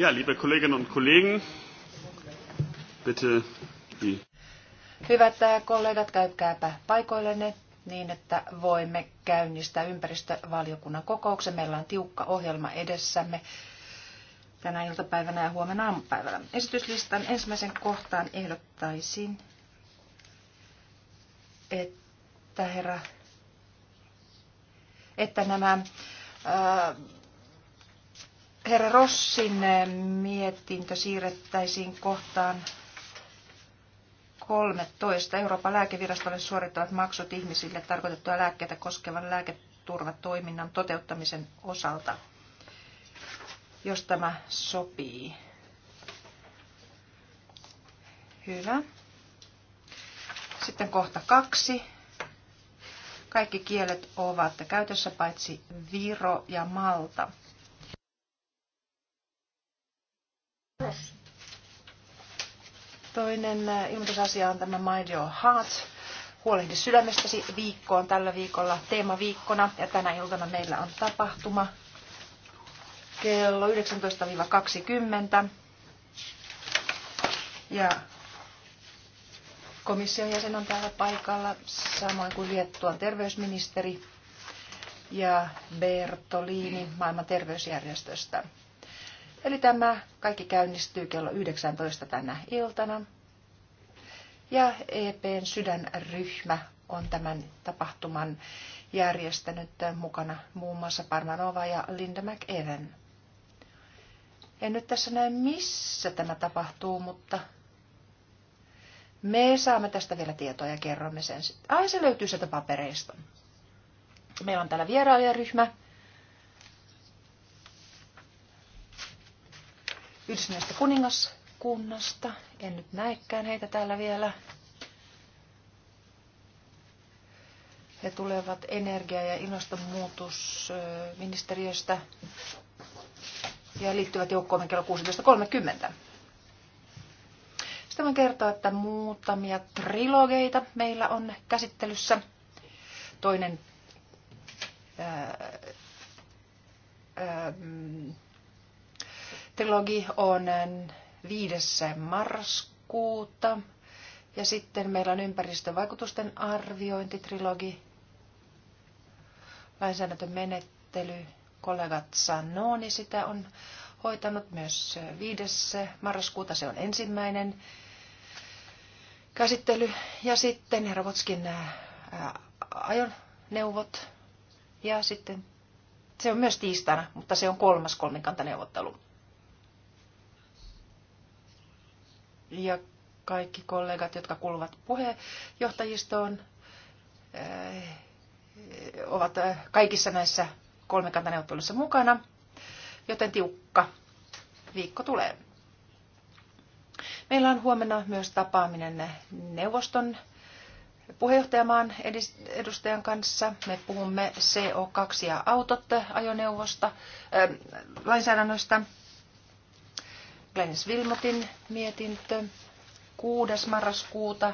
Ja, liebe Kolleginnen und Kollegen, bitte die. Hyvät äh, kollegat, käykääpä paikoillenne niin, että voimme käynnistää ympäristövaliokunnan kokouksen. Meillä on tiukka ohjelma edessämme tänä iltapäivänä ja huomenna aamupäivällä. Esityslistan ensimmäisen kohtaan ehdottaisin, että herra, että nämä ää, äh, herra Rossin eh, mietintö siirrettäisiin kohtaan 13. Euroopan lääkevirastolle suorittavat maksut ihmisille tarkoitettua lääkkeitä koskevan lääketurvatoiminnan toteuttamisen osalta, jos tämä sopii. Hyvä. Sitten kohta kaksi. Kaikki kielet ovat käytössä paitsi Viro ja Malta. Toinen äh, ilmoitusasia on tämä Mind Your Heart. Huolehdi sydämestäsi viikkoon tällä viikolla teemaviikkona ja tänä iltana meillä on tapahtuma kello 19-20. Ja komission jäsen on täällä paikalla, samoin kuin Liettuan terveysministeri ja Bertolini maailman terveysjärjestöstä. Eli tämä kaikki käynnistyy kello 19 tänä iltana. Ja EPn sydänryhmä on tämän tapahtuman järjestänyt mukana muun muassa Parmanova ja Linda McEwen. En nyt tässä näe, missä tämä tapahtuu, mutta me saamme tästä vielä tietoa ja kerromme sen sitten. Ai, se löytyy sieltä papereista. Meillä on täällä vierailijaryhmä, yhdistyneestä kuningaskunnasta. En nyt näekään heitä täällä vielä. He tulevat energia- ja ilmastonmuutosministeriöstä ja liittyvät joukkoon kello 16.30. Sitten voin kertoa, että muutamia trilogeita meillä on käsittelyssä. Toinen ää, ää, trilogi on 5. marraskuuta ja sitten meillä on ympäristövaikutusten arviointitrilogi, lainsäädäntömenettely, kollegat Sanoni niin sitä on hoitanut myös 5. marraskuuta, se on ensimmäinen käsittely. Ja sitten Hervotskin äh, ajoneuvot ja sitten se on myös tiistaina, mutta se on kolmas kolmikantaneuvottelu. ja kaikki kollegat, jotka kuuluvat puheenjohtajistoon, eh, ovat eh, kaikissa näissä kolmikantaneuvotteluissa mukana, joten tiukka viikko tulee. Meillä on huomenna myös tapaaminen neuvoston puheenjohtajamaan edustajan kanssa. Me puhumme CO2 ja autot ajoneuvosta, äh, lainsäädännöstä Glenis Wilmotin mietintö 6. marraskuuta.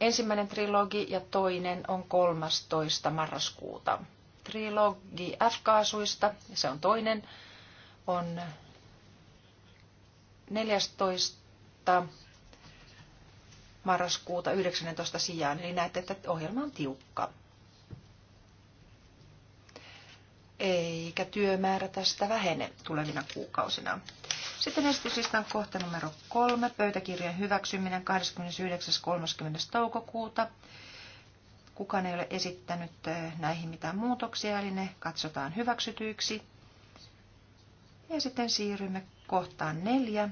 Ensimmäinen trilogi ja toinen on 13. marraskuuta. Trilogi F-kaasuista, se on toinen, on 14. marraskuuta 19 sijaan, eli näette, että ohjelma on tiukka. Eikä työmäärä tästä vähene tulevina kuukausina. Sitten on kohta numero kolme, pöytäkirjan hyväksyminen 29.30. toukokuuta. Kukaan ei ole esittänyt eh, näihin mitään muutoksia, eli ne katsotaan hyväksytyiksi. Ja sitten siirrymme kohtaan neljä.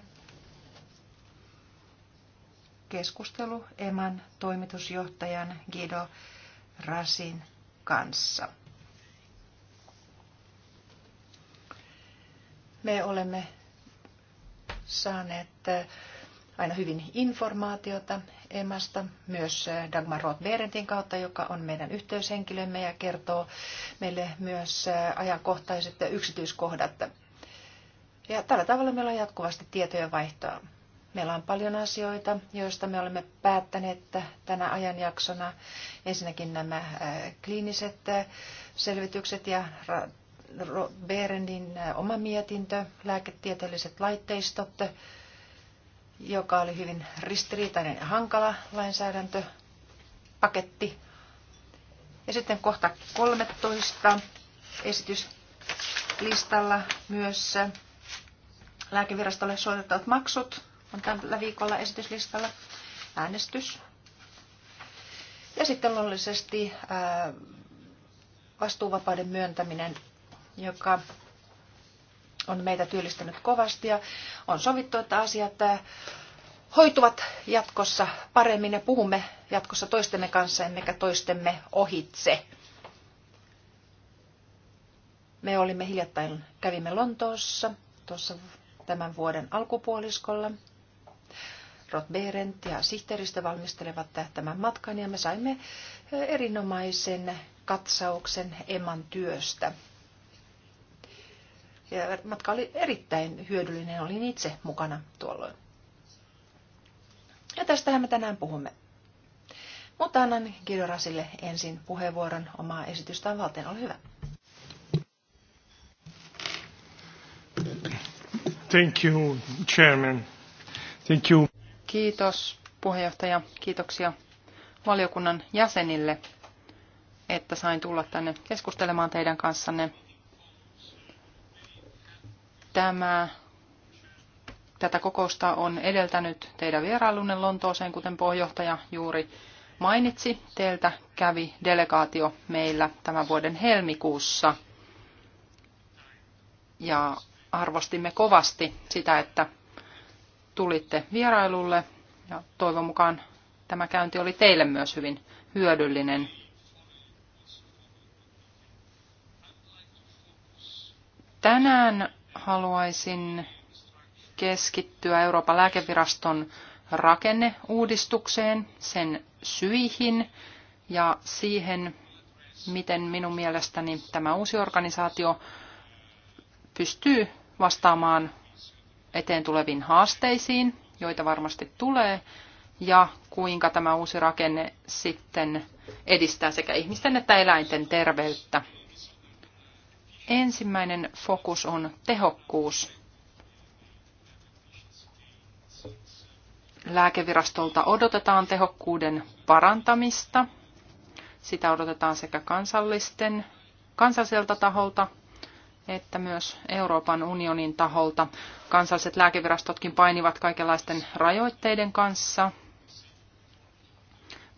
Keskustelu Eman toimitusjohtajan Guido Rasin kanssa. Me olemme saaneet eh, aina hyvin informaatiota Emasta, myös eh, Dagmar roth berentin kautta, joka on meidän yhteyshenkilömme ja kertoo meille myös eh, ajankohtaiset yksityiskohdat. Ja tällä tavalla meillä on jatkuvasti tietojen vaihtoa. Meillä on paljon asioita, joista me olemme päättäneet tänä ajanjaksona. Ensinnäkin nämä kliiniset selvitykset ja Berendin oma mietintö, lääketieteelliset laitteistot, joka oli hyvin ristiriitainen ja hankala lainsäädäntöpaketti. Ja sitten kohta 13 esityslistalla myös lääkevirastolle suotettavat maksut on tällä viikolla esityslistalla äänestys. Ja sitten luonnollisesti vastuuvapauden myöntäminen joka on meitä työllistänyt kovasti ja on sovittu, että asiat äh, hoituvat jatkossa paremmin ja puhumme jatkossa toistemme kanssa emmekä toistemme ohitse. Me olimme hiljattain, kävimme Lontoossa tuossa tämän vuoden alkupuoliskolla. Rod Berent ja sihteeristö valmistelevat tämän matkan ja me saimme äh, erinomaisen katsauksen Eman työstä matka oli erittäin hyödyllinen, olin itse mukana tuolloin. Ja tästähän me tänään puhumme. Mutta annan Kidorasille ensin puheenvuoron omaa esitystään valteen. Ole hyvä. Thank you, Chairman. Thank you. Kiitos puheenjohtaja. Kiitoksia valiokunnan jäsenille, että sain tulla tänne keskustelemaan teidän kanssanne Tämä, tätä kokousta on edeltänyt teidän vierailunne Lontooseen, kuten pohjohtaja juuri mainitsi. Teiltä kävi delegaatio meillä tämän vuoden helmikuussa. Ja arvostimme kovasti sitä, että tulitte vierailulle ja toivon mukaan tämä käynti oli teille myös hyvin hyödyllinen. Tänään haluaisin keskittyä Euroopan lääkeviraston rakenneuudistukseen, sen syihin ja siihen, miten minun mielestäni tämä uusi organisaatio pystyy vastaamaan eteen tuleviin haasteisiin, joita varmasti tulee, ja kuinka tämä uusi rakenne sitten edistää sekä ihmisten että eläinten terveyttä. Ensimmäinen fokus on tehokkuus. Lääkevirastolta odotetaan tehokkuuden parantamista. Sitä odotetaan sekä kansallisten, kansalliselta taholta että myös Euroopan unionin taholta. Kansalliset lääkevirastotkin painivat kaikenlaisten rajoitteiden kanssa,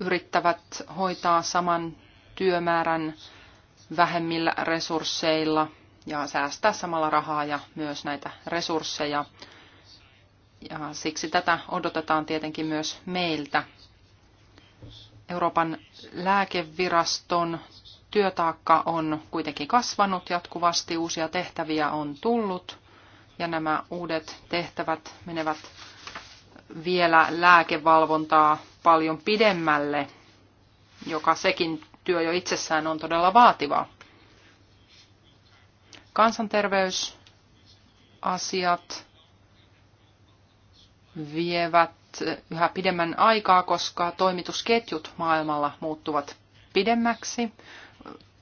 yrittävät hoitaa saman työmäärän vähemmillä resursseilla ja säästää samalla rahaa ja myös näitä resursseja. Ja siksi tätä odotetaan tietenkin myös meiltä. Euroopan lääkeviraston työtaakka on kuitenkin kasvanut jatkuvasti, uusia tehtäviä on tullut ja nämä uudet tehtävät menevät vielä lääkevalvontaa paljon pidemmälle, joka sekin työ jo itsessään on todella vaativaa. Kansanterveysasiat vievät yhä pidemmän aikaa, koska toimitusketjut maailmalla muuttuvat pidemmäksi.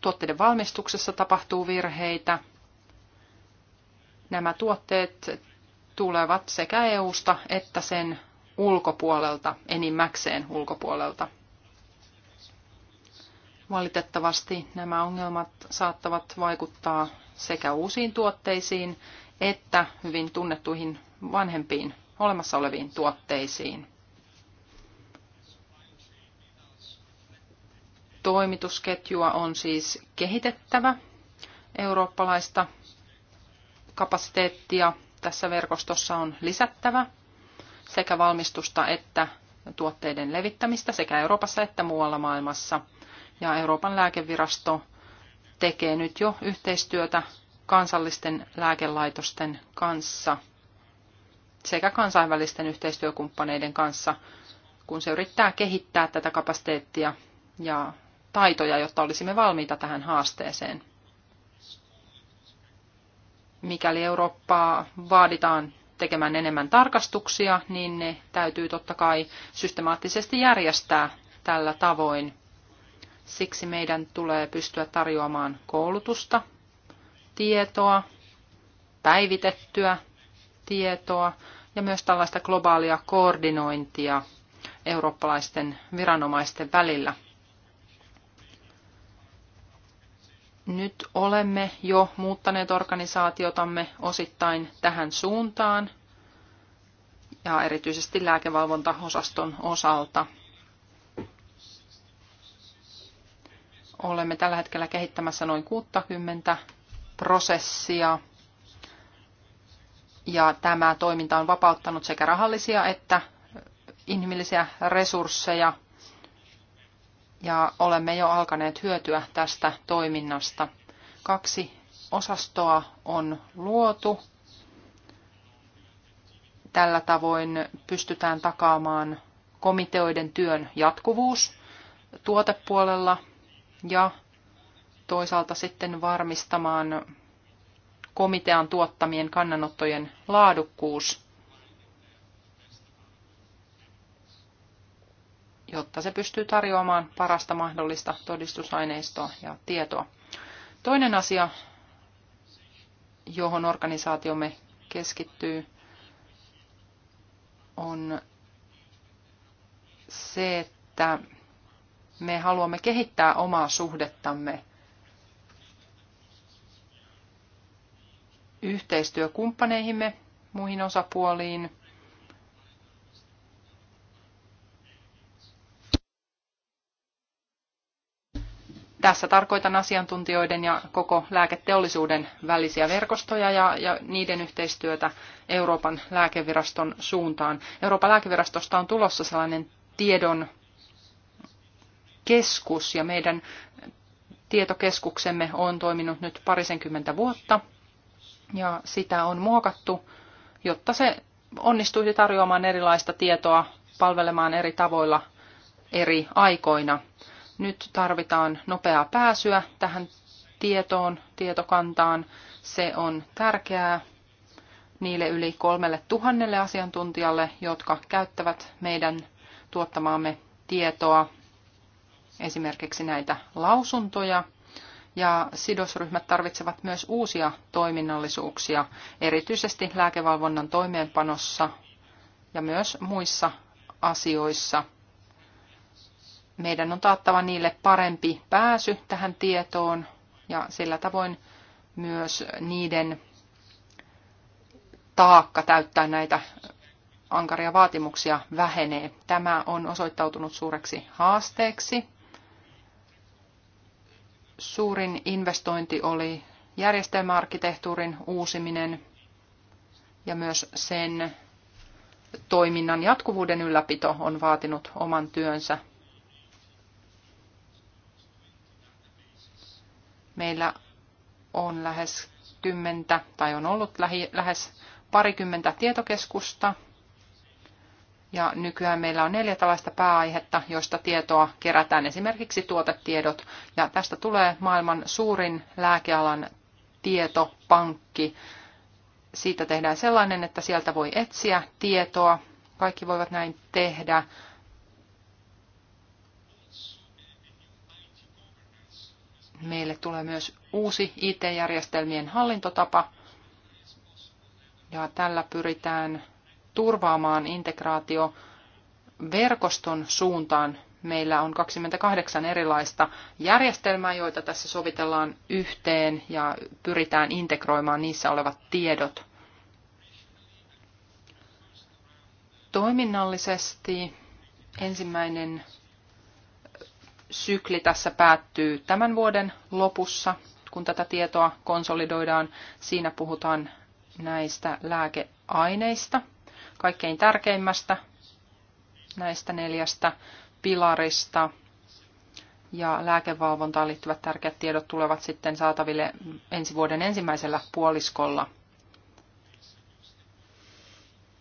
Tuotteiden valmistuksessa tapahtuu virheitä. Nämä tuotteet tulevat sekä EUsta että sen ulkopuolelta, enimmäkseen ulkopuolelta. Valitettavasti nämä ongelmat saattavat vaikuttaa sekä uusiin tuotteisiin että hyvin tunnettuihin vanhempiin olemassa oleviin tuotteisiin. Toimitusketjua on siis kehitettävä eurooppalaista kapasiteettia tässä verkostossa on lisättävä sekä valmistusta että tuotteiden levittämistä sekä Euroopassa että muualla maailmassa – ja Euroopan lääkevirasto tekee nyt jo yhteistyötä kansallisten lääkelaitosten kanssa sekä kansainvälisten yhteistyökumppaneiden kanssa, kun se yrittää kehittää tätä kapasiteettia ja taitoja, jotta olisimme valmiita tähän haasteeseen. Mikäli Eurooppaa vaaditaan tekemään enemmän tarkastuksia, niin ne täytyy totta kai systemaattisesti järjestää tällä tavoin. Siksi meidän tulee pystyä tarjoamaan koulutusta, tietoa, päivitettyä tietoa ja myös tällaista globaalia koordinointia eurooppalaisten viranomaisten välillä. Nyt olemme jo muuttaneet organisaatiotamme osittain tähän suuntaan ja erityisesti lääkevalvontaosaston osalta – Olemme tällä hetkellä kehittämässä noin 60 prosessia. Ja tämä toiminta on vapauttanut sekä rahallisia että inhimillisiä resursseja. Ja olemme jo alkaneet hyötyä tästä toiminnasta. Kaksi osastoa on luotu. Tällä tavoin pystytään takaamaan komiteoiden työn jatkuvuus tuotepuolella ja toisaalta sitten varmistamaan komitean tuottamien kannanottojen laadukkuus, jotta se pystyy tarjoamaan parasta mahdollista todistusaineistoa ja tietoa. Toinen asia, johon organisaatiomme keskittyy, on se, että me haluamme kehittää omaa suhdettamme yhteistyökumppaneihimme, muihin osapuoliin. Tässä tarkoitan asiantuntijoiden ja koko lääketeollisuuden välisiä verkostoja ja, ja niiden yhteistyötä Euroopan lääkeviraston suuntaan. Euroopan lääkevirastosta on tulossa sellainen tiedon keskus ja meidän tietokeskuksemme on toiminut nyt parisenkymmentä vuotta ja sitä on muokattu, jotta se onnistuisi tarjoamaan erilaista tietoa palvelemaan eri tavoilla eri aikoina. Nyt tarvitaan nopeaa pääsyä tähän tietoon, tietokantaan. Se on tärkeää niille yli kolmelle tuhannelle asiantuntijalle, jotka käyttävät meidän tuottamaamme tietoa esimerkiksi näitä lausuntoja, ja sidosryhmät tarvitsevat myös uusia toiminnallisuuksia, erityisesti lääkevalvonnan toimeenpanossa ja myös muissa asioissa. Meidän on taattava niille parempi pääsy tähän tietoon ja sillä tavoin myös niiden taakka täyttää näitä ankaria vaatimuksia vähenee. Tämä on osoittautunut suureksi haasteeksi Suurin investointi oli järjestelmäarkkitehtuurin uusiminen ja myös sen toiminnan jatkuvuuden ylläpito on vaatinut oman työnsä. Meillä on lähes kymmentä tai on ollut lähes parikymmentä tietokeskusta ja nykyään meillä on neljä tällaista pääaihetta, joista tietoa kerätään, esimerkiksi tuotetiedot. Ja tästä tulee maailman suurin lääkealan tietopankki. Siitä tehdään sellainen, että sieltä voi etsiä tietoa. Kaikki voivat näin tehdä. Meille tulee myös uusi IT-järjestelmien hallintotapa. Ja tällä pyritään turvaamaan integraatio verkoston suuntaan. Meillä on 28 erilaista järjestelmää, joita tässä sovitellaan yhteen ja pyritään integroimaan niissä olevat tiedot. Toiminnallisesti ensimmäinen sykli tässä päättyy tämän vuoden lopussa, kun tätä tietoa konsolidoidaan. Siinä puhutaan näistä lääkeaineista – kaikkein tärkeimmästä näistä neljästä pilarista. Ja lääkevalvontaan liittyvät tärkeät tiedot tulevat sitten saataville ensi vuoden ensimmäisellä puoliskolla.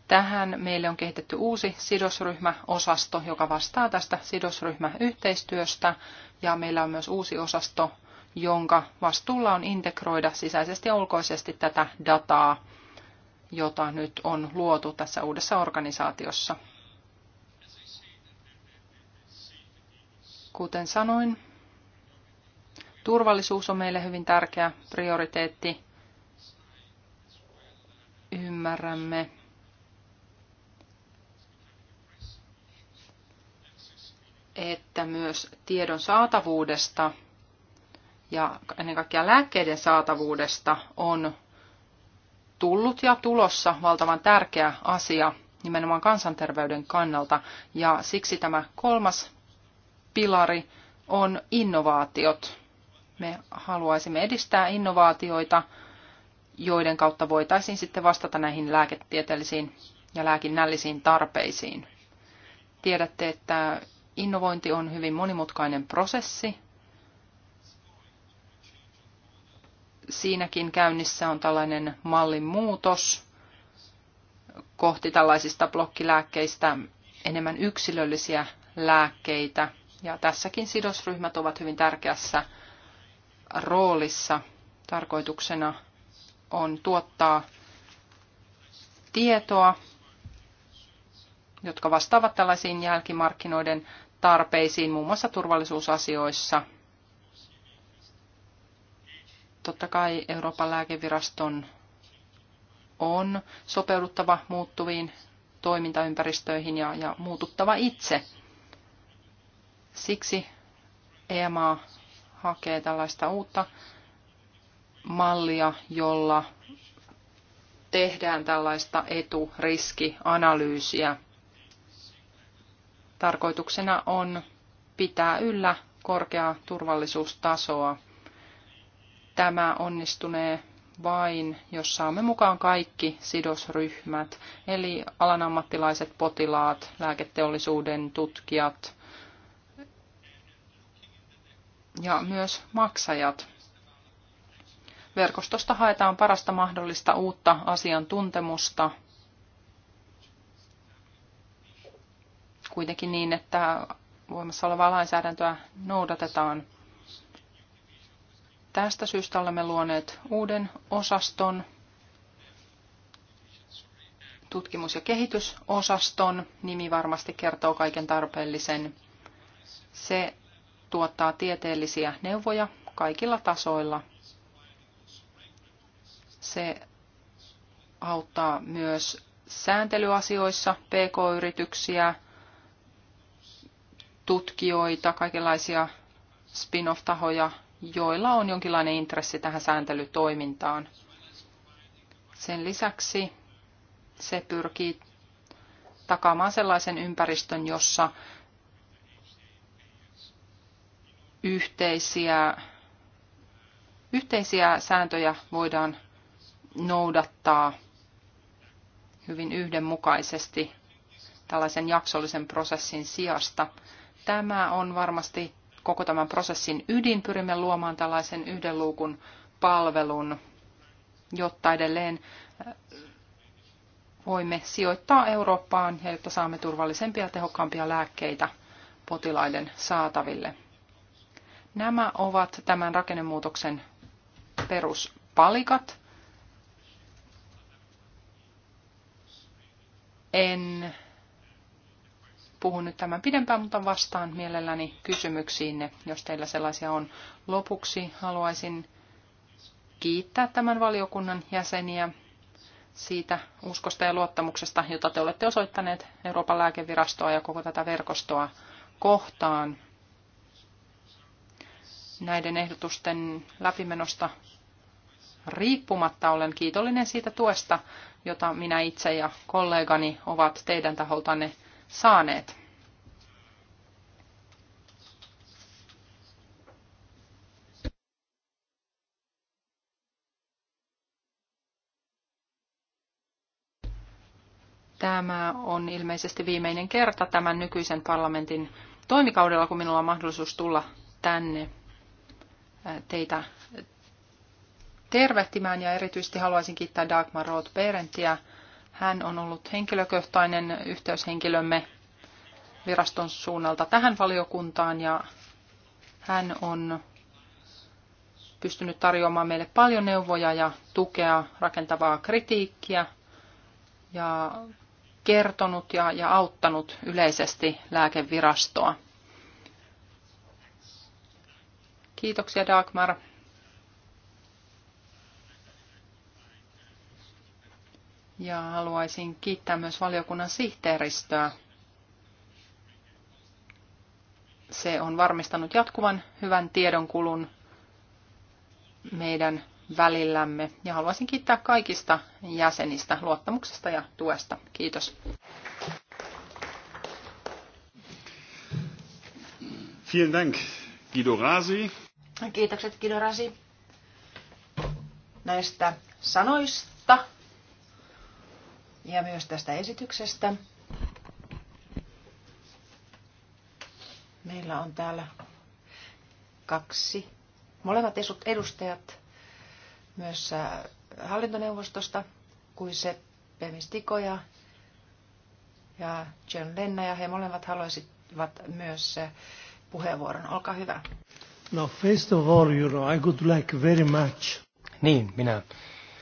Tähän meille on kehitetty uusi sidosryhmäosasto, joka vastaa tästä sidosryhmäyhteistyöstä. Ja meillä on myös uusi osasto, jonka vastuulla on integroida sisäisesti ja ulkoisesti tätä dataa jota nyt on luotu tässä uudessa organisaatiossa. Kuten sanoin, turvallisuus on meille hyvin tärkeä prioriteetti. Ymmärrämme että myös tiedon saatavuudesta ja ennen kaikkea lääkkeiden saatavuudesta on tullut ja tulossa valtavan tärkeä asia nimenomaan kansanterveyden kannalta. Ja siksi tämä kolmas pilari on innovaatiot. Me haluaisimme edistää innovaatioita, joiden kautta voitaisiin sitten vastata näihin lääketieteellisiin ja lääkinnällisiin tarpeisiin. Tiedätte, että innovointi on hyvin monimutkainen prosessi. Siinäkin käynnissä on tällainen mallin muutos kohti tällaisista blokkilääkkeistä enemmän yksilöllisiä lääkkeitä. Ja tässäkin sidosryhmät ovat hyvin tärkeässä roolissa. Tarkoituksena on tuottaa tietoa, jotka vastaavat tällaisiin jälkimarkkinoiden tarpeisiin muun muassa turvallisuusasioissa – Totta kai Euroopan lääkeviraston on sopeuduttava muuttuviin toimintaympäristöihin ja, ja muututtava itse. Siksi EMA hakee tällaista uutta mallia, jolla tehdään tällaista eturiskianalyysiä. Tarkoituksena on pitää yllä korkeaa turvallisuustasoa Tämä onnistunee vain, jos saamme mukaan kaikki sidosryhmät, eli alan ammattilaiset, potilaat, lääketeollisuuden tutkijat ja myös maksajat. Verkostosta haetaan parasta mahdollista uutta asiantuntemusta, kuitenkin niin, että voimassa olevaa lainsäädäntöä noudatetaan – Tästä syystä olemme luoneet uuden osaston, tutkimus- ja kehitysosaston. Nimi varmasti kertoo kaiken tarpeellisen. Se tuottaa tieteellisiä neuvoja kaikilla tasoilla. Se auttaa myös sääntelyasioissa pk-yrityksiä, tutkijoita, kaikenlaisia spin-off-tahoja joilla on jonkinlainen intressi tähän sääntelytoimintaan. Sen lisäksi se pyrkii takaamaan sellaisen ympäristön, jossa yhteisiä, yhteisiä sääntöjä voidaan noudattaa hyvin yhdenmukaisesti tällaisen jaksollisen prosessin sijasta. Tämä on varmasti koko tämän prosessin ydin. Pyrimme luomaan tällaisen yhden luukun palvelun, jotta edelleen äh, voimme sijoittaa Eurooppaan ja jotta saamme turvallisempia ja tehokkaampia lääkkeitä potilaiden saataville. Nämä ovat tämän rakennemuutoksen peruspalikat. En Puhun nyt tämän pidempään, mutta vastaan mielelläni kysymyksiinne, jos teillä sellaisia on. Lopuksi haluaisin kiittää tämän valiokunnan jäseniä siitä uskosta ja luottamuksesta, jota te olette osoittaneet Euroopan lääkevirastoa ja koko tätä verkostoa kohtaan. Näiden ehdotusten läpimenosta riippumatta olen kiitollinen siitä tuesta, jota minä itse ja kollegani ovat teidän taholtanne saaneet. Tämä on ilmeisesti viimeinen kerta tämän nykyisen parlamentin toimikaudella, kun minulla on mahdollisuus tulla tänne teitä tervehtimään ja erityisesti haluaisin kiittää Dagmar Roth perentiä hän on ollut henkilökohtainen yhteyshenkilömme viraston suunnalta tähän valiokuntaan ja hän on pystynyt tarjoamaan meille paljon neuvoja ja tukea, rakentavaa kritiikkiä ja kertonut ja, ja auttanut yleisesti lääkevirastoa. Kiitoksia Dagmar Ja haluaisin kiittää myös valiokunnan sihteeristöä. Se on varmistanut jatkuvan hyvän tiedonkulun meidän välillämme. Ja haluaisin kiittää kaikista jäsenistä luottamuksesta ja tuesta. Kiitos. Vielen Dank, Guido Rasi. Kiitokset, Guido Rasi, näistä sanoista ja myös tästä esityksestä. Meillä on täällä kaksi, molemmat edustajat myös äh, hallintoneuvostosta, kuin se Pemistikoja ja John Lenna, ja he molemmat haluaisivat myös äh, puheenvuoron. Olkaa hyvä. No, first of all, you know, I would like very much. Niin, minä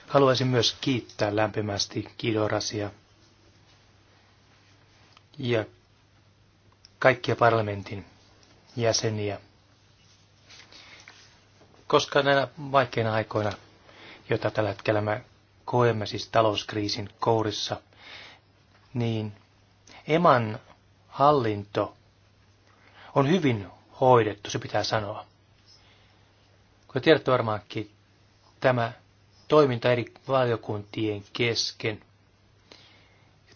Haluaisin myös kiittää lämpimästi Kidorasia ja kaikkia parlamentin jäseniä, koska näinä vaikeina aikoina, joita tällä hetkellä me koemme siis talouskriisin kourissa, niin Eman hallinto on hyvin hoidettu, se pitää sanoa. Kun tiedätte varmaankin, tämä toiminta eri valiokuntien kesken.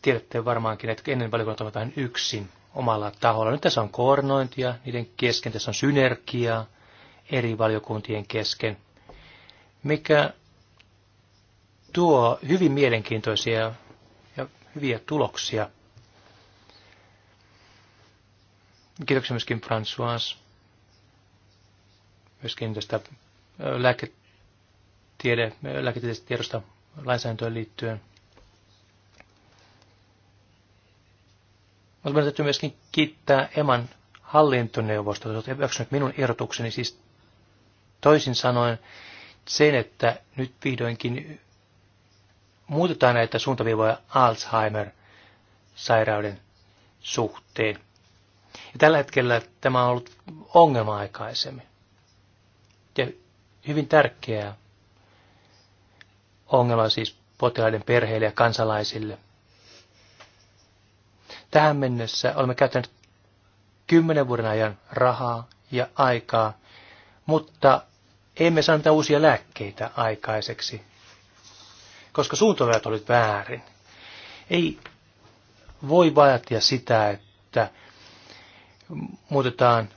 Tiedätte varmaankin, että ennen valiokunnat ovat vähän yksin omalla taholla. Nyt tässä on koordinointia niiden kesken, tässä on synergiaa eri valiokuntien kesken, mikä tuo hyvin mielenkiintoisia ja hyviä tuloksia. Kiitoksia myöskin François, myöskin tästä lääket, tiede, lääketieteellisestä tiedosta lainsäädäntöön liittyen. Mutta minun täytyy myöskin kiittää Eman hallintoneuvosto, että on hyväksynyt minun ehdotukseni, siis toisin sanoen sen, että nyt vihdoinkin muutetaan näitä suuntaviivoja Alzheimer-sairauden suhteen. Ja tällä hetkellä tämä on ollut ongelma aikaisemmin. Ja hyvin tärkeää ongelma siis potilaiden perheille ja kansalaisille. Tähän mennessä olemme käyttäneet kymmenen vuoden ajan rahaa ja aikaa, mutta emme saa mitään uusia lääkkeitä aikaiseksi, koska suuntaväät olivat väärin. Ei voi vaatia sitä, että muutetaan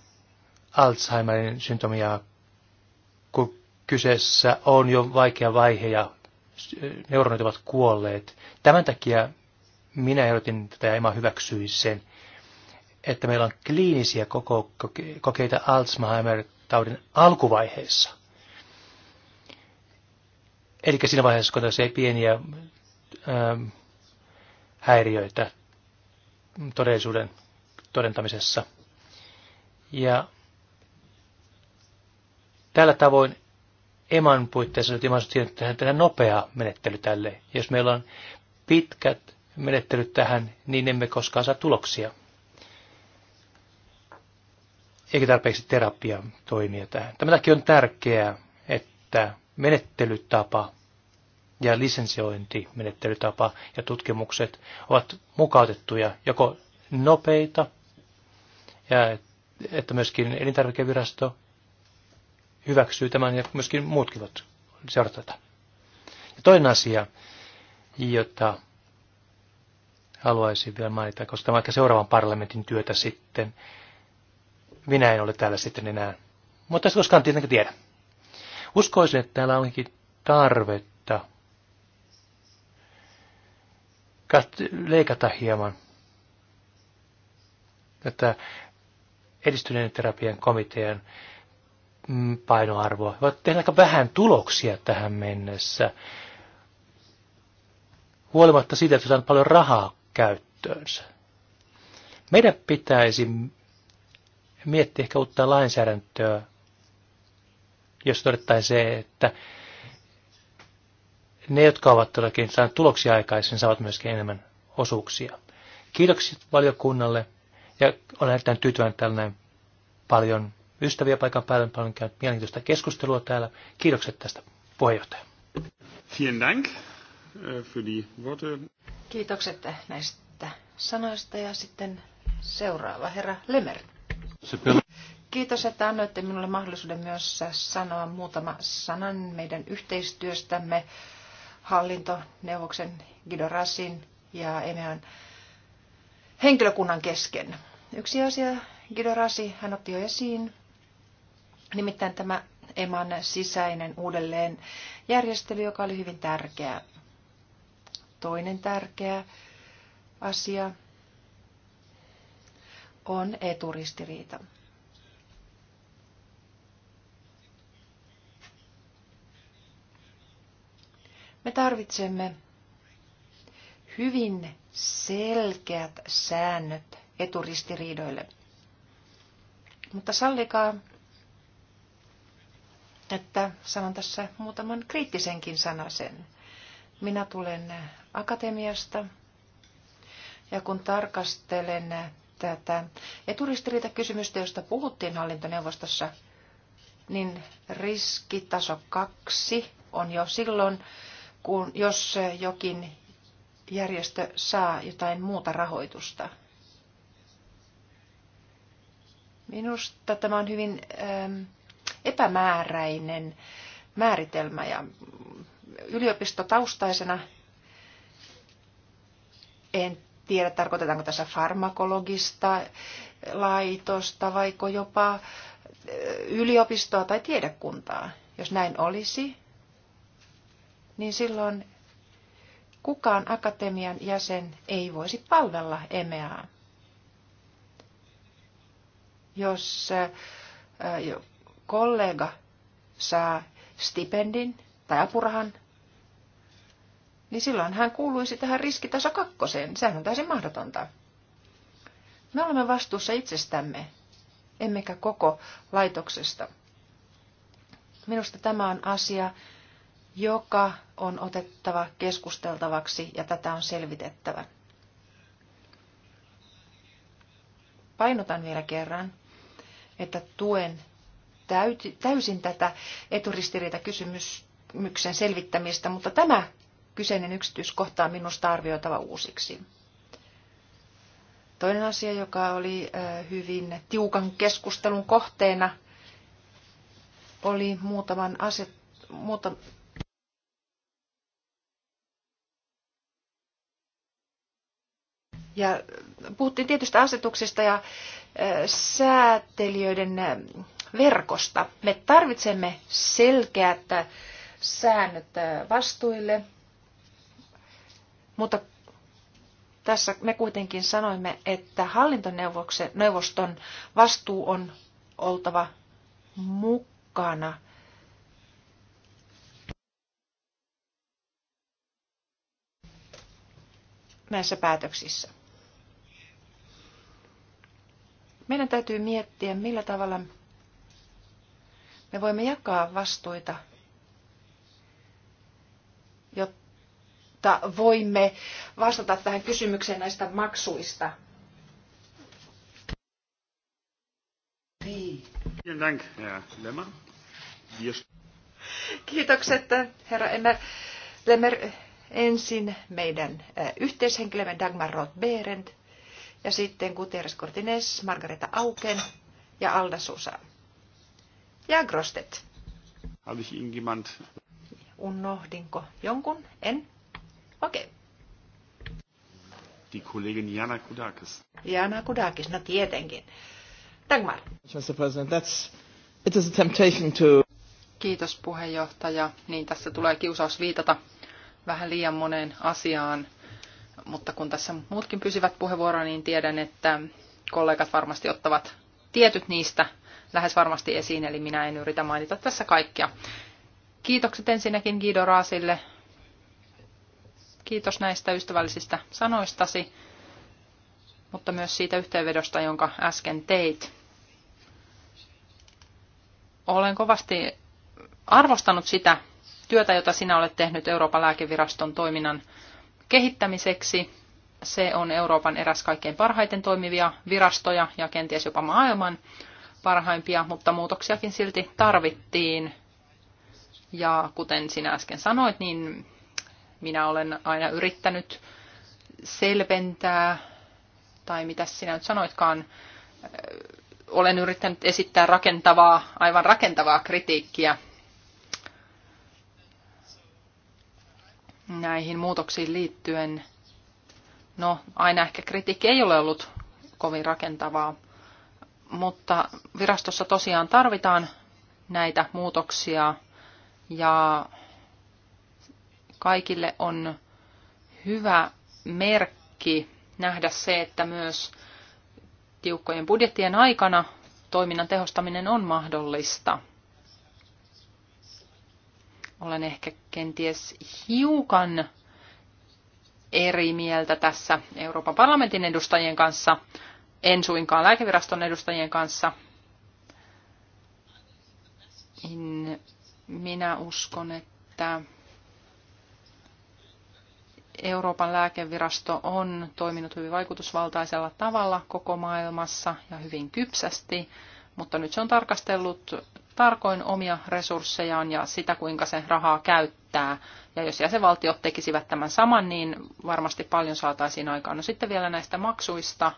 Alzheimerin symptomiaa, kun kyseessä on jo vaikea vaihe ja neuronit ovat kuolleet. Tämän takia minä ehdotin tätä ja Emma hyväksyi sen, että meillä on kliinisiä koko, kokeita Alzheimer-taudin alkuvaiheessa. Eli siinä vaiheessa, kun tässä ei pieniä ähm, häiriöitä todellisuuden todentamisessa. Ja tällä tavoin eman puitteissa nyt ilmaisu siihen, että tehdään, tehdään nopea menettely tälle. Jos meillä on pitkät menettelyt tähän, niin emme koskaan saa tuloksia. Eikä tarpeeksi terapia toimia tähän. Tämä takia on tärkeää, että menettelytapa ja lisensiointimenettelytapa ja tutkimukset ovat mukautettuja joko nopeita, ja että myöskin elintarvikevirasto hyväksyy tämän ja myöskin muutkin voivat seurata tätä. Ja toinen asia, jota haluaisin vielä mainita, koska tämä on ehkä seuraavan parlamentin työtä sitten. Minä en ole täällä sitten enää, mutta se koskaan tietenkin tiedä. Uskoisin, että täällä onkin tarvetta leikata hieman tätä edistyneen terapian komitean Mm, painoarvoa. Voit tehdä aika vähän tuloksia tähän mennessä. Huolimatta siitä, että on paljon rahaa käyttöönsä. Meidän pitäisi miettiä ehkä uutta lainsäädäntöä, jos todettaisiin se, että ne, jotka ovat todellakin saaneet tuloksia aikaisin, saavat myöskin enemmän osuuksia. Kiitokset valiokunnalle ja olen erittäin tyytyväinen tällainen paljon ystäviä paikan päälle. Paljon käynyt mielenkiintoista keskustelua täällä. Kiitokset tästä puheenjohtaja. Vielen Dank äh, für die Worte. Kiitokset näistä sanoista ja sitten seuraava herra Lemer. Kiitos, että annoitte minulle mahdollisuuden myös sanoa muutama sanan meidän yhteistyöstämme hallintoneuvoksen Guido Rasin ja Emean henkilökunnan kesken. Yksi asia gidorasi Rasi, hän otti jo esiin, Nimittäin tämä EMAN sisäinen uudelleen järjestely, joka oli hyvin tärkeä. Toinen tärkeä asia on eturistiriita. Me tarvitsemme hyvin selkeät säännöt eturistiriidoille. Mutta sallikaa että sanon tässä muutaman kriittisenkin sanasen. Minä tulen akatemiasta ja kun tarkastelen tätä eturistiriitakysymystä, josta puhuttiin hallintoneuvostossa, niin riskitaso kaksi on jo silloin, kun, jos jokin järjestö saa jotain muuta rahoitusta. Minusta tämä on hyvin ähm, epämääräinen määritelmä ja yliopistotaustaisena en tiedä, tarkoitetaanko tässä farmakologista laitosta vai jopa yliopistoa tai tiedekuntaa. Jos näin olisi, niin silloin kukaan akatemian jäsen ei voisi palvella EMEAa. Jos kollega saa stipendin tai apurahan, niin silloin hän kuuluisi tähän riskitaso kakkoseen. Sehän on täysin mahdotonta. Me olemme vastuussa itsestämme, emmekä koko laitoksesta. Minusta tämä on asia, joka on otettava keskusteltavaksi ja tätä on selvitettävä. Painotan vielä kerran, että tuen täysin tätä eturistiriitakysymyksen selvittämistä, mutta tämä kyseinen yksityiskohta on minusta arvioitava uusiksi. Toinen asia, joka oli hyvin tiukan keskustelun kohteena, oli muutaman aset, muuta, Ja puhuttiin tietystä asetuksista ja säätelijöiden verkosta. Me tarvitsemme selkeät säännöt äh, vastuille, mutta tässä me kuitenkin sanoimme, että hallintoneuvoston vastuu on oltava mukana. näissä päätöksissä. Meidän täytyy miettiä, millä tavalla me voimme jakaa vastuita, jotta voimme vastata tähän kysymykseen näistä maksuista. Kiitokset, herra Emmer. Lemmer, ensin meidän eh, yhteishenkilömme Dagmar Roth-Berend ja sitten Guterres Cortines, Margareta Auken ja Alda Susa ja Grostet. Habe ich Unohdinko jonkun? En? Okei. Okay. Die Kollegin Jana Kudakis. Jana Kudakis, no tietenkin. Dagmar. Mr. President, that's, it is a temptation to... Kiitos puheenjohtaja. Niin tässä tulee kiusaus viitata vähän liian moneen asiaan, mutta kun tässä muutkin pysyvät puheenvuoroa, niin tiedän, että kollegat varmasti ottavat tietyt niistä lähes varmasti esiin, eli minä en yritä mainita tässä kaikkia. Kiitokset ensinnäkin Guido Raasille. Kiitos näistä ystävällisistä sanoistasi, mutta myös siitä yhteenvedosta, jonka äsken teit. Olen kovasti arvostanut sitä työtä, jota sinä olet tehnyt Euroopan lääkeviraston toiminnan kehittämiseksi se on Euroopan eräs kaikkein parhaiten toimivia virastoja ja kenties jopa maailman parhaimpia, mutta muutoksiakin silti tarvittiin. Ja kuten sinä äsken sanoit, niin minä olen aina yrittänyt selventää, tai mitä sinä nyt sanoitkaan, olen yrittänyt esittää rakentavaa, aivan rakentavaa kritiikkiä näihin muutoksiin liittyen. No, aina ehkä kritiikki ei ole ollut kovin rakentavaa, mutta virastossa tosiaan tarvitaan näitä muutoksia ja kaikille on hyvä merkki nähdä se, että myös tiukkojen budjettien aikana toiminnan tehostaminen on mahdollista. Olen ehkä kenties hiukan eri mieltä tässä Euroopan parlamentin edustajien kanssa, en suinkaan lääkeviraston edustajien kanssa. Minä uskon, että Euroopan lääkevirasto on toiminut hyvin vaikutusvaltaisella tavalla koko maailmassa ja hyvin kypsästi, mutta nyt se on tarkastellut tarkoin omia resurssejaan ja sitä, kuinka se rahaa käyttää käyttää. Ja jos jäsenvaltiot tekisivät tämän saman, niin varmasti paljon saataisiin aikaan. No sitten vielä näistä maksuista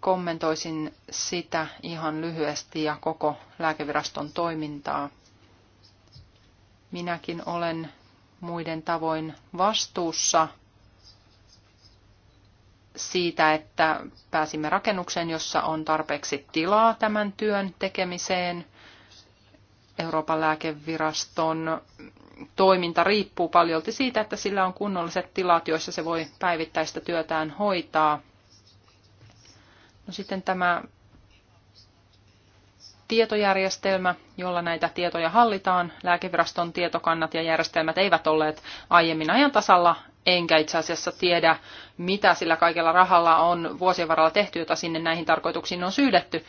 kommentoisin sitä ihan lyhyesti ja koko lääkeviraston toimintaa. Minäkin olen muiden tavoin vastuussa siitä, että pääsimme rakennukseen, jossa on tarpeeksi tilaa tämän työn tekemiseen. Euroopan lääkeviraston toiminta riippuu paljolti siitä, että sillä on kunnolliset tilat, joissa se voi päivittäistä työtään hoitaa. No sitten tämä tietojärjestelmä, jolla näitä tietoja hallitaan. Lääkeviraston tietokannat ja järjestelmät eivät olleet aiemmin ajan tasalla, enkä itse asiassa tiedä, mitä sillä kaikella rahalla on vuosien varrella tehty, jota sinne näihin tarkoituksiin on syydetty.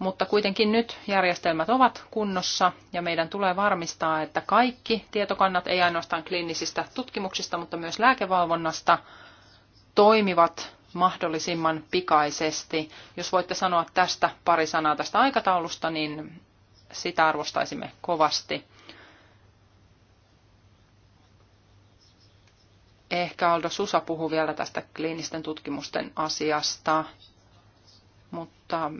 Mutta kuitenkin nyt järjestelmät ovat kunnossa ja meidän tulee varmistaa, että kaikki tietokannat, ei ainoastaan kliinisistä tutkimuksista, mutta myös lääkevalvonnasta, toimivat mahdollisimman pikaisesti. Jos voitte sanoa tästä pari sanaa tästä aikataulusta, niin sitä arvostaisimme kovasti. Ehkä Aldo Susa puhuu vielä tästä kliinisten tutkimusten asiasta, mutta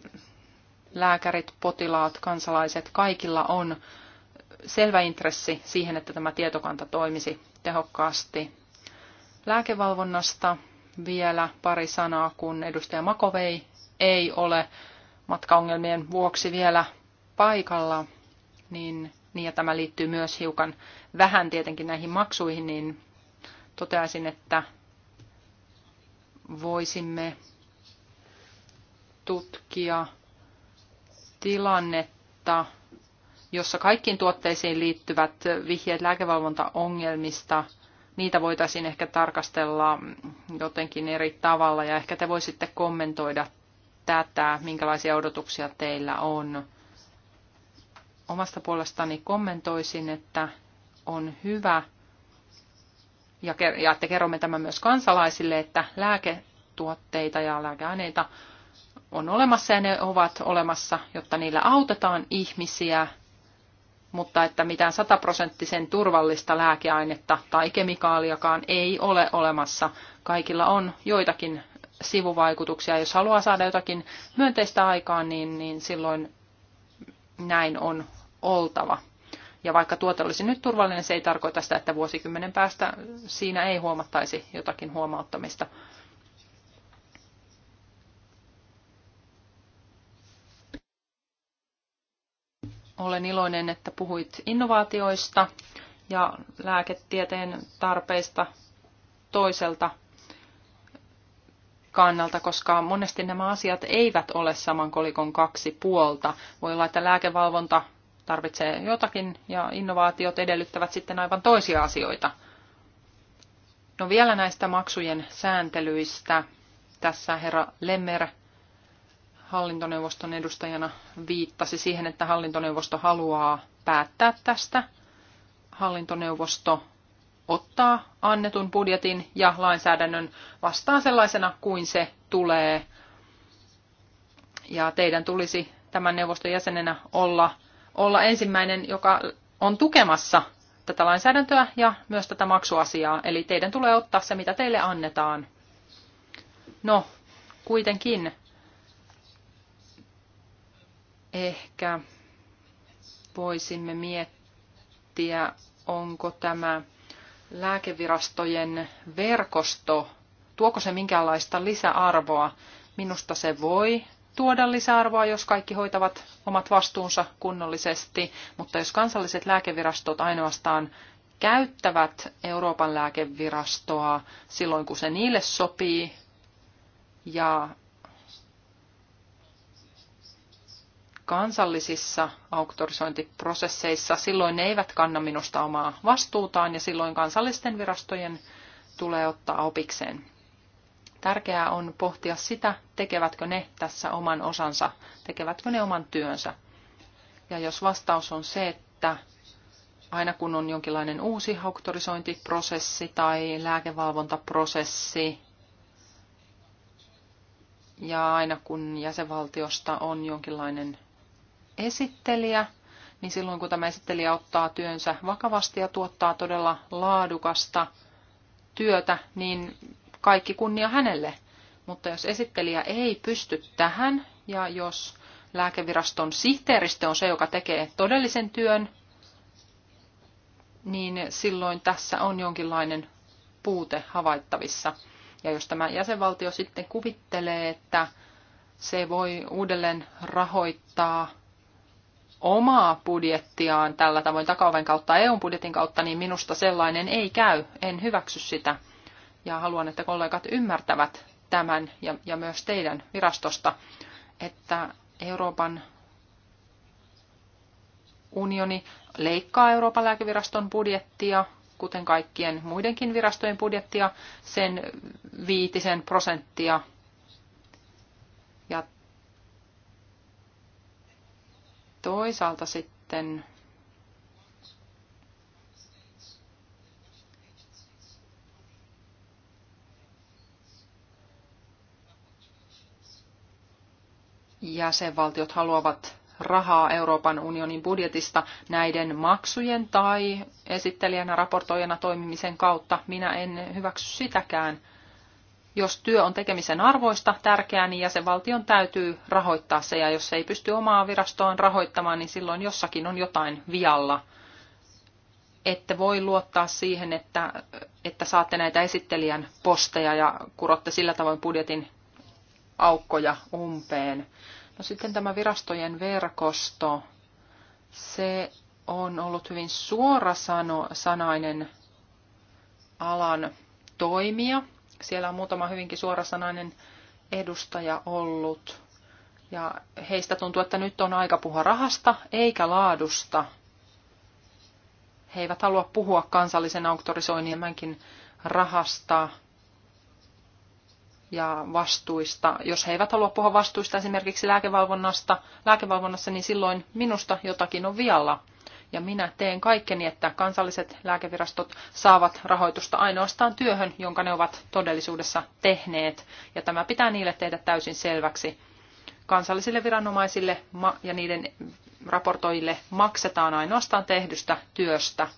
lääkärit, potilaat, kansalaiset, kaikilla on selvä intressi siihen, että tämä tietokanta toimisi tehokkaasti. Lääkevalvonnasta vielä pari sanaa, kun edustaja Makovei ei ole matkaongelmien vuoksi vielä paikalla, niin, niin ja tämä liittyy myös hiukan vähän tietenkin näihin maksuihin, niin toteaisin, että voisimme tutkia tilannetta, jossa kaikkiin tuotteisiin liittyvät vihjeet lääkevalvontaongelmista, niitä voitaisiin ehkä tarkastella jotenkin eri tavalla ja ehkä te voisitte kommentoida tätä, minkälaisia odotuksia teillä on. Omasta puolestani kommentoisin, että on hyvä, ja, että kerromme tämän myös kansalaisille, että lääketuotteita ja lääkeaineita on olemassa ja ne ovat olemassa, jotta niillä autetaan ihmisiä, mutta että mitään sataprosenttisen turvallista lääkeainetta tai kemikaaliakaan ei ole olemassa. Kaikilla on joitakin sivuvaikutuksia. Jos haluaa saada jotakin myönteistä aikaan, niin, niin silloin näin on oltava. Ja vaikka tuote olisi nyt turvallinen, se ei tarkoita sitä, että vuosikymmenen päästä siinä ei huomattaisi jotakin huomauttamista. Olen iloinen, että puhuit innovaatioista ja lääketieteen tarpeista toiselta kannalta, koska monesti nämä asiat eivät ole saman kolikon kaksi puolta. Voi olla, että lääkevalvonta tarvitsee jotakin ja innovaatiot edellyttävät sitten aivan toisia asioita. No vielä näistä maksujen sääntelyistä. Tässä herra Lemmer hallintoneuvoston edustajana viittasi siihen, että hallintoneuvosto haluaa päättää tästä. Hallintoneuvosto ottaa annetun budjetin ja lainsäädännön vastaan sellaisena kuin se tulee. Ja teidän tulisi tämän neuvoston jäsenenä olla, olla ensimmäinen, joka on tukemassa tätä lainsäädäntöä ja myös tätä maksuasiaa. Eli teidän tulee ottaa se, mitä teille annetaan. No, kuitenkin Ehkä voisimme miettiä, onko tämä lääkevirastojen verkosto, tuoko se minkäänlaista lisäarvoa? Minusta se voi tuoda lisäarvoa, jos kaikki hoitavat omat vastuunsa kunnollisesti, mutta jos kansalliset lääkevirastot ainoastaan käyttävät Euroopan lääkevirastoa silloin, kun se niille sopii, ja kansallisissa auktorisointiprosesseissa, silloin ne eivät kanna minusta omaa vastuutaan ja silloin kansallisten virastojen tulee ottaa opikseen. Tärkeää on pohtia sitä, tekevätkö ne tässä oman osansa, tekevätkö ne oman työnsä. Ja jos vastaus on se, että aina kun on jonkinlainen uusi auktorisointiprosessi tai lääkevalvontaprosessi, ja aina kun jäsenvaltiosta on jonkinlainen esittelijä, niin silloin kun tämä esittelijä ottaa työnsä vakavasti ja tuottaa todella laadukasta työtä, niin kaikki kunnia hänelle. Mutta jos esittelijä ei pysty tähän ja jos lääkeviraston sihteeristö on se, joka tekee todellisen työn, niin silloin tässä on jonkinlainen puute havaittavissa. Ja jos tämä jäsenvaltio sitten kuvittelee, että se voi uudelleen rahoittaa omaa budjettiaan tällä tavoin takaoven kautta EUn budjetin kautta, niin minusta sellainen ei käy. En hyväksy sitä. Ja haluan, että kollegat ymmärtävät tämän ja, ja myös teidän virastosta, että Euroopan unioni leikkaa Euroopan lääkeviraston budjettia, kuten kaikkien muidenkin virastojen budjettia, sen viitisen prosenttia. Ja Toisaalta sitten jäsenvaltiot haluavat rahaa Euroopan unionin budjetista näiden maksujen tai esittelijänä raportoijana toimimisen kautta. Minä en hyväksy sitäkään jos työ on tekemisen arvoista tärkeää, niin jäsenvaltion täytyy rahoittaa se, ja jos se ei pysty omaa virastoaan rahoittamaan, niin silloin jossakin on jotain vialla. Ette voi luottaa siihen, että, että saatte näitä esittelijän posteja ja kurotte sillä tavoin budjetin aukkoja umpeen. No sitten tämä virastojen verkosto, se on ollut hyvin suorasanainen alan toimija siellä on muutama hyvinkin suorasanainen edustaja ollut. Ja heistä tuntuu, että nyt on aika puhua rahasta eikä laadusta. He eivät halua puhua kansallisen auktorisoinnin rahasta ja vastuista. Jos he eivät halua puhua vastuista esimerkiksi lääkevalvonnasta, lääkevalvonnassa, niin silloin minusta jotakin on vialla ja minä teen kaikkeni, että kansalliset lääkevirastot saavat rahoitusta ainoastaan työhön, jonka ne ovat todellisuudessa tehneet, ja tämä pitää niille tehdä täysin selväksi. Kansallisille viranomaisille ja niiden raportoijille maksetaan ainoastaan tehdystä työstä.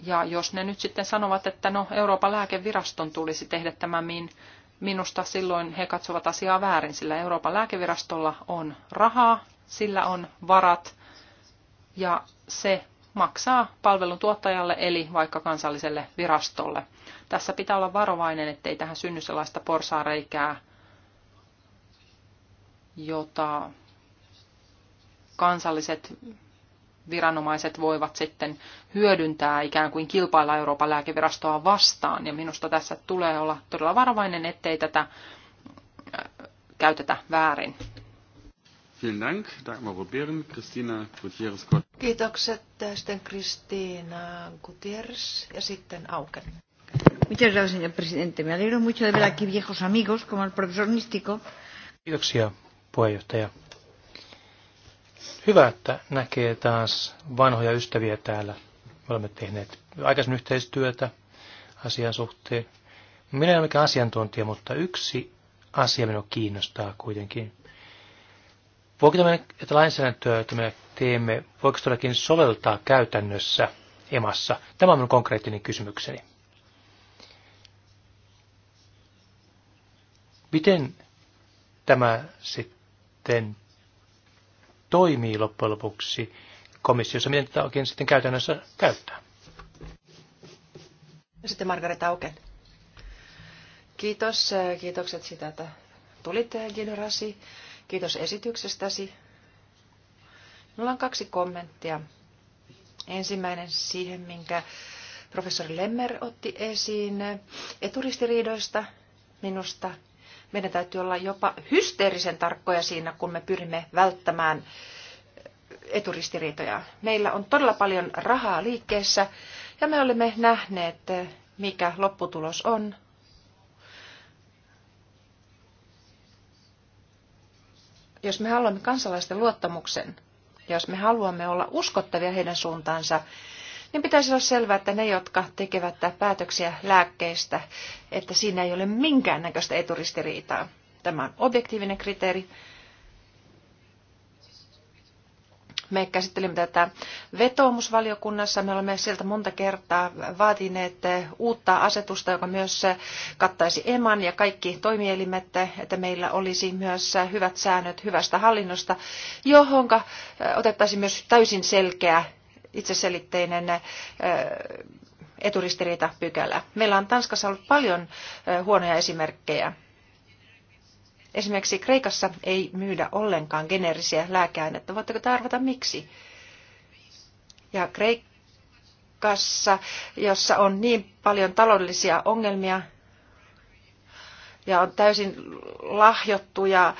Ja jos ne nyt sitten sanovat, että no Euroopan lääkeviraston tulisi tehdä tämä, niin minusta silloin he katsovat asiaa väärin, sillä Euroopan lääkevirastolla on rahaa, sillä on varat ja se maksaa palveluntuottajalle eli vaikka kansalliselle virastolle. Tässä pitää olla varovainen, ettei tähän synny sellaista porsaareikää, jota kansalliset viranomaiset voivat sitten hyödyntää ikään kuin kilpailla Euroopan lääkevirastoa vastaan. Ja minusta tässä tulee olla todella varovainen, ettei tätä äh, käytetä väärin. Vielen Dank, Dagmar Christina gutierrez Kiitokset sitten Kristiina Gutierrez ja sitten Auken. Muchas gracias, señor presidente. Me alegro mucho de ver aquí viejos amigos como el profesor Nístico. Kiitoksia, puheenjohtaja. Hyvä, että näkee taas vanhoja ystäviä täällä. Me olemme tehneet aikaisemmin yhteistyötä asian suhteen. Minä en ole mikään asiantuntija, mutta yksi asia minua kiinnostaa kuitenkin. Voiko tämä, että lainsäädäntöä, jota me teemme, voiko todellakin soveltaa käytännössä emassa? Tämä on minun konkreettinen kysymykseni. Miten tämä sitten toimii loppujen lopuksi komissiossa? Miten tätä oikein sitten käytännössä käyttää? sitten Margareta Auken. Kiitos, kiitokset sitä, että tulit Rasi. Kiitos esityksestäsi. Minulla on kaksi kommenttia. Ensimmäinen siihen, minkä professori Lemmer otti esiin eturistiriidoista. Minusta meidän täytyy olla jopa hysteerisen tarkkoja siinä, kun me pyrimme välttämään eturistiriitoja. Meillä on todella paljon rahaa liikkeessä ja me olemme nähneet, mikä lopputulos on. jos me haluamme kansalaisten luottamuksen, ja jos me haluamme olla uskottavia heidän suuntaansa, niin pitäisi olla selvää, että ne, jotka tekevät päätöksiä lääkkeistä, että siinä ei ole minkäännäköistä eturistiriitaa. Tämä on objektiivinen kriteeri. Me käsittelimme tätä vetoomusvaliokunnassa. Me olemme sieltä monta kertaa vaatineet uutta asetusta, joka myös kattaisi EMAN ja kaikki toimielimet, että meillä olisi myös hyvät säännöt hyvästä hallinnosta, johon otettaisiin myös täysin selkeä itseselitteinen eturistiriitapykälä. Meillä on Tanskassa ollut paljon huonoja esimerkkejä. Esimerkiksi Kreikassa ei myydä ollenkaan geneerisiä lääkeaineita. Voitteko te arvata miksi? ja Kreikassa, jossa on niin paljon taloudellisia ongelmia ja on täysin lahjottuja.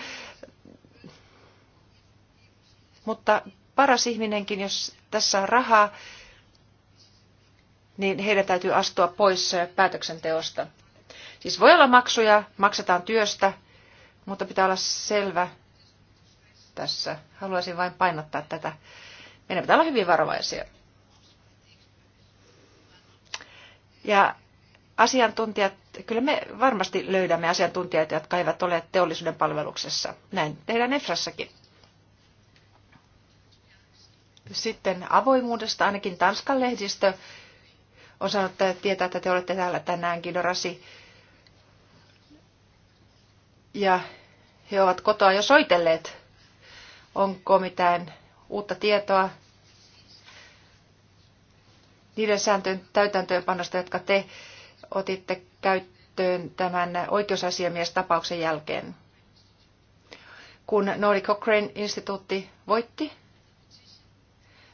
Mutta paras ihminenkin, jos tässä on rahaa, niin heidän täytyy astua pois päätöksenteosta. Siis voi olla maksuja, maksetaan työstä, mutta pitää olla selvä tässä. Haluaisin vain painottaa tätä. Meidän pitää olla hyvin varovaisia. Ja asiantuntijat, kyllä me varmasti löydämme asiantuntijoita, jotka eivät ole teollisuuden palveluksessa. Näin tehdään Efrassakin. Sitten avoimuudesta ainakin Tanskan lehdistö on saanut tietää, että te olette täällä tänään, Kidorasi. Ja he ovat kotoa jo soitelleet. Onko mitään uutta tietoa niiden sääntöjen täytäntöönpanosta, jotka te otitte käyttöön tämän oikeusasiamiestapauksen jälkeen, kun Nori Cochrane-instituutti voitti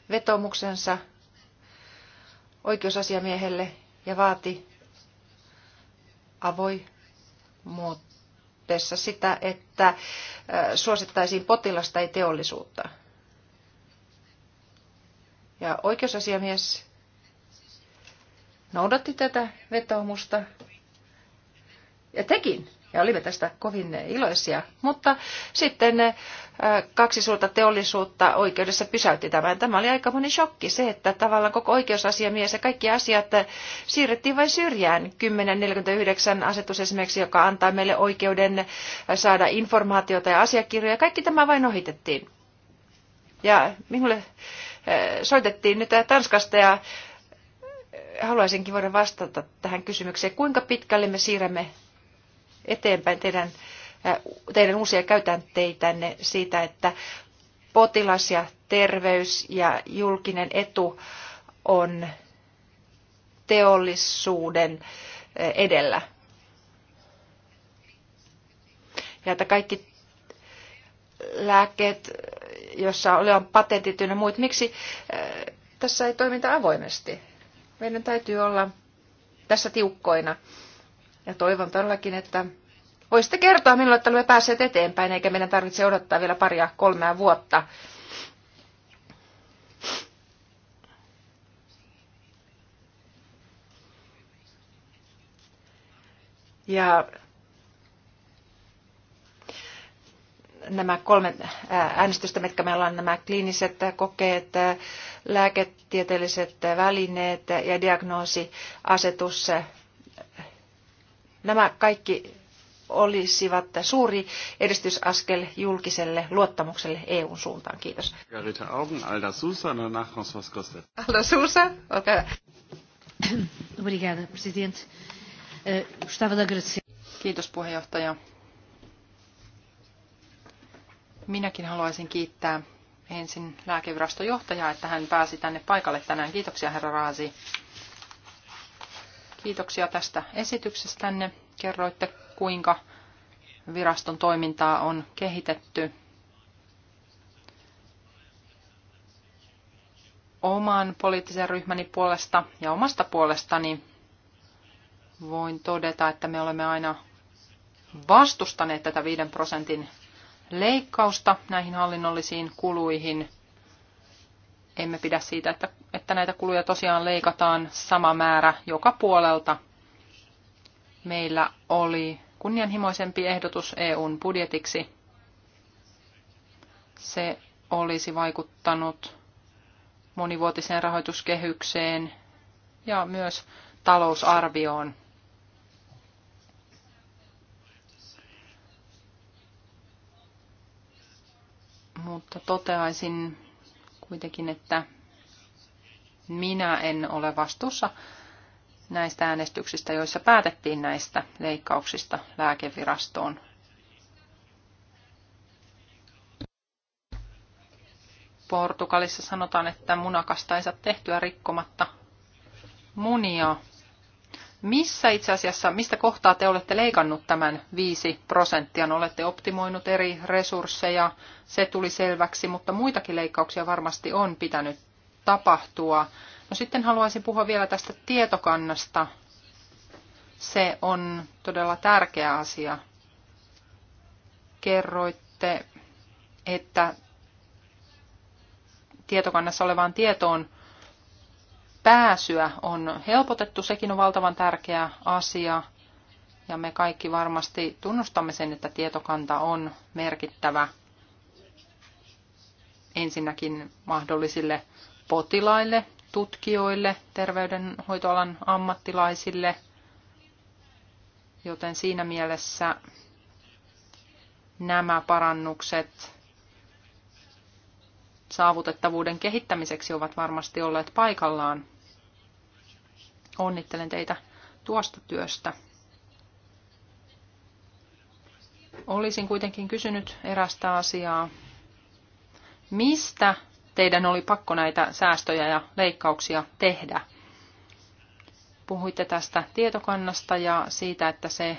vetomuksensa oikeusasiamiehelle ja vaati avoimuudessa sitä, että äh, suosittaisiin potilasta ei teollisuutta. Ja oikeusasiamies noudatti tätä vetoomusta ja tekin. Ja olimme tästä kovin iloisia. Mutta sitten äh, kaksi suurta teollisuutta oikeudessa pysäytti tämän. Tämä oli aika moni shokki se, että tavallaan koko oikeusasiamies ja kaikki asiat äh, siirrettiin vain syrjään. 1049 asetus esimerkiksi, joka antaa meille oikeuden äh, saada informaatiota ja asiakirjoja. Kaikki tämä vain ohitettiin. Ja minulle soitettiin nyt Tanskasta ja haluaisinkin voida vastata tähän kysymykseen. Kuinka pitkälle me siirrämme eteenpäin teidän, teidän uusia käytänteitänne siitä, että potilas ja terveys ja julkinen etu on teollisuuden edellä. Ja että kaikki lääkkeet, jossa on patentit ja muut, miksi tässä ei toiminta avoimesti? meidän täytyy olla tässä tiukkoina. Ja toivon todellakin, että voisitte kertoa minulle, että olemme päässeet eteenpäin, eikä meidän tarvitse odottaa vielä paria kolmea vuotta. Ja nämä kolme äänestystä, mitkä meillä on, nämä kliiniset kokeet, lääketieteelliset välineet ja diagnoosiasetus, nämä kaikki olisivat suuri edistysaskel julkiselle luottamukselle EUn suuntaan. Kiitos. Garita Augen, Alda Sousa, danach François Costet. Alda Sousa, olkaa hyvä. Obrigada, presidente. Eh, Kiitos puheenjohtaja. Minäkin haluaisin kiittää ensin lääkeviraston johtajaa, että hän pääsi tänne paikalle tänään. Kiitoksia herra Raasi. Kiitoksia tästä esityksestänne. Kerroitte, kuinka viraston toimintaa on kehitetty oman poliittisen ryhmäni puolesta ja omasta puolestani voin todeta, että me olemme aina vastustaneet tätä 5 prosentin leikkausta näihin hallinnollisiin kuluihin. Emme pidä siitä, että, että näitä kuluja tosiaan leikataan sama määrä joka puolelta. Meillä oli kunnianhimoisempi ehdotus EUn budjetiksi. Se olisi vaikuttanut monivuotiseen rahoituskehykseen ja myös talousarvioon mutta toteaisin kuitenkin, että minä en ole vastuussa näistä äänestyksistä, joissa päätettiin näistä leikkauksista lääkevirastoon. Portugalissa sanotaan, että munakasta ei saa tehtyä rikkomatta munia. Missä itse asiassa, mistä kohtaa te olette leikannut tämän 5 prosenttia? No, olette optimoinut eri resursseja, se tuli selväksi, mutta muitakin leikkauksia varmasti on pitänyt tapahtua. No sitten haluaisin puhua vielä tästä tietokannasta. Se on todella tärkeä asia. Kerroitte, että tietokannassa olevaan tietoon pääsyä on helpotettu, sekin on valtavan tärkeä asia. Ja me kaikki varmasti tunnustamme sen, että tietokanta on merkittävä ensinnäkin mahdollisille potilaille, tutkijoille, terveydenhoitoalan ammattilaisille. Joten siinä mielessä nämä parannukset saavutettavuuden kehittämiseksi ovat varmasti olleet paikallaan Onnittelen teitä tuosta työstä. Olisin kuitenkin kysynyt erästä asiaa. Mistä teidän oli pakko näitä säästöjä ja leikkauksia tehdä? Puhuitte tästä tietokannasta ja siitä, että se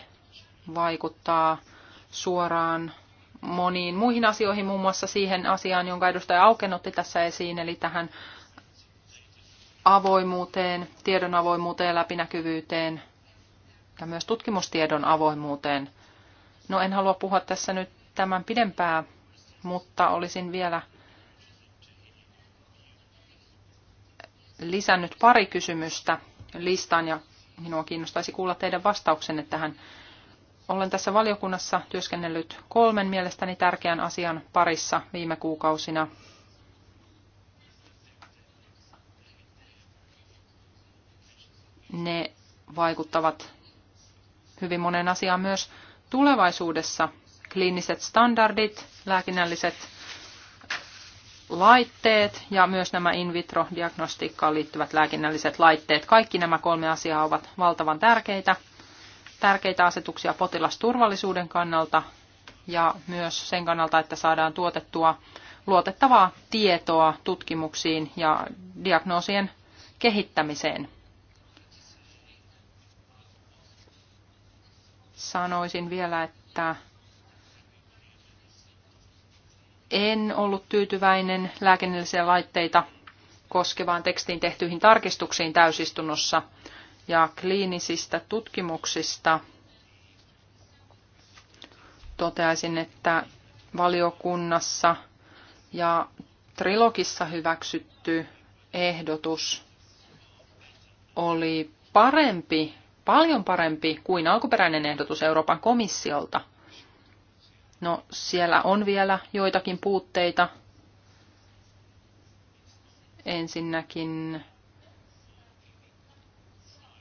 vaikuttaa suoraan moniin muihin asioihin, muun muassa siihen asiaan, jonka edustaja Auken otti tässä esiin, eli tähän avoimuuteen, tiedon avoimuuteen, läpinäkyvyyteen ja myös tutkimustiedon avoimuuteen. No en halua puhua tässä nyt tämän pidempää, mutta olisin vielä lisännyt pari kysymystä listaan ja minua kiinnostaisi kuulla teidän vastauksenne tähän. Olen tässä valiokunnassa työskennellyt kolmen mielestäni tärkeän asian parissa viime kuukausina. ne vaikuttavat hyvin monen asiaan myös tulevaisuudessa. Kliiniset standardit, lääkinnälliset laitteet ja myös nämä in vitro-diagnostiikkaan liittyvät lääkinnälliset laitteet. Kaikki nämä kolme asiaa ovat valtavan tärkeitä. Tärkeitä asetuksia potilasturvallisuuden kannalta ja myös sen kannalta, että saadaan tuotettua luotettavaa tietoa tutkimuksiin ja diagnoosien kehittämiseen. sanoisin vielä, että en ollut tyytyväinen lääkinnällisiä laitteita koskevaan tekstiin tehtyihin tarkistuksiin täysistunnossa ja kliinisistä tutkimuksista. Toteaisin, että valiokunnassa ja trilogissa hyväksytty ehdotus oli parempi paljon parempi kuin alkuperäinen ehdotus Euroopan komissiolta. No, siellä on vielä joitakin puutteita. Ensinnäkin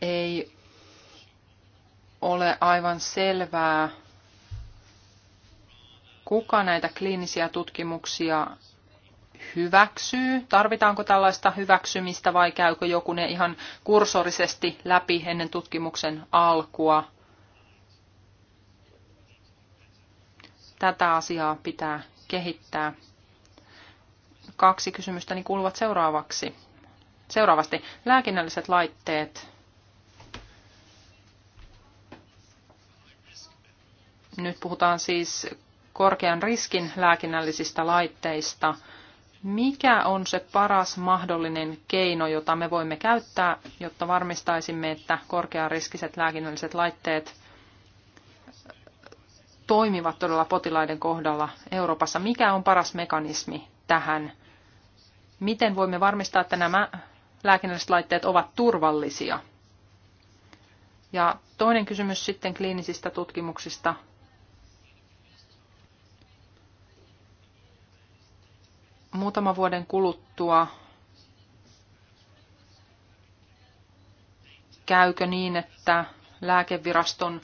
ei ole aivan selvää, kuka näitä kliinisiä tutkimuksia hyväksyy? Tarvitaanko tällaista hyväksymistä vai käykö joku ne ihan kursorisesti läpi ennen tutkimuksen alkua? Tätä asiaa pitää kehittää. Kaksi kysymystäni kuuluvat seuraavaksi. Seuraavasti lääkinnälliset laitteet. Nyt puhutaan siis korkean riskin lääkinnällisistä laitteista – mikä on se paras mahdollinen keino, jota me voimme käyttää, jotta varmistaisimme, että korkeariskiset lääkinnälliset laitteet toimivat todella potilaiden kohdalla Euroopassa. Mikä on paras mekanismi tähän? Miten voimme varmistaa, että nämä lääkinnälliset laitteet ovat turvallisia? Ja toinen kysymys sitten kliinisistä tutkimuksista muutama vuoden kuluttua käykö niin, että lääkeviraston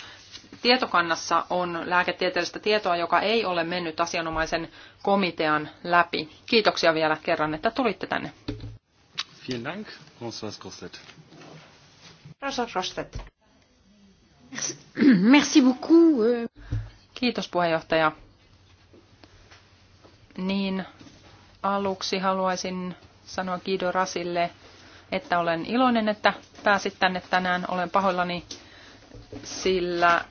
tietokannassa on lääketieteellistä tietoa, joka ei ole mennyt asianomaisen komitean läpi. Kiitoksia vielä kerran, että tulitte tänne. Vielen Dank, François Grosset. François Grosset. Merci beaucoup. Kiitos puheenjohtaja. Niin, Aluksi haluaisin sanoa Guido Rasille, että olen iloinen, että pääsit tänne tänään. Olen pahoillani, sillä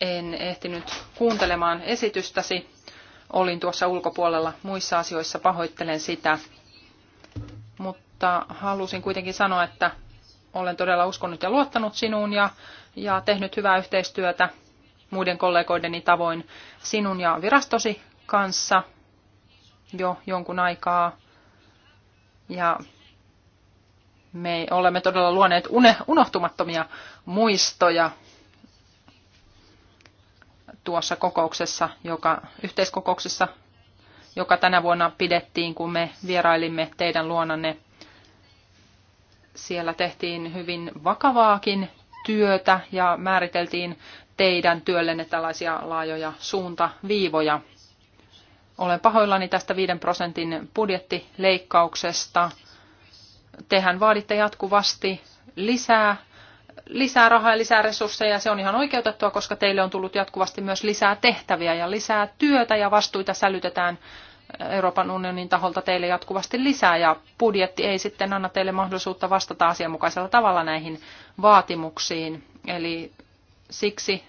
en ehtinyt kuuntelemaan esitystäsi. Olin tuossa ulkopuolella muissa asioissa, pahoittelen sitä. Mutta halusin kuitenkin sanoa, että olen todella uskonut ja luottanut sinuun ja, ja tehnyt hyvää yhteistyötä muiden kollegoideni tavoin sinun ja virastosi kanssa jo jonkun aikaa. Ja me olemme todella luoneet une, unohtumattomia muistoja tuossa kokouksessa, joka, yhteiskokouksessa, joka tänä vuonna pidettiin, kun me vierailimme teidän luonanne. Siellä tehtiin hyvin vakavaakin työtä ja määriteltiin teidän työllenne tällaisia laajoja suuntaviivoja. Olen pahoillani tästä 5 prosentin budjettileikkauksesta. Tehän vaaditte jatkuvasti lisää, lisää rahaa ja lisää resursseja. Se on ihan oikeutettua, koska teille on tullut jatkuvasti myös lisää tehtäviä ja lisää työtä ja vastuita sälytetään Euroopan unionin taholta teille jatkuvasti lisää ja budjetti ei sitten anna teille mahdollisuutta vastata asianmukaisella tavalla näihin vaatimuksiin. Eli Siksi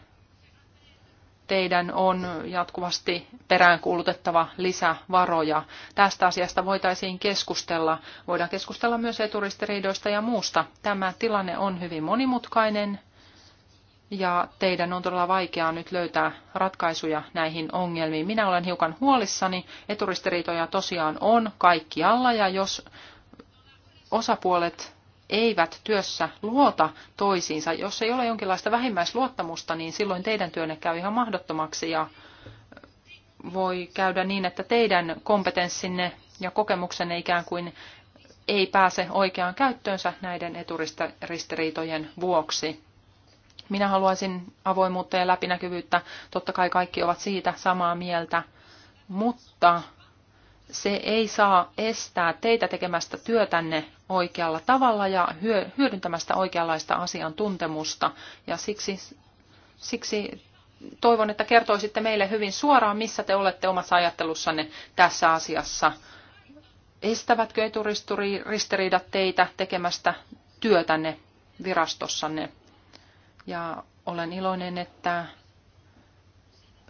teidän on jatkuvasti peräänkuulutettava lisävaroja. Tästä asiasta voitaisiin keskustella. Voidaan keskustella myös eturistiriidoista ja muusta. Tämä tilanne on hyvin monimutkainen ja teidän on todella vaikeaa nyt löytää ratkaisuja näihin ongelmiin. Minä olen hiukan huolissani. Eturistiriitoja tosiaan on kaikkialla ja jos osapuolet eivät työssä luota toisiinsa. Jos ei ole jonkinlaista vähimmäisluottamusta, niin silloin teidän työnne käy ihan mahdottomaksi ja voi käydä niin, että teidän kompetenssinne ja kokemuksenne ikään kuin ei pääse oikeaan käyttöönsä näiden eturistiriitojen vuoksi. Minä haluaisin avoimuutta ja läpinäkyvyyttä. Totta kai kaikki ovat siitä samaa mieltä, mutta se ei saa estää teitä tekemästä työtänne oikealla tavalla ja hyödyntämästä oikeanlaista asiantuntemusta. Ja siksi, siksi toivon, että kertoisitte meille hyvin suoraan, missä te olette omassa ajattelussanne tässä asiassa. Estävätkö eturistiriidat teitä tekemästä työtänne virastossanne? Ja olen iloinen, että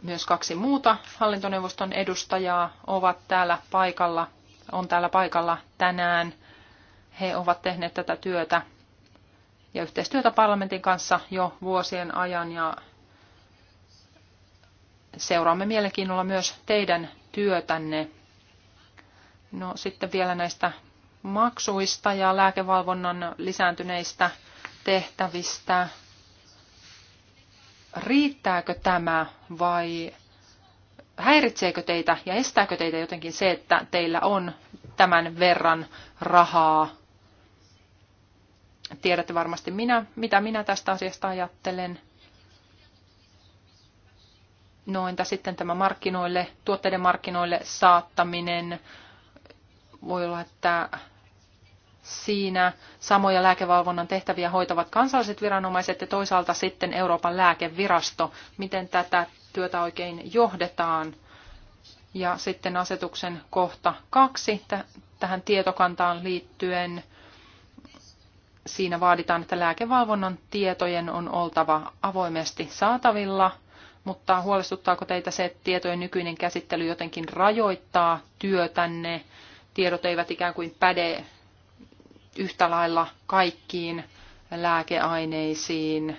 myös kaksi muuta hallintoneuvoston edustajaa ovat täällä paikalla, on täällä paikalla tänään. He ovat tehneet tätä työtä ja yhteistyötä parlamentin kanssa jo vuosien ajan ja seuraamme mielenkiinnolla myös teidän työtänne. No sitten vielä näistä maksuista ja lääkevalvonnan lisääntyneistä tehtävistä riittääkö tämä vai häiritseekö teitä ja estääkö teitä jotenkin se, että teillä on tämän verran rahaa? Tiedätte varmasti minä, mitä minä tästä asiasta ajattelen. No entä sitten tämä markkinoille, tuotteiden markkinoille saattaminen? Voi olla, että Siinä samoja lääkevalvonnan tehtäviä hoitavat kansalliset viranomaiset ja toisaalta sitten Euroopan lääkevirasto. Miten tätä työtä oikein johdetaan? Ja sitten asetuksen kohta kaksi tähän tietokantaan liittyen. Siinä vaaditaan, että lääkevalvonnan tietojen on oltava avoimesti saatavilla, mutta huolestuttaako teitä se, että tietojen nykyinen käsittely jotenkin rajoittaa työtänne? Tiedot eivät ikään kuin päde yhtä lailla kaikkiin lääkeaineisiin?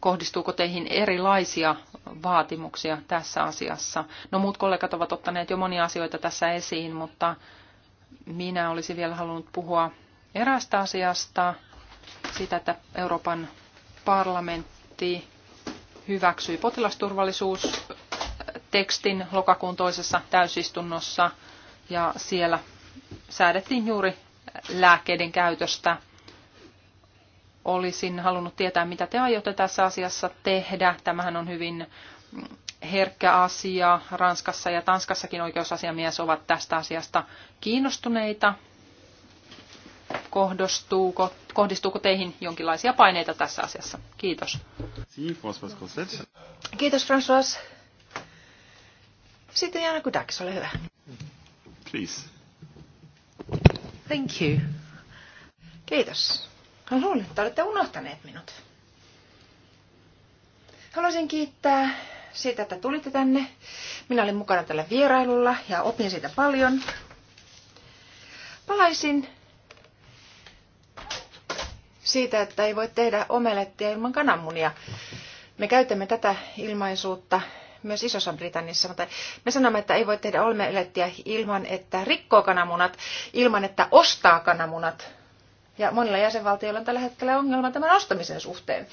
Kohdistuuko teihin erilaisia vaatimuksia tässä asiassa? No muut kollegat ovat ottaneet jo monia asioita tässä esiin, mutta minä olisin vielä halunnut puhua erästä asiasta, sitä, että Euroopan parlamentti hyväksyi potilasturvallisuustekstin lokakuun toisessa täysistunnossa ja siellä säädettiin juuri lääkkeiden käytöstä. Olisin halunnut tietää, mitä te aiotte tässä asiassa tehdä. Tämähän on hyvin herkkä asia. Ranskassa ja Tanskassakin oikeusasiamies ovat tästä asiasta kiinnostuneita. Kohdistuuko, kohdistuuko teihin jonkinlaisia paineita tässä asiassa? Kiitos. Kiitos François. Sitten Jana Kudaks, ole hyvä. Please. Thank you. Kiitos. Luulen, että olette unohtaneet minut. Haluaisin kiittää siitä, että tulitte tänne. Minä olin mukana tällä vierailulla ja opin siitä paljon. Palaisin siitä, että ei voi tehdä omelettia ilman kananmunia. Me käytämme tätä ilmaisuutta myös Isossa Britanniassa, mutta me sanomme, että ei voi tehdä olmeelettiä ilman, että rikkoo kananmunat, ilman, että ostaa kananmunat. Ja monilla jäsenvaltioilla on tällä hetkellä ongelma tämän ostamisen suhteen.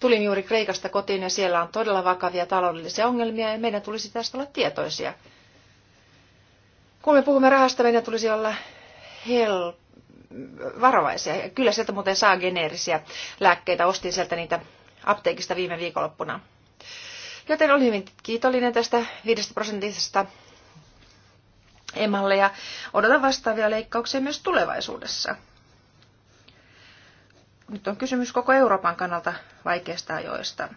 Tulin juuri Kreikasta kotiin ja siellä on todella vakavia taloudellisia ongelmia ja meidän tulisi tästä olla tietoisia. Kun me puhumme rahasta, meidän tulisi olla hel- varovaisia. Kyllä sieltä muuten saa geneerisiä lääkkeitä. Ostin sieltä niitä apteekista viime viikonloppuna. Joten olin hyvin kiitollinen tästä 5 prosentista emalle ja odotan vastaavia leikkauksia myös tulevaisuudessa. Nyt on kysymys koko Euroopan kannalta vaikeista ajoista.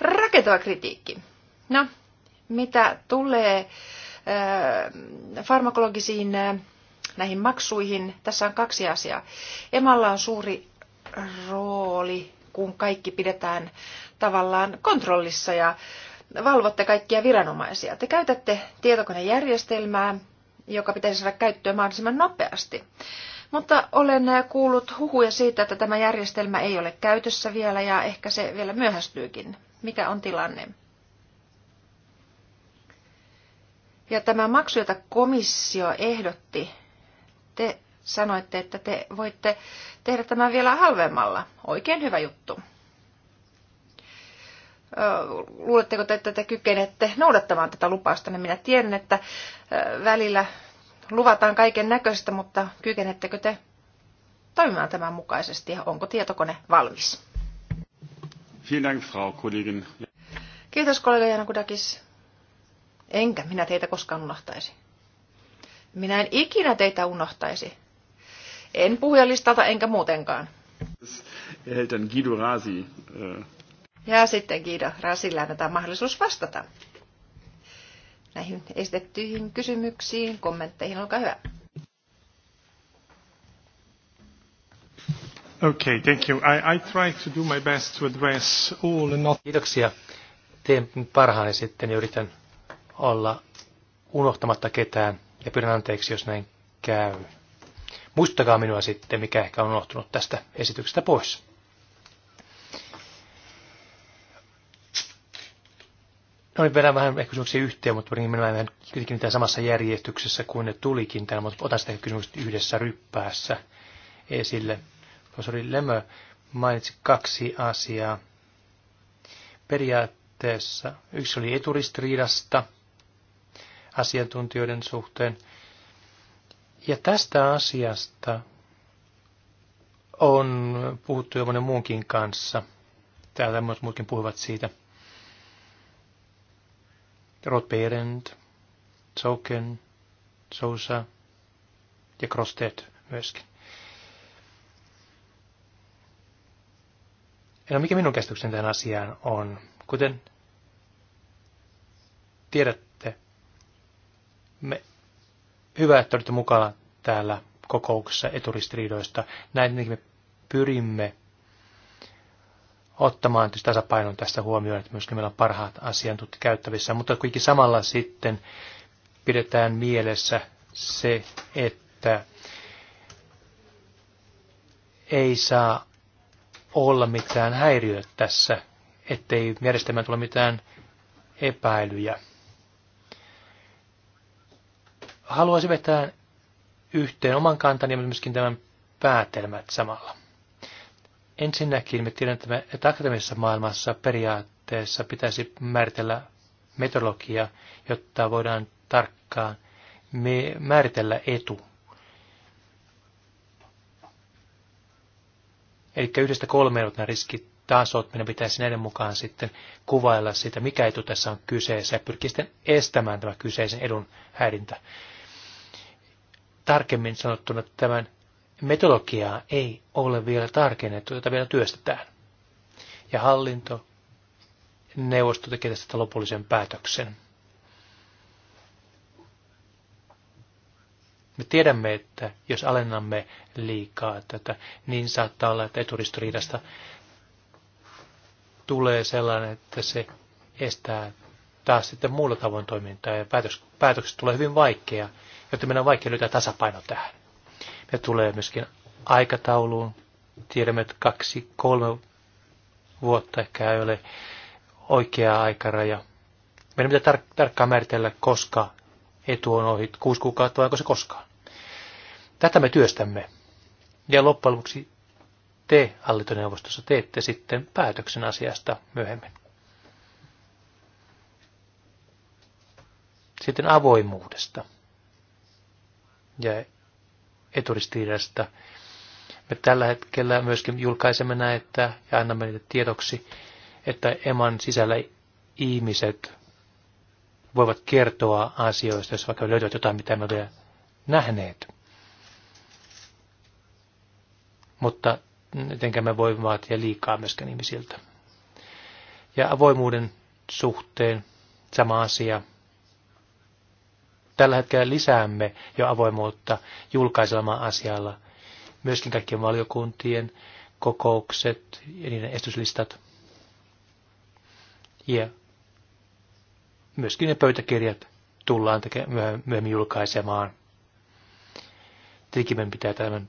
Rakentava kritiikki. No, mitä tulee äh, farmakologisiin äh, näihin maksuihin, tässä on kaksi asiaa. Emalla on suuri rooli, kun kaikki pidetään tavallaan kontrollissa ja valvotte kaikkia viranomaisia. Te käytätte tietokonejärjestelmää, joka pitäisi saada käyttöön mahdollisimman nopeasti. Mutta olen kuullut huhuja siitä, että tämä järjestelmä ei ole käytössä vielä ja ehkä se vielä myöhästyykin. Mikä on tilanne? Ja tämä maksu, jota komissio ehdotti, te sanoitte, että te voitte tehdä tämän vielä halvemmalla. Oikein hyvä juttu luuletteko te, että te kykenette noudattamaan tätä lupausta? Minä tiedän, että välillä luvataan kaiken näköistä, mutta kykenettekö te toimimaan tämän mukaisesti ja onko tietokone valmis? Kiitos kollega Jana Kudakis. Enkä minä teitä koskaan unohtaisi. Minä en ikinä teitä unohtaisi. En puhujalistalta enkä muutenkaan. Eltern Guido Rasi, ja sitten Guido Rasilla annetaan mahdollisuus vastata näihin esitettyihin kysymyksiin, kommentteihin. Olkaa hyvä. Okay, thank you. I, I try to do my best to address all and not... Kiitoksia. Teen parhaani sitten ja yritän olla unohtamatta ketään ja pyydän anteeksi, jos näin käy. Muistakaa minua sitten, mikä ehkä on unohtunut tästä esityksestä pois. No nyt vedän vähän ehkä kysymyksiä yhteen, mutta pyrin menemään vähän kuitenkin tämän samassa järjestyksessä kuin ne tulikin täällä, mutta otan sitä kysymystä yhdessä ryppäässä esille. Professori Lemö mainitsi kaksi asiaa. Periaatteessa yksi oli eturistiriidasta asiantuntijoiden suhteen. Ja tästä asiasta on puhuttu jo monen muunkin kanssa. Täällä muutkin puhuvat siitä – Rod Zoken, Sousa ja Crossteet myöskin. No mikä minun käsitykseni tähän asiaan on? Kuten tiedätte, me, hyvä, että olitte mukana täällä kokouksessa eturistiriidoista. Näin me pyrimme ottamaan tasapainon tässä huomioon, että myöskin meillä on parhaat asiantuntijat käyttävissä, mutta kuitenkin samalla sitten pidetään mielessä se, että ei saa olla mitään häiriöä tässä, ettei järjestelmään tule mitään epäilyjä. Haluaisin vetää yhteen oman kantani ja myöskin tämän päätelmät samalla. Ensinnäkin me tiedämme, että akademisessa maailmassa periaatteessa pitäisi määritellä metodologia, jotta voidaan tarkkaan määritellä etu. Eli yhdestä kolmeen nämä riskitasot, meidän pitäisi näiden mukaan sitten kuvailla sitä, mikä etu tässä on kyseessä, ja pyrkii sitten estämään tämä kyseisen edun häirintä. Tarkemmin sanottuna tämän metodologiaa ei ole vielä tarkennettu, jota vielä työstetään. Ja hallinto neuvosto tekee tästä lopullisen päätöksen. Me tiedämme, että jos alennamme liikaa tätä, niin saattaa olla, että eturistoriidasta tulee sellainen, että se estää taas sitten muulla tavoin toimintaa ja päätös, päätökset tulee hyvin vaikea, joten meidän on vaikea löytää tasapaino tähän. Ne tulee myöskin aikatauluun. Tiedämme, että kaksi, kolme vuotta ehkä ei ole oikea aikaraja. Meidän pitää tarkkaan määritellä, koska etu on ohi, kuusi kuukautta vai onko se koskaan. Tätä me työstämme. Ja loppujen lopuksi te hallintoneuvostossa teette sitten päätöksen asiasta myöhemmin. Sitten avoimuudesta ja eturistiriidasta. Me tällä hetkellä myöskin julkaisemme näitä ja annamme niitä tiedoksi, että eman sisällä ihmiset voivat kertoa asioista, jos vaikka löytyvät jotain, mitä me olemme nähneet. Mutta etenkä me voimme vaatia liikaa myöskään ihmisiltä. Ja avoimuuden suhteen sama asia tällä hetkellä lisäämme jo avoimuutta julkaisemaan asialla. Myöskin kaikkien valiokuntien kokoukset ja niiden estyslistat. Ja myöskin ne pöytäkirjat tullaan myöhemmin julkaisemaan. Tietenkin pitää tämän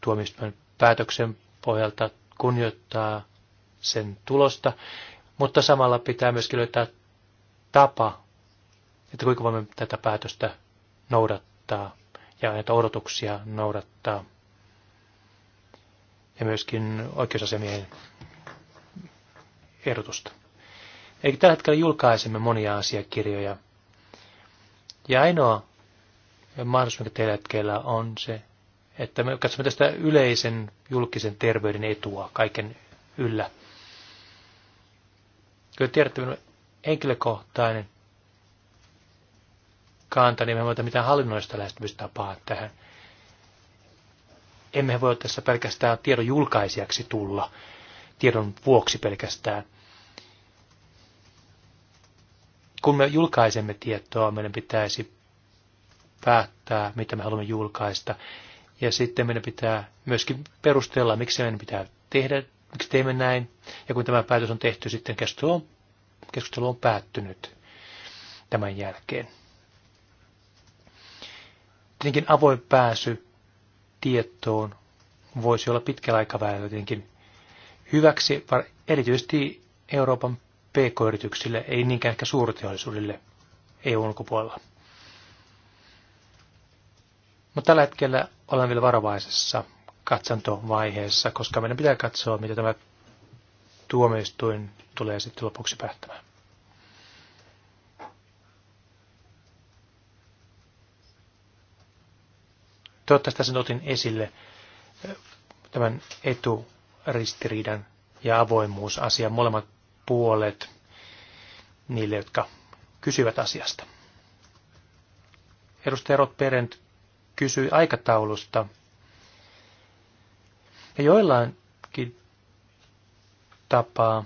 tuomioistuimen päätöksen pohjalta kunnioittaa sen tulosta, mutta samalla pitää myöskin löytää tapa että kuinka voimme tätä päätöstä noudattaa ja näitä odotuksia noudattaa. Ja myöskin oikeusasemien ehdotusta. Eikä tällä hetkellä julkaisemme monia asiakirjoja. Ja ainoa mahdollisuus, mikä tällä hetkellä on se, että me katsomme tästä yleisen julkisen terveyden etua kaiken yllä. Kyllä tiedätte, minun henkilökohtainen kantaa, niin me voita mitään hallinnollista lähestymistapaa tähän. Emme voi tässä pelkästään tiedon julkaisijaksi tulla, tiedon vuoksi pelkästään. Kun me julkaisemme tietoa, meidän pitäisi päättää, mitä me haluamme julkaista. Ja sitten meidän pitää myöskin perustella, miksi meidän pitää tehdä, miksi teemme näin. Ja kun tämä päätös on tehty, sitten keskustelu on, keskustelu on päättynyt tämän jälkeen. Tietenkin avoin pääsy tietoon voisi olla pitkällä aikavälillä jotenkin hyväksi, erityisesti Euroopan pk-yrityksille, ei niinkään ehkä suurteollisuudelle EU-ulkopuolella. Mutta tällä hetkellä ollaan vielä varovaisessa katsantovaiheessa, koska meidän pitää katsoa, mitä tämä tuomioistuin tulee sitten lopuksi päättämään. Toivottavasti tässä otin esille tämän eturistiriidan ja avoimuusasian molemmat puolet niille, jotka kysyvät asiasta. Edustaja Rot Perent kysyi aikataulusta. Ja joillainkin tapaa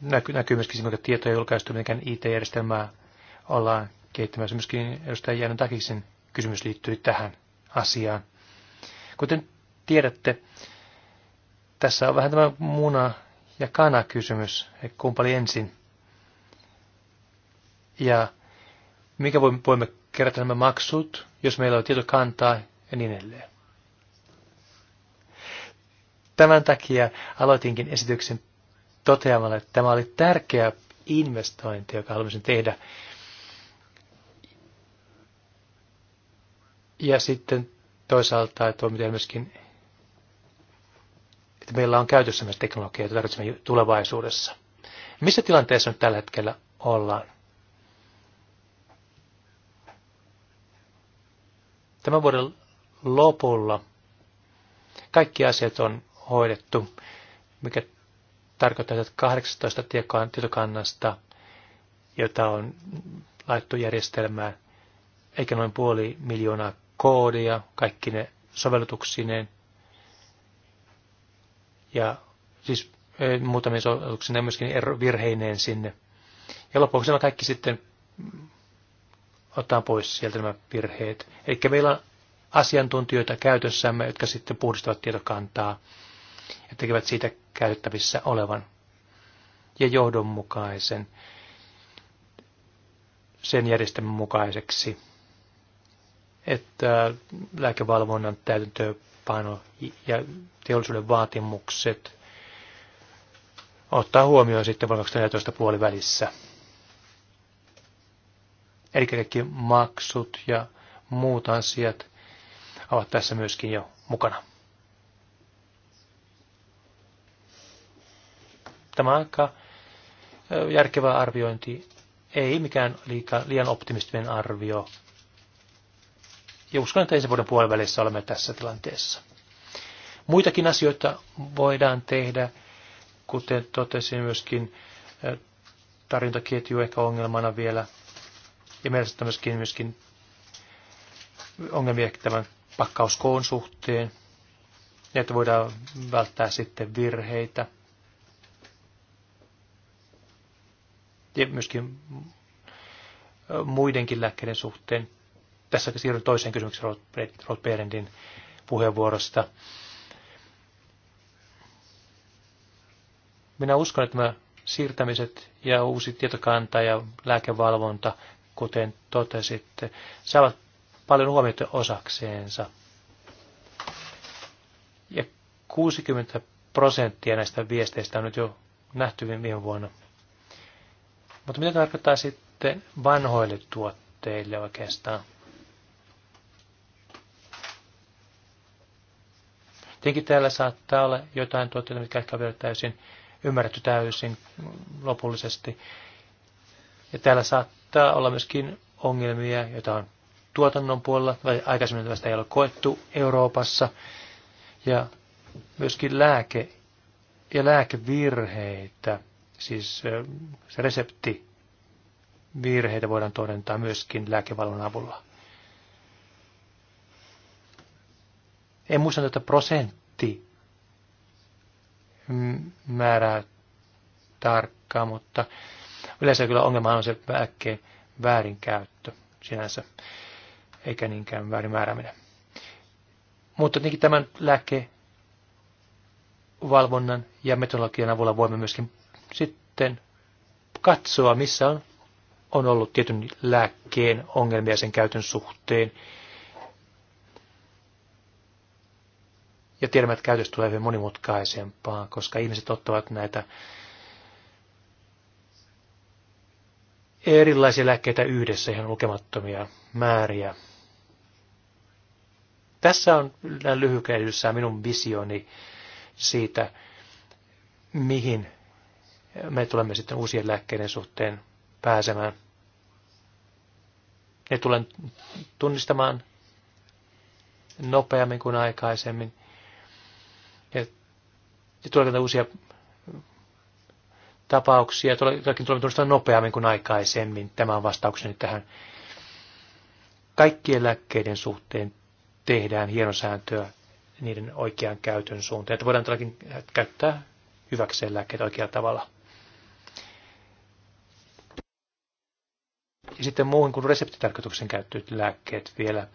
näkyy, näkyy myöskin siinä, kuinka tietoja julkaistu, miten IT-järjestelmää ollaan kehittämässä. Myöskin edustaja Jäänen Takisin kysymys liittyi tähän asiaan. Kuten tiedätte, tässä on vähän tämä muna ja kana kysymys, että kumpa ensin. Ja mikä voimme kerätä nämä maksut, jos meillä on tietokantaa ja niin edelleen. Tämän takia aloitinkin esityksen toteamalla, että tämä oli tärkeä investointi, joka halusin tehdä Ja sitten toisaalta, että on miten myöskin, että meillä on käytössä myös teknologiaa, jota tarvitsemme tulevaisuudessa. Missä tilanteessa nyt tällä hetkellä ollaan? Tämän vuoden lopulla kaikki asiat on hoidettu, mikä tarkoittaa, että 18 tietokannasta, jota on laittu järjestelmään, eikä noin puoli miljoonaa koodia, kaikki ne sovellutuksineen. Ja siis muutamia sovelluksina myöskin virheineen sinne. Ja lopuksi nämä kaikki sitten ottaa pois sieltä nämä virheet. Eli meillä on asiantuntijoita käytössämme, jotka sitten puhdistavat tietokantaa ja tekevät siitä käytettävissä olevan ja johdonmukaisen sen järjestelmän mukaiseksi että lääkevalvonnan täytäntöönpano ja teollisuuden vaatimukset ottaa huomioon sitten vuonna 2014 puolivälissä. Eli kaikki maksut ja muut asiat ovat tässä myöskin jo mukana. Tämä on aika järkevä arviointi, ei mikään liian optimistinen arvio ja uskon, että ensi vuoden puolivälissä olemme tässä tilanteessa. Muitakin asioita voidaan tehdä, kuten totesin myöskin tarjontaketju ehkä ongelmana vielä. Ja mielestäni myöskin, myöskin ongelmia tämän pakkauskoon suhteen, ja että voidaan välttää sitten virheitä. Ja myöskin muidenkin lääkkeiden suhteen tässä siirryn toiseen kysymykseen Rod Berendin puheenvuorosta. Minä uskon, että nämä siirtämiset ja uusi tietokanta ja lääkevalvonta, kuten totesitte, saavat paljon huomiota osakseensa. Ja 60 prosenttia näistä viesteistä on nyt jo nähty viime vuonna. Mutta mitä tarkoittaa sitten vanhoille tuotteille oikeastaan? Tietenkin täällä saattaa olla jotain tuotteita, mitkä ehkä on vielä täysin ymmärretty täysin lopullisesti. Ja täällä saattaa olla myöskin ongelmia, joita on tuotannon puolella, vai aikaisemmin tästä ei ole koettu Euroopassa. Ja myöskin lääke ja lääkevirheitä, siis se resepti virheitä voidaan todentaa myöskin lääkevalvonnan avulla. en muista tätä prosentti määrää tarkkaan, mutta yleensä kyllä ongelma on se lääkkeen väärinkäyttö sinänsä, eikä niinkään väärin määrääminen. Mutta tietenkin tämän lääkkeen valvonnan ja metodologian avulla voimme myöskin sitten katsoa, missä on, on ollut tietyn lääkkeen ongelmia sen käytön suhteen Ja tiedämme, että käytöstä tulee hyvin monimutkaisempaa, koska ihmiset ottavat näitä erilaisia lääkkeitä yhdessä, ihan lukemattomia määriä. Tässä on lyhykäisyyssä minun visioni siitä, mihin me tulemme sitten uusien lääkkeiden suhteen pääsemään. Ne tulen tunnistamaan nopeammin kuin aikaisemmin tulee näitä uusia tapauksia, jotakin tulee tunnistaa nopeammin kuin aikaisemmin. Tämä on vastaukseni tähän. Kaikkien lääkkeiden suhteen tehdään hienosääntöä niiden oikean käytön suuntaan, että voidaan todellakin käyttää hyväkseen lääkkeitä oikealla tavalla. Ja sitten muuhun kuin reseptitarkoituksen käyttöön lääkkeet vielä.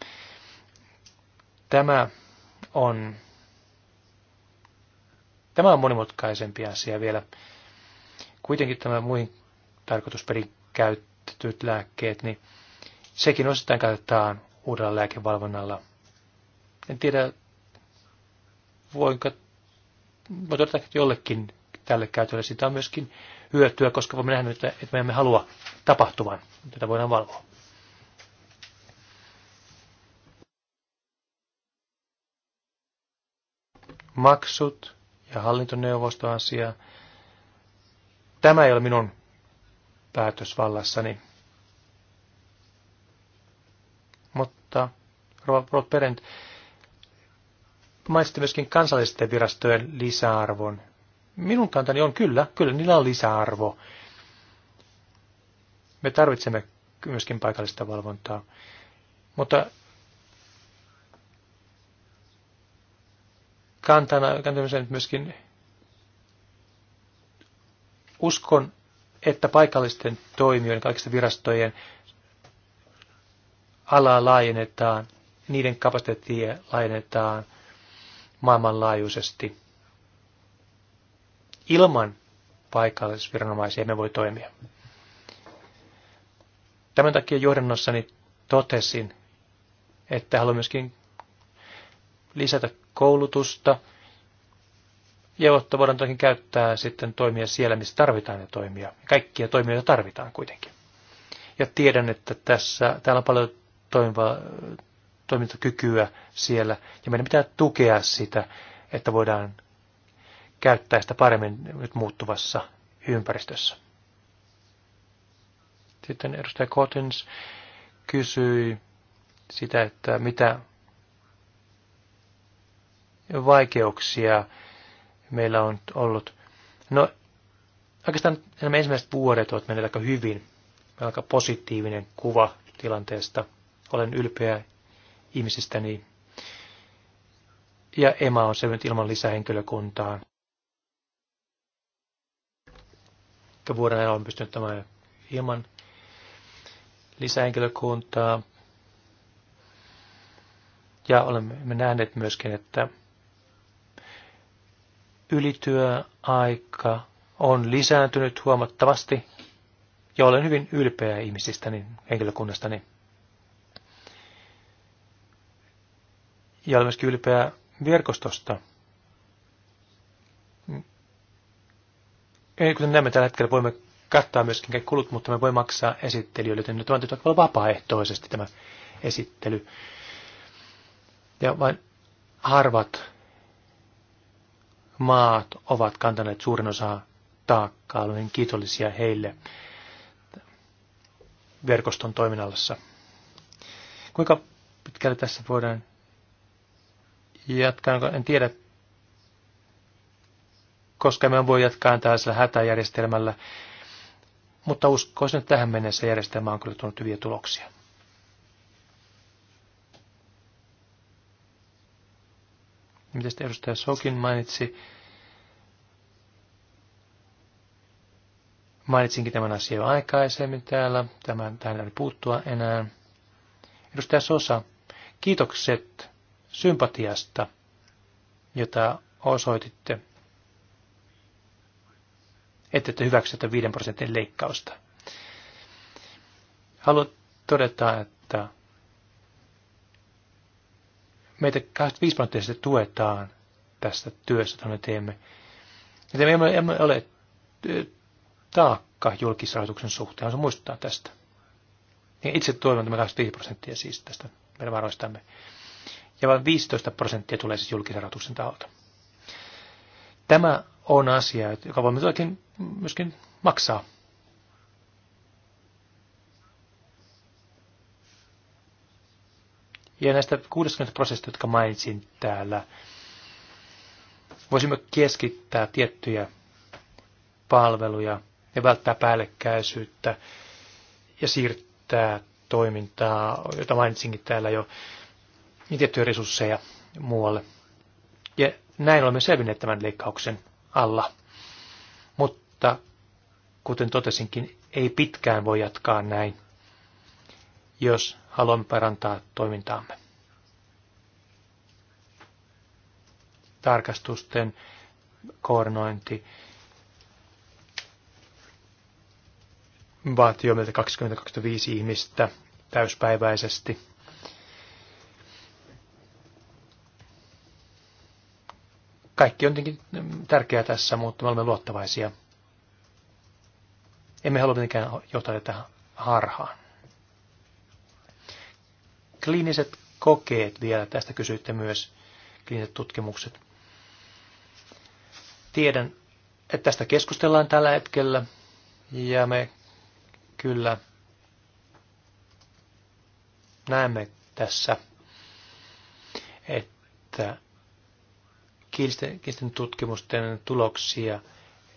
Tämä on Tämä on monimutkaisempi asia vielä. Kuitenkin tämä muihin tarkoitusperin käytetyt lääkkeet, niin sekin osittain käytetään uudella lääkevalvonnalla. En tiedä, voinko voi todeta, että jollekin tälle käytölle sitä on myöskin hyötyä, koska voimme nähdä, että, että me emme halua tapahtuvan. Tätä voidaan valvoa. Maksut ja hallintoneuvostoasia. Tämä ei ole minun päätösvallassani. Mutta Rova Perent mainitsitte myöskin kansallisten virastojen lisäarvon. Minun kantani on kyllä, kyllä niillä on lisäarvo. Me tarvitsemme myöskin paikallista valvontaa. Mutta kantana, kantamiseen myöskin uskon, että paikallisten toimijoiden, kaikista virastojen alaa laajennetaan, niiden kapasiteettia laajennetaan maailmanlaajuisesti. Ilman paikallisviranomaisia emme voi toimia. Tämän takia johdannossani totesin, että haluan myöskin lisätä koulutusta, ja jotta voidaan toki käyttää sitten toimia siellä, missä tarvitaan ne toimia. Kaikkia toimijoita tarvitaan kuitenkin. Ja tiedän, että tässä, täällä on paljon toimiva, toimintakykyä siellä, ja meidän pitää tukea sitä, että voidaan käyttää sitä paremmin nyt muuttuvassa ympäristössä. Sitten edustaja Kotins kysyi sitä, että mitä vaikeuksia meillä on ollut. No, oikeastaan nämä ensimmäiset vuodet ovat menneet aika hyvin. Meillä on aika positiivinen kuva tilanteesta. Olen ylpeä ihmisistäni. Ja Emma on selvinnyt ilman lisähenkilökuntaa. Vuoden ajan olen pystynyt tämän ilman lisähenkilökuntaa. Ja olemme nähneet myöskin, että ylityöaika on lisääntynyt huomattavasti ja olen hyvin ylpeä ihmisistäni, niin henkilökunnastani. Ja olen myöskin ylpeä verkostosta. Kuten näemme tällä hetkellä, voimme kattaa myöskin kaikki kulut, mutta me voimme maksaa esittelijöille, joten nyt on tietysti olla vapaaehtoisesti tämä esittely. Ja vain harvat maat ovat kantaneet suurin osa taakkaa. Olen kiitollisia heille verkoston toiminnallassa. Kuinka pitkälle tässä voidaan jatkaa, no, en tiedä, koska me voi jatkaa tällaisella hätäjärjestelmällä, mutta uskoisin, että tähän mennessä järjestelmä on kyllä tullut hyviä tuloksia. mitä sitten edustaja Sokin mainitsi, Mainitsinkin tämän asian aikaisemmin täällä. Tämän, tähän ei puuttua enää. Edustaja Sosa, kiitokset sympatiasta, jota osoititte. Ette te hyväksytte 5 prosentin leikkausta. Haluan todeta, että meitä 25 prosenttia tuetaan tästä työstä, jota me teemme. Että me emme, emme ole taakka julkisrahoituksen suhteen, haluaisin muistuttaa tästä. Ja itse toivon tämä 25 prosenttia siis tästä meidän varoistamme. Ja vain 15 prosenttia tulee siis julkisrahoituksen taholta. Tämä on asia, joka voimme myöskin maksaa Ja näistä 60 prosessista, jotka mainitsin täällä, voisimme keskittää tiettyjä palveluja ja välttää päällekkäisyyttä ja siirtää toimintaa, jota mainitsinkin täällä jo, niin tiettyjä resursseja muualle. Ja näin olemme selvinneet tämän leikkauksen alla. Mutta kuten totesinkin, ei pitkään voi jatkaa näin jos haluamme parantaa toimintaamme. Tarkastusten koordinointi vaatii jo meiltä 20-25 ihmistä täyspäiväisesti. Kaikki on tietenkin tärkeää tässä, mutta me olemme luottavaisia. Emme halua mitenkään johtaa tätä harhaan kliiniset kokeet vielä, tästä kysyitte myös, kliiniset tutkimukset. Tiedän, että tästä keskustellaan tällä hetkellä ja me kyllä näemme tässä, että kielisten tutkimusten tuloksia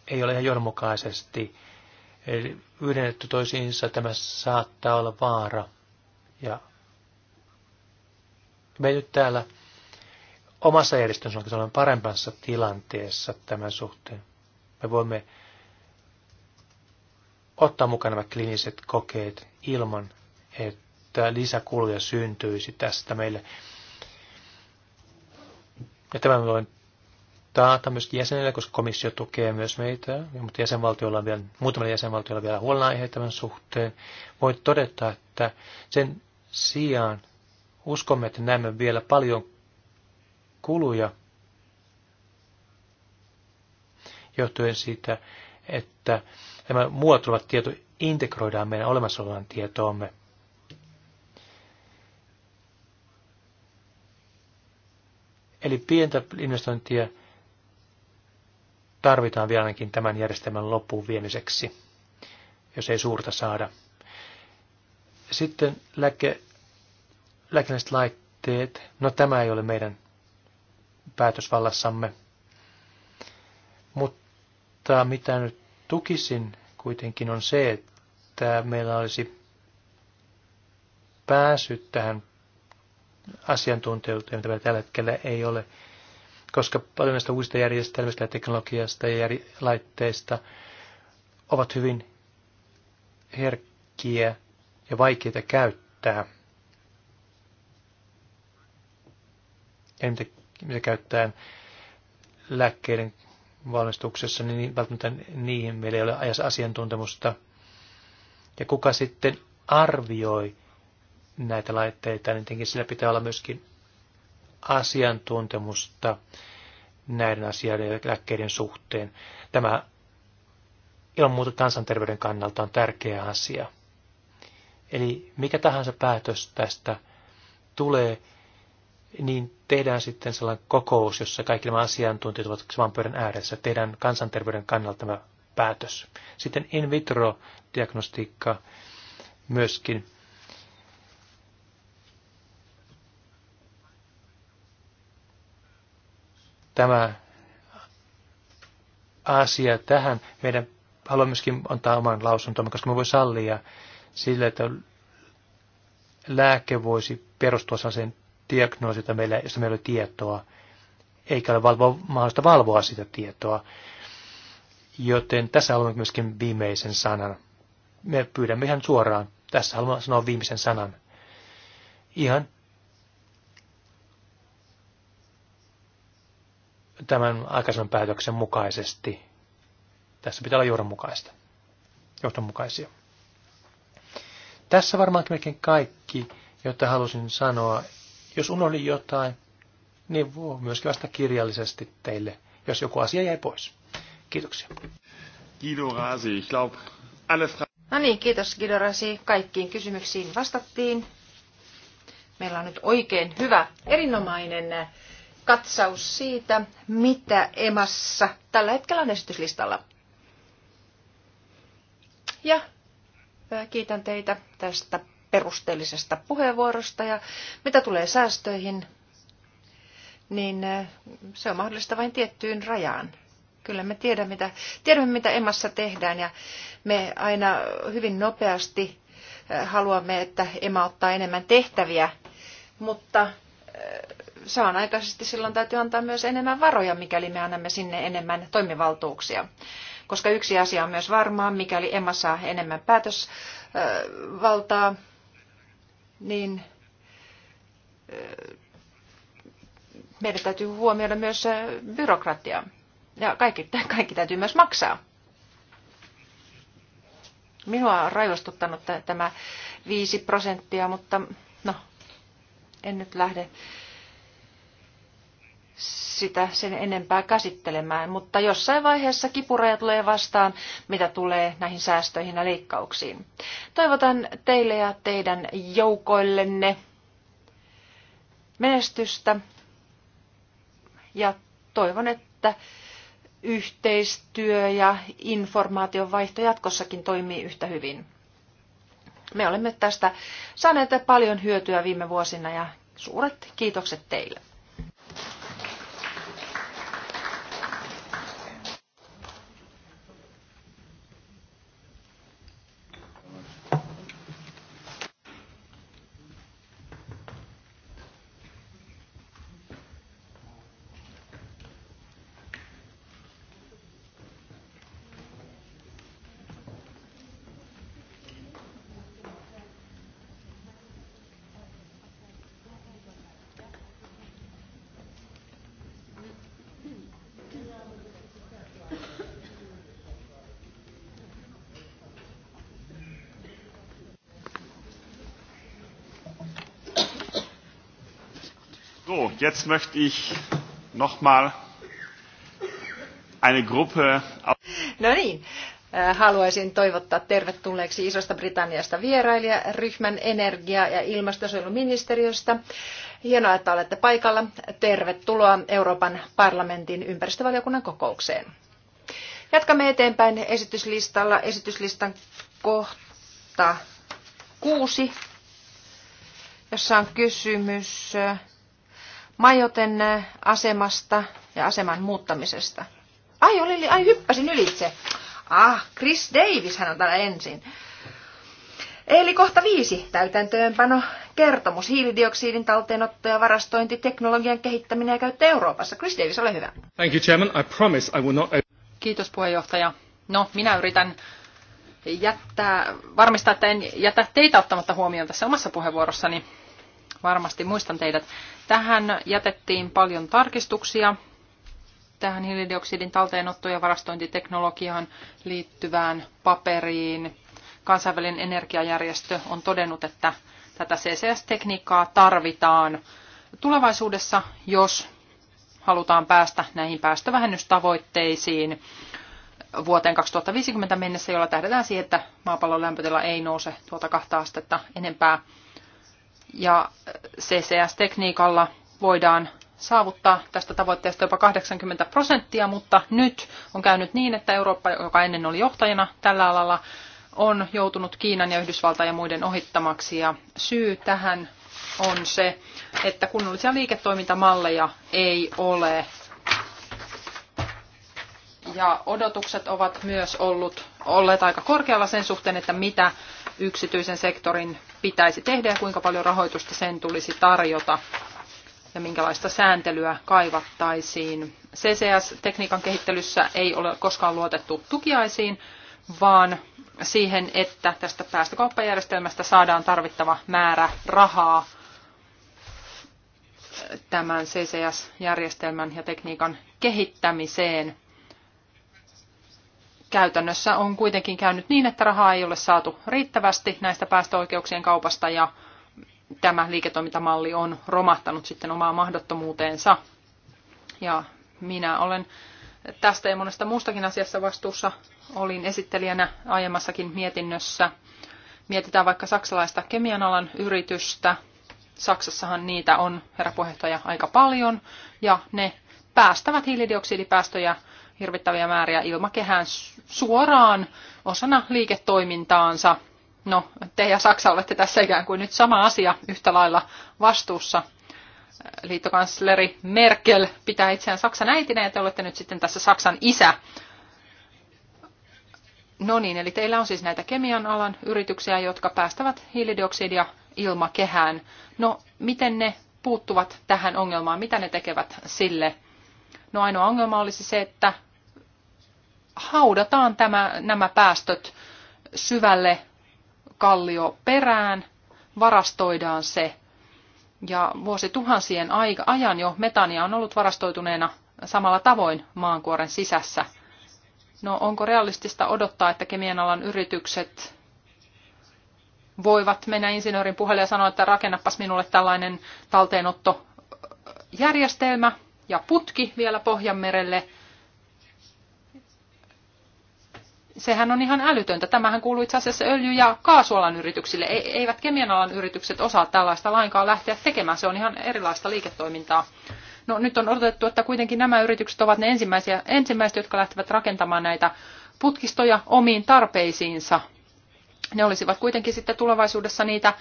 ei ole ihan johdonmukaisesti yhdennetty toisiinsa. Tämä saattaa olla vaara ja me nyt täällä omassa järjestelmässä olemme parempassa tilanteessa tämän suhteen. Me voimme ottaa mukaan nämä kliniset kokeet ilman, että lisäkuluja syntyisi tästä meille. Ja tämän voin taata myös jäsenille, koska komissio tukee myös meitä, mutta jäsenvaltioilla on vielä, muutamilla jäsenvaltioilla on vielä huolenaiheita tämän suhteen. Voin todeta, että sen sijaan, Uskomme, että näemme vielä paljon kuluja johtuen siitä, että nämä muotoilevat tieto integroidaan meidän olemassa olevan tietoomme. Eli pientä investointia tarvitaan vielä ainakin tämän järjestelmän loppuun viemiseksi, jos ei suurta saada. Sitten lääke lääkinnälliset laitteet, no tämä ei ole meidän päätösvallassamme. Mutta mitä nyt tukisin kuitenkin on se, että meillä olisi pääsy tähän asiantuntijuuteen, mitä tällä hetkellä ei ole, koska paljon näistä uusista järjestelmistä ja teknologiasta ja laitteista ovat hyvin herkkiä ja vaikeita käyttää. ja mitä, mitä lääkkeiden valmistuksessa, niin välttämättä niihin meillä ei ole ajassa asiantuntemusta. Ja kuka sitten arvioi näitä laitteita, niin tietenkin sillä pitää olla myöskin asiantuntemusta näiden asioiden ja lääkkeiden suhteen. Tämä ilman muuta kansanterveyden kannalta on tärkeä asia. Eli mikä tahansa päätös tästä tulee, niin tehdään sitten sellainen kokous, jossa kaikki nämä asiantuntijat ovat saman pöydän ääressä. Tehdään kansanterveyden kannalta tämä päätös. Sitten in vitro-diagnostiikka myöskin. Tämä asia tähän. Meidän haluan myöskin antaa oman lausuntomme, koska me voi sallia sille, että lääke voisi perustua sen diagnoosi, jota meillä, josta meillä oli tietoa, eikä ole valvo, mahdollista valvoa sitä tietoa. Joten tässä haluamme myöskin viimeisen sanan. Me pyydämme ihan suoraan. Tässä haluamme sanoa viimeisen sanan. Ihan tämän aikaisemman päätöksen mukaisesti. Tässä pitää olla johdonmukaista. Johdonmukaisia. Tässä varmaankin melkein kaikki, jotta halusin sanoa jos unohdin jotain, niin voi myöskin vasta kirjallisesti teille, jos joku asia jäi pois. Kiitoksia. Guido Rasi, ich glaub, alle No niin, kiitos Guido Rasi. Kaikkiin kysymyksiin vastattiin. Meillä on nyt oikein hyvä, erinomainen katsaus siitä, mitä emassa tällä hetkellä on esityslistalla. Ja kiitän teitä tästä perusteellisesta puheenvuorosta. Ja mitä tulee säästöihin, niin eh, se on mahdollista vain tiettyyn rajaan. Kyllä me tiedämme, mitä, tiedämme, mitä emassa tehdään ja me aina hyvin nopeasti eh, haluamme, että ema ottaa enemmän tehtäviä, mutta eh, saan aikaisesti silloin täytyy antaa myös enemmän varoja, mikäli me annamme sinne enemmän toimivaltuuksia. Koska yksi asia on myös varmaa, mikäli Emma saa enemmän päätösvaltaa, niin meidän täytyy huomioida myös byrokratia. Ja kaikki, kaikki täytyy myös maksaa. Minua on raivostuttanut tämä 5 prosenttia, mutta no, en nyt lähde sitä sen enempää käsittelemään, mutta jossain vaiheessa kipureja tulee vastaan, mitä tulee näihin säästöihin ja leikkauksiin. Toivotan teille ja teidän joukoillenne menestystä ja toivon, että yhteistyö ja informaation vaihto jatkossakin toimii yhtä hyvin. Me olemme tästä saaneet paljon hyötyä viime vuosina ja suuret kiitokset teille. Jetzt möchte ich mal eine Gruppe. No niin, äh, haluaisin toivottaa tervetulleeksi Isosta Britanniasta vierailijaryhmän energia- ja ilmastosuojeluministeriöstä. Hienoa, että olette paikalla. Tervetuloa Euroopan parlamentin ympäristövaliokunnan kokoukseen. Jatkamme eteenpäin esityslistalla. Esityslistan kohta kuusi, jossa on kysymys äh, Majoten äh, asemasta ja aseman muuttamisesta. Ai, oli, ai hyppäsin ylitse. Ah, Chris Davis hän on täällä ensin. Eli kohta viisi, täytäntöönpano, kertomus, hiilidioksidin talteenotto ja varastointi, teknologian kehittäminen ja käyttö Euroopassa. Chris Davis, ole hyvä. Thank you, Chairman. I promise I will not... Kiitos puheenjohtaja. No, minä yritän jättää, varmistaa, että en jätä teitä ottamatta huomioon tässä omassa puheenvuorossani varmasti muistan teidät. Tähän jätettiin paljon tarkistuksia tähän hiilidioksidin talteenotto- ja varastointiteknologiaan liittyvään paperiin. Kansainvälinen energiajärjestö on todennut, että tätä CCS-tekniikkaa tarvitaan tulevaisuudessa, jos halutaan päästä näihin päästövähennystavoitteisiin vuoteen 2050 mennessä, jolla tähdetään siihen, että maapallon lämpötila ei nouse tuota kahta astetta enempää ja CCS-tekniikalla voidaan saavuttaa tästä tavoitteesta jopa 80 prosenttia, mutta nyt on käynyt niin, että Eurooppa, joka ennen oli johtajana tällä alalla, on joutunut Kiinan ja Yhdysvaltain ja muiden ohittamaksi. Ja syy tähän on se, että kunnollisia liiketoimintamalleja ei ole. Ja odotukset ovat myös ollut, olleet aika korkealla sen suhteen, että mitä yksityisen sektorin pitäisi tehdä ja kuinka paljon rahoitusta sen tulisi tarjota ja minkälaista sääntelyä kaivattaisiin. CCS-tekniikan kehittelyssä ei ole koskaan luotettu tukiaisiin, vaan siihen, että tästä päästökauppajärjestelmästä saadaan tarvittava määrä rahaa tämän CCS-järjestelmän ja tekniikan kehittämiseen käytännössä on kuitenkin käynyt niin, että rahaa ei ole saatu riittävästi näistä päästöoikeuksien kaupasta ja tämä liiketoimintamalli on romahtanut sitten omaa mahdottomuuteensa. Ja minä olen tästä ja monesta muustakin asiassa vastuussa. Olin esittelijänä aiemmassakin mietinnössä. Mietitään vaikka saksalaista kemianalan yritystä. Saksassahan niitä on, herra puheenjohtaja, aika paljon, ja ne päästävät hiilidioksidipäästöjä hirvittäviä määriä ilmakehään suoraan osana liiketoimintaansa. No, te ja Saksa olette tässä ikään kuin nyt sama asia yhtä lailla vastuussa. Liittokansleri Merkel pitää itseään Saksan äitinä ja te olette nyt sitten tässä Saksan isä. No niin, eli teillä on siis näitä kemian alan yrityksiä, jotka päästävät hiilidioksidia ilmakehään. No, miten ne puuttuvat tähän ongelmaan? Mitä ne tekevät sille? No ainoa ongelma olisi se, että haudataan tämä, nämä päästöt syvälle kallioperään, varastoidaan se. Ja vuosituhansien ajan jo metania on ollut varastoituneena samalla tavoin maankuoren sisässä. No onko realistista odottaa, että kemian alan yritykset voivat mennä insinöörin puhelle ja sanoa, että rakennapas minulle tällainen talteenottojärjestelmä, ja putki vielä Pohjanmerelle. Sehän on ihan älytöntä. Tämähän kuuluu itse asiassa öljy- ja kaasualan yrityksille. E- eivät kemianalan yritykset osaa tällaista lainkaan lähteä tekemään. Se on ihan erilaista liiketoimintaa. No nyt on odotettu, että kuitenkin nämä yritykset ovat ne ensimmäisiä, ensimmäiset, jotka lähtevät rakentamaan näitä putkistoja omiin tarpeisiinsa. Ne olisivat kuitenkin sitten tulevaisuudessa niitä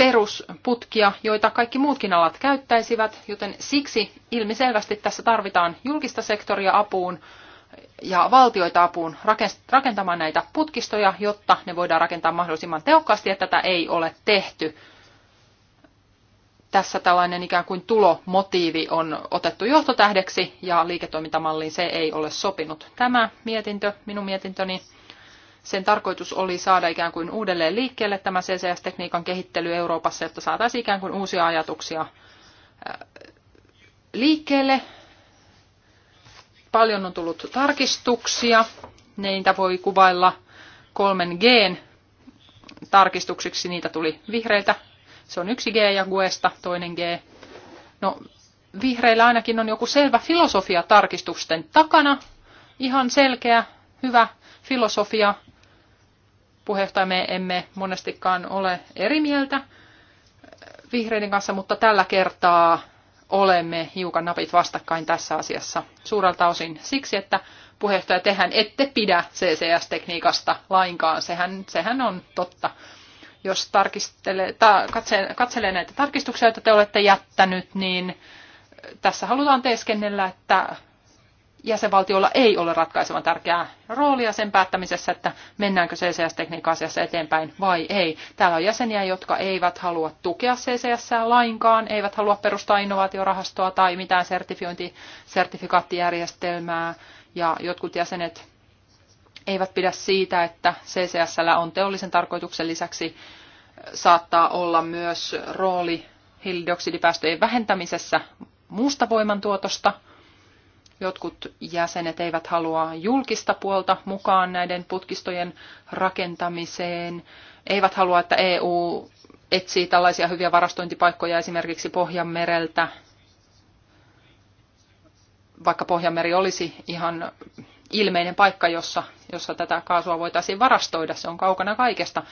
perusputkia, joita kaikki muutkin alat käyttäisivät, joten siksi ilmiselvästi tässä tarvitaan julkista sektoria apuun ja valtioita apuun rakentamaan näitä putkistoja, jotta ne voidaan rakentaa mahdollisimman tehokkaasti, ja tätä ei ole tehty. Tässä tällainen ikään kuin tulomotiivi on otettu johtotähdeksi, ja liiketoimintamalliin se ei ole sopinut. Tämä mietintö, minun mietintöni, sen tarkoitus oli saada ikään kuin uudelleen liikkeelle tämä CCS-tekniikan kehittely Euroopassa, jotta saataisiin ikään kuin uusia ajatuksia liikkeelle. Paljon on tullut tarkistuksia. Niitä voi kuvailla 3G tarkistuksiksi. Niitä tuli vihreiltä. Se on yksi G ja Guesta toinen G. No, vihreillä ainakin on joku selvä filosofia tarkistusten takana. Ihan selkeä, hyvä filosofia puheenjohtajamme emme monestikaan ole eri mieltä vihreiden kanssa, mutta tällä kertaa olemme hiukan napit vastakkain tässä asiassa suurelta osin siksi, että puheenjohtaja, tehän ette pidä CCS-tekniikasta lainkaan, sehän, sehän on totta. Jos tarkistelee, ta, katselee, katselee näitä tarkistuksia, joita te olette jättänyt, niin tässä halutaan teeskennellä, että jäsenvaltioilla ei ole ratkaisevan tärkeää roolia sen päättämisessä, että mennäänkö CCS-tekniikka-asiassa eteenpäin vai ei. Täällä on jäseniä, jotka eivät halua tukea CCS lainkaan, eivät halua perustaa innovaatiorahastoa tai mitään sertifiointisertifikaattijärjestelmää. ja jotkut jäsenet eivät pidä siitä, että CCS on teollisen tarkoituksen lisäksi saattaa olla myös rooli hiilidioksidipäästöjen vähentämisessä muusta voimantuotosta – Jotkut jäsenet eivät halua julkista puolta mukaan näiden putkistojen rakentamiseen, eivät halua, että EU etsii tällaisia hyviä varastointipaikkoja esimerkiksi Pohjanmereltä, vaikka Pohjanmeri olisi ihan ilmeinen paikka, jossa, jossa tätä kaasua voitaisiin varastoida. Se on kaukana kaikesta.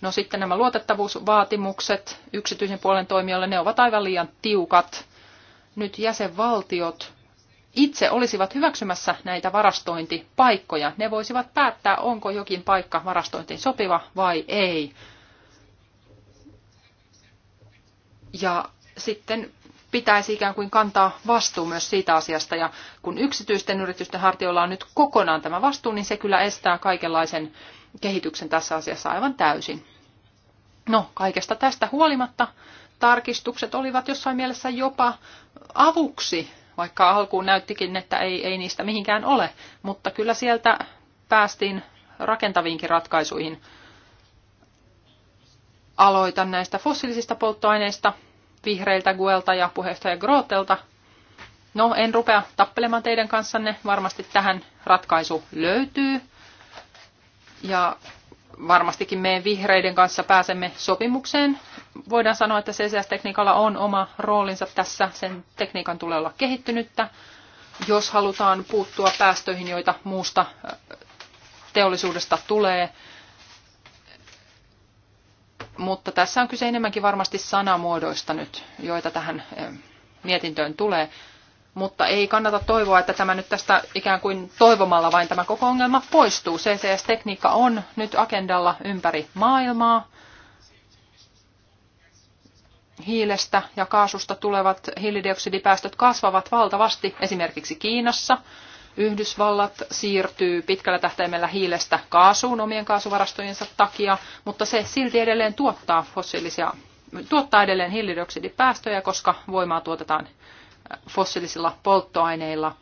No sitten nämä luotettavuusvaatimukset yksityisen puolen toimijoille, ne ovat aivan liian tiukat. Nyt jäsenvaltiot itse olisivat hyväksymässä näitä varastointipaikkoja, ne voisivat päättää, onko jokin paikka varastointiin sopiva vai ei. Ja sitten pitäisi ikään kuin kantaa vastuu myös siitä asiasta. Ja kun yksityisten yritysten hartioilla on nyt kokonaan tämä vastuu, niin se kyllä estää kaikenlaisen kehityksen tässä asiassa aivan täysin. No, kaikesta tästä huolimatta tarkistukset olivat jossain mielessä jopa avuksi vaikka alkuun näyttikin, että ei, ei niistä mihinkään ole, mutta kyllä sieltä päästiin rakentaviinkin ratkaisuihin. Aloitan näistä fossiilisista polttoaineista, vihreiltä Guelta ja puheenjohtaja Grootelta. No, en rupea tappelemaan teidän kanssanne, varmasti tähän ratkaisu löytyy. Ja varmastikin me vihreiden kanssa pääsemme sopimukseen voidaan sanoa, että CCS-tekniikalla on oma roolinsa tässä. Sen tekniikan tulee olla kehittynyttä, jos halutaan puuttua päästöihin, joita muusta teollisuudesta tulee. Mutta tässä on kyse enemmänkin varmasti sanamuodoista nyt, joita tähän mietintöön tulee. Mutta ei kannata toivoa, että tämä nyt tästä ikään kuin toivomalla vain tämä koko ongelma poistuu. CCS-tekniikka on nyt agendalla ympäri maailmaa hiilestä ja kaasusta tulevat hiilidioksidipäästöt kasvavat valtavasti esimerkiksi Kiinassa. Yhdysvallat siirtyy pitkällä tähtäimellä hiilestä kaasuun omien kaasuvarastojensa takia, mutta se silti edelleen tuottaa fossiilisia tuottaa edelleen hiilidioksidipäästöjä, koska voimaa tuotetaan äh, fossiilisilla polttoaineilla.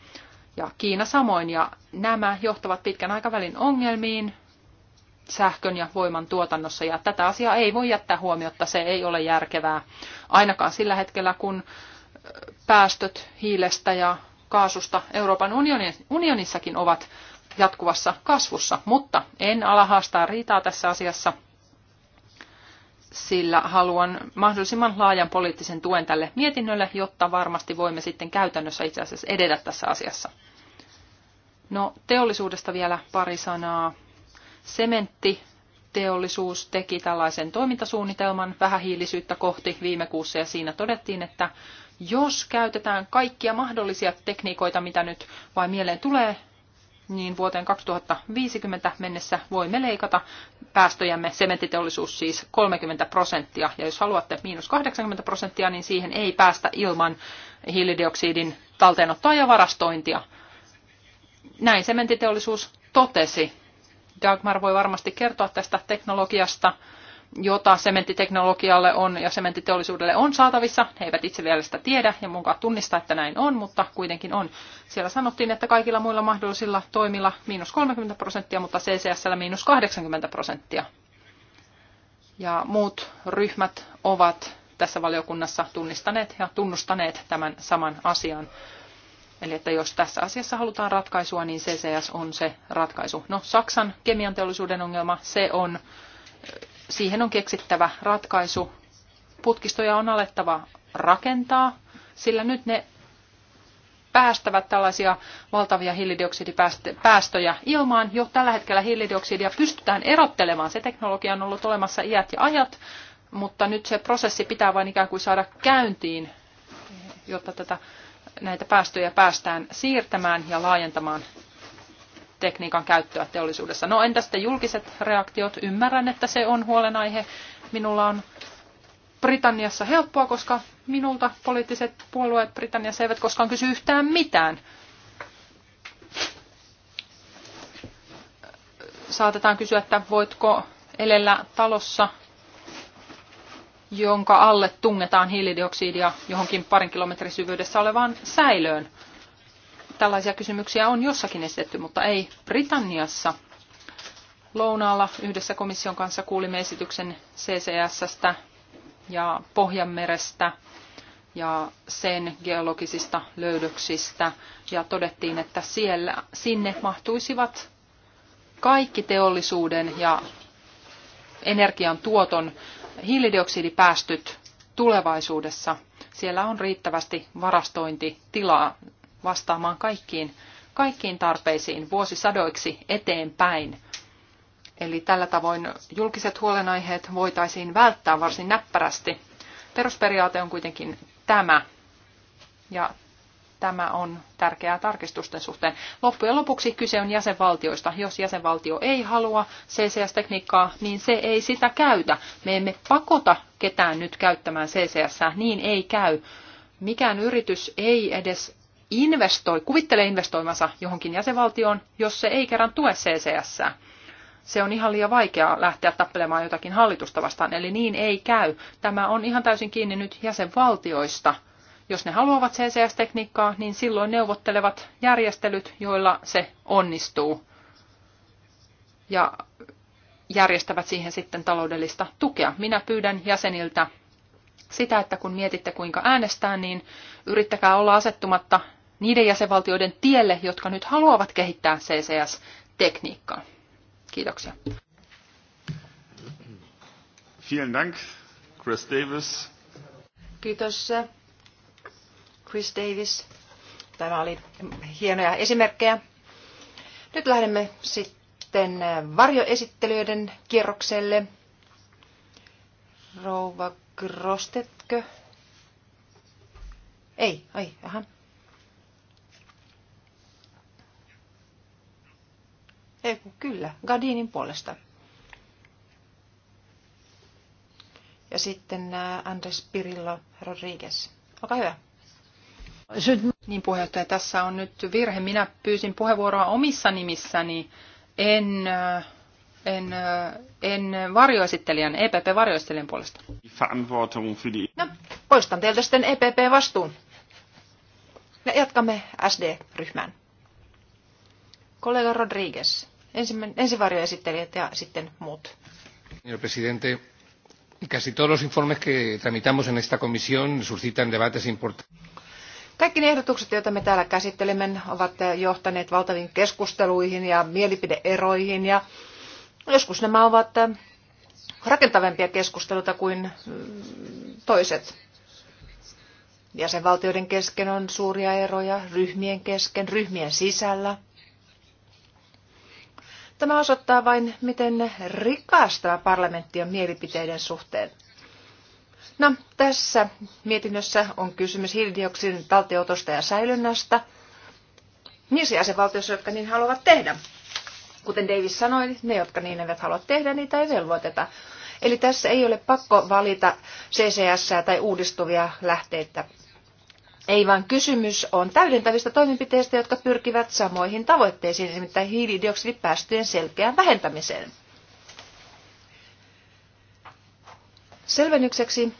Ja Kiina samoin, ja nämä johtavat pitkän aikavälin ongelmiin, sähkön ja voiman tuotannossa. Ja tätä asiaa ei voi jättää huomiotta, se ei ole järkevää. Ainakaan sillä hetkellä, kun päästöt hiilestä ja kaasusta Euroopan unionissakin ovat jatkuvassa kasvussa. Mutta en ala haastaa riitaa tässä asiassa, sillä haluan mahdollisimman laajan poliittisen tuen tälle mietinnölle, jotta varmasti voimme sitten käytännössä itse asiassa edetä tässä asiassa. No teollisuudesta vielä pari sanaa. Sementtiteollisuus teki tällaisen toimintasuunnitelman vähähiilisyyttä kohti viime kuussa ja siinä todettiin, että jos käytetään kaikkia mahdollisia tekniikoita, mitä nyt vain mieleen tulee, niin vuoteen 2050 mennessä voimme leikata päästöjämme, sementiteollisuus siis 30 prosenttia. Ja jos haluatte miinus 80 prosenttia, niin siihen ei päästä ilman hiilidioksidin talteenottoa ja varastointia. Näin sementiteollisuus totesi. Dagmar voi varmasti kertoa tästä teknologiasta, jota sementtiteknologialle on ja sementiteollisuudelle on saatavissa. He eivät itse vielä sitä tiedä ja mukaan tunnistaa, että näin on, mutta kuitenkin on. Siellä sanottiin, että kaikilla muilla mahdollisilla toimilla miinus 30 prosenttia, mutta CCSllä miinus 80 prosenttia. Ja muut ryhmät ovat tässä valiokunnassa tunnistaneet ja tunnustaneet tämän saman asian. Eli että jos tässä asiassa halutaan ratkaisua, niin CCS on se ratkaisu. No, Saksan teollisuuden ongelma, se on, siihen on keksittävä ratkaisu. Putkistoja on alettava rakentaa, sillä nyt ne päästävät tällaisia valtavia hiilidioksidipäästöjä ilmaan. Jo tällä hetkellä hiilidioksidia pystytään erottelemaan. Se teknologia on ollut olemassa iät ja ajat, mutta nyt se prosessi pitää vain ikään kuin saada käyntiin, jotta tätä näitä päästöjä päästään siirtämään ja laajentamaan tekniikan käyttöä teollisuudessa. No entä sitten julkiset reaktiot? Ymmärrän, että se on huolenaihe. Minulla on Britanniassa helppoa, koska minulta poliittiset puolueet Britanniassa eivät koskaan kysy yhtään mitään. Saatetaan kysyä, että voitko elellä talossa, jonka alle tungetaan hiilidioksidia johonkin parin kilometrin syvyydessä olevaan säilöön. Tällaisia kysymyksiä on jossakin esitetty, mutta ei Britanniassa. Lounaalla yhdessä komission kanssa kuulimme esityksen CCSstä ja Pohjanmerestä ja sen geologisista löydöksistä ja todettiin, että siellä, sinne mahtuisivat kaikki teollisuuden ja energian tuoton hiilidioksidipäästöt tulevaisuudessa, siellä on riittävästi varastointitilaa vastaamaan kaikkiin, kaikkiin tarpeisiin vuosisadoiksi eteenpäin. Eli tällä tavoin julkiset huolenaiheet voitaisiin välttää varsin näppärästi. Perusperiaate on kuitenkin tämä. Ja tämä on tärkeää tarkistusten suhteen. Loppujen lopuksi kyse on jäsenvaltioista. Jos jäsenvaltio ei halua CCS-tekniikkaa, niin se ei sitä käytä. Me emme pakota ketään nyt käyttämään CCS, niin ei käy. Mikään yritys ei edes investoi, kuvittele investoimansa johonkin jäsenvaltioon, jos se ei kerran tue CCS. Se on ihan liian vaikeaa lähteä tappelemaan jotakin hallitusta vastaan, eli niin ei käy. Tämä on ihan täysin kiinni nyt jäsenvaltioista – jos ne haluavat CCS-tekniikkaa, niin silloin neuvottelevat järjestelyt, joilla se onnistuu. Ja järjestävät siihen sitten taloudellista tukea. Minä pyydän jäseniltä sitä, että kun mietitte kuinka äänestää, niin yrittäkää olla asettumatta niiden jäsenvaltioiden tielle, jotka nyt haluavat kehittää CCS-tekniikkaa. Kiitoksia. Vielen Dank, Chris Davis. Kiitos Chris Davis. Tämä oli hienoja esimerkkejä. Nyt lähdemme sitten äh, varjoesittelyiden kierrokselle. Rouva Grostetkö? Ei, ai, aha. Ei, kyllä, Gadinin puolesta. Ja sitten äh, Andres Pirillo Rodriguez. Olkaa hyvä. Niin puheenjohtaja, tässä on nyt virhe. Minä pyysin puheenvuoroa omissa nimissäni. En, äh, en, äh, en varjoesittelijän, EPP-varjoesittelijän puolesta. No, poistan teiltä sitten EPP-vastuun. Ja jatkamme SD-ryhmään. Kollega Rodriguez, ensi varjoesittelijät ja sitten muut. Señor presidente, casi todos los informes que tramitamos en esta comisión suscitan debates importantes kaikki ne ehdotukset, joita me täällä käsittelemme, ovat johtaneet valtaviin keskusteluihin ja mielipideeroihin ja joskus nämä ovat rakentavampia keskusteluita kuin mm, toiset. Jäsenvaltioiden kesken on suuria eroja, ryhmien kesken, ryhmien sisällä. Tämä osoittaa vain, miten rikas tämä parlamentti on mielipiteiden suhteen. No, tässä mietinnössä on kysymys hiilidioksidin talteotosta ja säilynnästä niissä jäsenvaltioissa, jotka niin haluavat tehdä. Kuten Davis sanoi, ne, jotka niin eivät halua tehdä, niitä ei velvoiteta. Eli tässä ei ole pakko valita CCS tai uudistuvia lähteitä. Ei vaan kysymys on täydentävistä toimenpiteistä, jotka pyrkivät samoihin tavoitteisiin, nimittäin hiilidioksidipäästöjen selkeään vähentämiseen. Selvennykseksi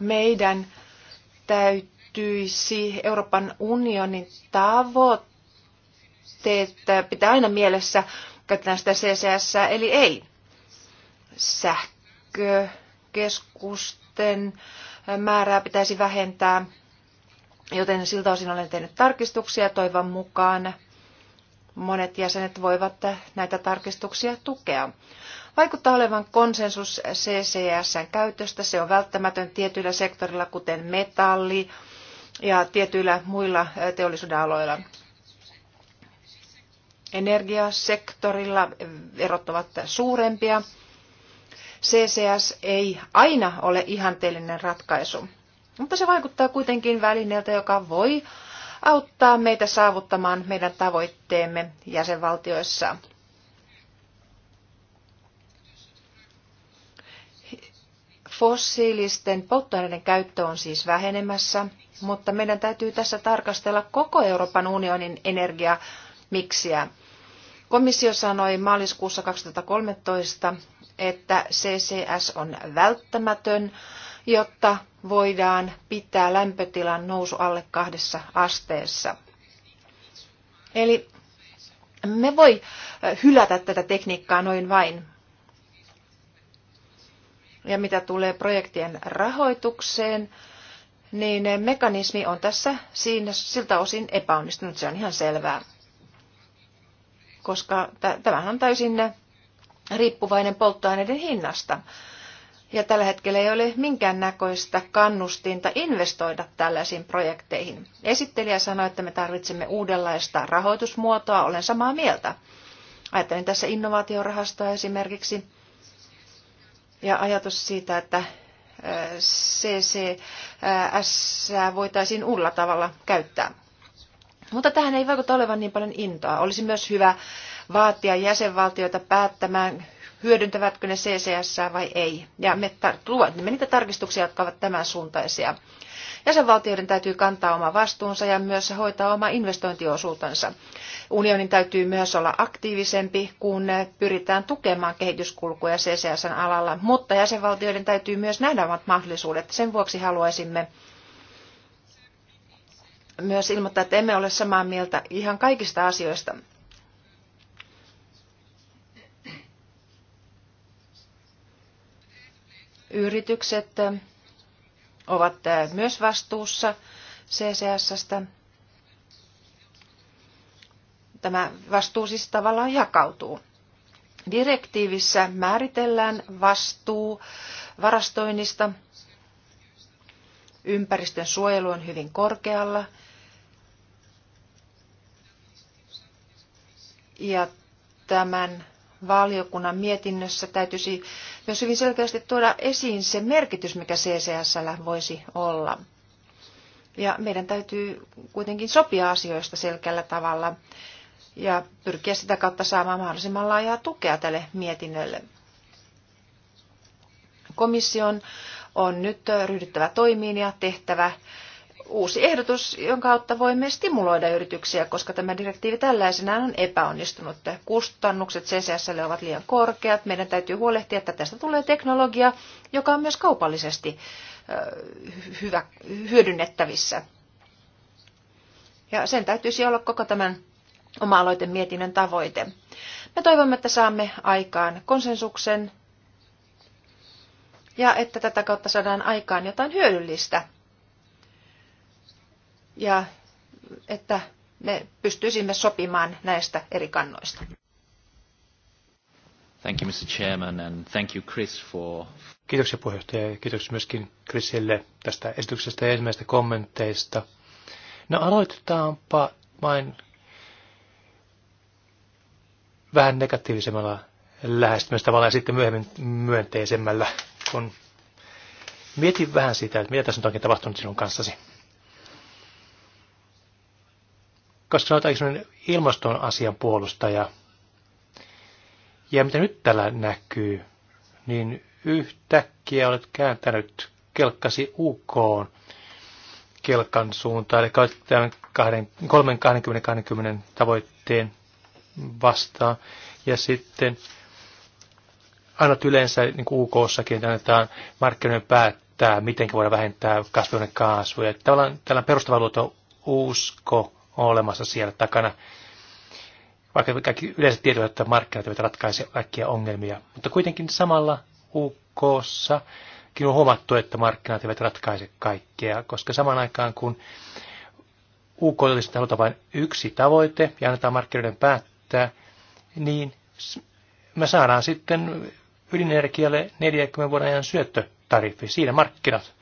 meidän täytyisi Euroopan unionin tavoitteet äh, pitää aina mielessä, käytetään sitä CCS, eli ei sähkökeskusten äh, määrää pitäisi vähentää, joten siltä osin olen tehnyt tarkistuksia toivon mukaan monet jäsenet voivat äh, näitä tarkistuksia tukea. Vaikuttaa olevan konsensus CCSn käytöstä. Se on välttämätön tietyillä sektorilla, kuten metalli ja tietyillä muilla teollisuuden aloilla. Energiasektorilla erot ovat suurempia. CCS ei aina ole ihanteellinen ratkaisu, mutta se vaikuttaa kuitenkin välineeltä, joka voi auttaa meitä saavuttamaan meidän tavoitteemme jäsenvaltioissa. Fossiilisten polttoaineiden käyttö on siis vähenemässä, mutta meidän täytyy tässä tarkastella koko Euroopan unionin energiamiksiä. Komissio sanoi maaliskuussa 2013, että CCS on välttämätön, jotta voidaan pitää lämpötilan nousu alle kahdessa asteessa. Eli me voi hylätä tätä tekniikkaa noin vain. Ja mitä tulee projektien rahoitukseen, niin mekanismi on tässä siinä, siltä osin epäonnistunut, se on ihan selvää. Koska tämähän on täysin riippuvainen polttoaineiden hinnasta. Ja tällä hetkellä ei ole minkäännäköistä kannustinta investoida tällaisiin projekteihin. Esittelijä sanoi, että me tarvitsemme uudenlaista rahoitusmuotoa, olen samaa mieltä. Ajattelin tässä innovaatiorahastoa esimerkiksi, ja ajatus siitä, että CCS voitaisiin uudella tavalla käyttää. Mutta tähän ei vaikuta olevan niin paljon intoa. Olisi myös hyvä vaatia jäsenvaltioita päättämään, hyödyntävätkö ne CCS vai ei. Ja me tar- me niitä tarkistuksia, jotka ovat tämän suuntaisia. Jäsenvaltioiden täytyy kantaa oma vastuunsa ja myös hoitaa oma investointiosuutensa. Unionin täytyy myös olla aktiivisempi, kun pyritään tukemaan kehityskulkuja CCSn alalla, mutta jäsenvaltioiden täytyy myös nähdä omat mahdollisuudet. Sen vuoksi haluaisimme myös ilmoittaa, että emme ole samaa mieltä ihan kaikista asioista. Yritykset ovat myös vastuussa CCSstä. Tämä vastuu siis tavallaan jakautuu. Direktiivissä määritellään vastuu varastoinnista. Ympäristön suojelu on hyvin korkealla. Ja tämän valiokunnan mietinnössä täytyisi myös hyvin selkeästi tuoda esiin se merkitys, mikä CCS voisi olla. Ja meidän täytyy kuitenkin sopia asioista selkeällä tavalla ja pyrkiä sitä kautta saamaan mahdollisimman laajaa tukea tälle mietinnölle. Komission on nyt ryhdyttävä toimiin ja tehtävä uusi ehdotus, jonka kautta voimme stimuloida yrityksiä, koska tämä direktiivi tällaisenaan on epäonnistunut. Kustannukset CCS ovat liian korkeat. Meidän täytyy huolehtia, että tästä tulee teknologia, joka on myös kaupallisesti hyvä, hyödynnettävissä. Ja sen täytyisi olla koko tämän oma mietinnön tavoite. Me toivomme, että saamme aikaan konsensuksen ja että tätä kautta saadaan aikaan jotain hyödyllistä ja että me pystyisimme sopimaan näistä eri kannoista. Thank you, Mr. Chairman, and thank you, Chris, for... Kiitoksia puheenjohtaja ja kiitoksia myöskin Chrisille tästä esityksestä ja ensimmäistä kommenteista. No aloitetaanpa vain vähän negatiivisemmalla lähestymistavalla ja sitten myöhemmin myönteisemmällä, kun mietin vähän sitä, että mitä tässä nyt oikein tapahtunut sinun kanssasi. koska sanotaan ilmaston asian puolustaja. Ja mitä nyt tällä näkyy, niin yhtäkkiä olet kääntänyt kelkkasi UK kelkan suuntaan, eli tämän kolmen 20 20 tavoitteen vastaan. Ja sitten annat yleensä, niin kuin että annetaan markkinoiden päättää, miten voidaan vähentää kasvihuonekaasuja. Tavallaan tällä perustava usko on olemassa siellä takana. Vaikka kaikki yleensä tietävät, että markkinat eivät ratkaise kaikkia ongelmia. Mutta kuitenkin samalla uk on huomattu, että markkinat eivät ratkaise kaikkea, koska samaan aikaan kun UK halutaan vain yksi tavoite ja annetaan markkinoiden päättää, niin me saadaan sitten ydinenergialle 40 vuoden ajan syöttötariffi, siinä markkinat.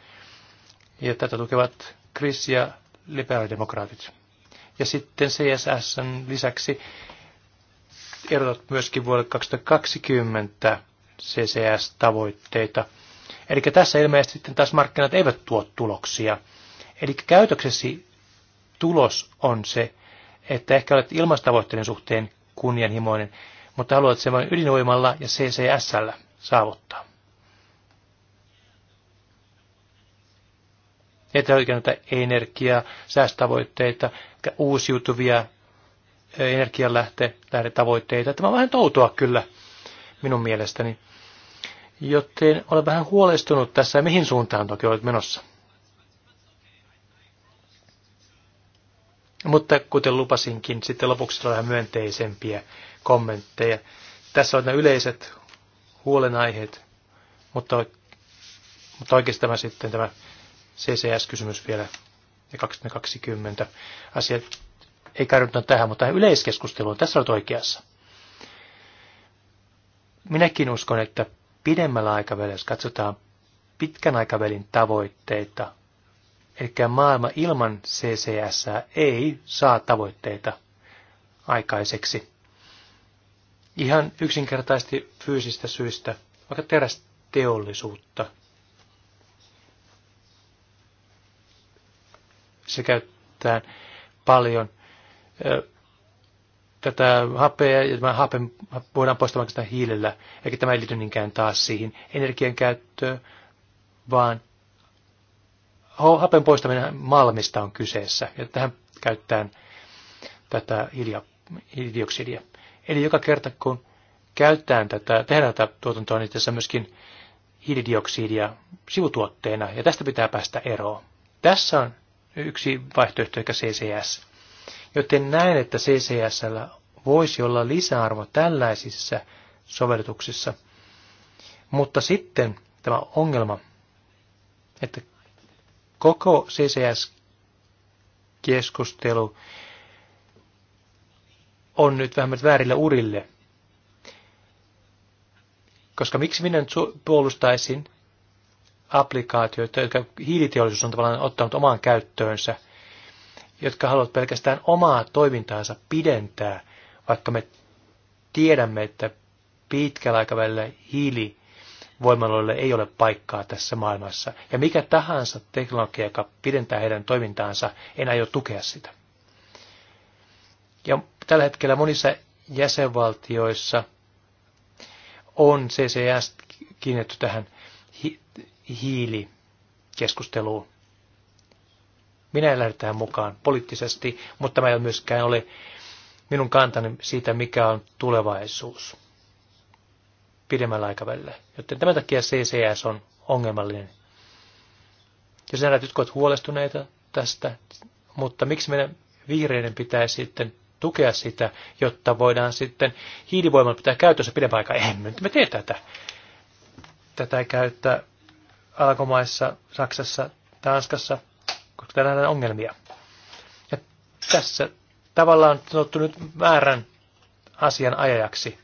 Ja tätä tukevat Chris ja liberaalidemokraatit. Ja sitten CSSn lisäksi erotat myöskin vuodelle 2020 CCS-tavoitteita. Eli tässä ilmeisesti sitten taas markkinat eivät tuo tuloksia. Eli käytöksesi tulos on se, että ehkä olet ilmastavoitteiden suhteen kunnianhimoinen, mutta haluat sen vain ydinvoimalla ja CCSllä saavuttaa. etelöikääntä energiaa, säästötavoitteita, uusiutuvia eh, energialähdetavoitteita. Tämä on vähän toutoa kyllä minun mielestäni. Joten olen vähän huolestunut tässä, mihin suuntaan toki olet menossa. Mutta kuten lupasinkin, sitten lopuksi on vähän myönteisempiä kommentteja. Tässä on nämä yleiset huolenaiheet, mutta, mutta oikeastaan sitten tämä CCS-kysymys vielä ja 2020 asiat ei karjuta tähän, mutta tähän yleiskeskusteluun tässä olet oikeassa. Minäkin uskon, että pidemmällä aikavälillä, jos katsotaan pitkän aikavälin tavoitteita, eli maailma ilman CCS ei saa tavoitteita aikaiseksi. Ihan yksinkertaisesti fyysistä syistä, vaikka terästeollisuutta se käyttää paljon tätä hapea, ja tämä hape voidaan poistamaan sitä hiilellä, eikä tämä ei liity niinkään taas siihen energian käyttöön, vaan hapen poistaminen malmista on kyseessä, ja tähän käyttää tätä hiilidioksidia. Eli joka kerta kun käyttää tätä, tehdään tätä tuotantoa, niin tässä myöskin hiilidioksidia sivutuotteena, ja tästä pitää päästä eroon. Tässä on yksi vaihtoehto, ehkä CCS. Joten näen, että CCS voisi olla lisäarvo tällaisissa sovelluksissa, Mutta sitten tämä ongelma, että koko CCS-keskustelu on nyt vähän väärille urille. Koska miksi minä nyt puolustaisin applikaatioita, jotka hiiliteollisuus on tavallaan ottanut omaan käyttöönsä, jotka haluavat pelkästään omaa toimintaansa pidentää, vaikka me tiedämme, että pitkällä aikavälillä voimaloille ei ole paikkaa tässä maailmassa. Ja mikä tahansa teknologia, joka pidentää heidän toimintaansa, en aio tukea sitä. Ja tällä hetkellä monissa jäsenvaltioissa on CCS kiinnitetty tähän hiilikeskusteluun. Minä en lähde tähän mukaan poliittisesti, mutta mä ei myöskään ole minun kantani siitä, mikä on tulevaisuus pidemmällä aikavälillä. Joten tämän takia CCS on ongelmallinen. Jos näet, jotka huolestuneita tästä, mutta miksi meidän vihreiden pitää sitten tukea sitä, jotta voidaan sitten hiilivoimalla pitää käytössä pidemmän aikaa. Emme me tee tätä. Tätä ei käyttää Alkomaissa, Saksassa, Tanskassa, koska täällä on ongelmia. Ja tässä tavallaan on sanottu nyt väärän asian ajajaksi,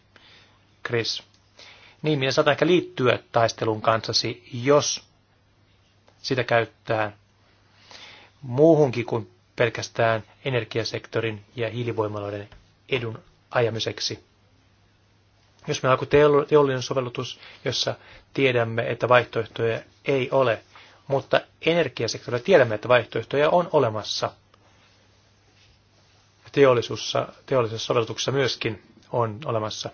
Chris. Niin, minä saatan ehkä liittyä taistelun kanssasi, jos sitä käyttää muuhunkin kuin pelkästään energiasektorin ja hiilivoimaloiden edun ajamiseksi. Jos meillä on joku teollinen sovellutus, jossa tiedämme, että vaihtoehtoja ei ole, mutta energiasektorilla tiedämme, että vaihtoehtoja on olemassa. Teollisuussa, teollisessa sovellutuksessa myöskin on olemassa.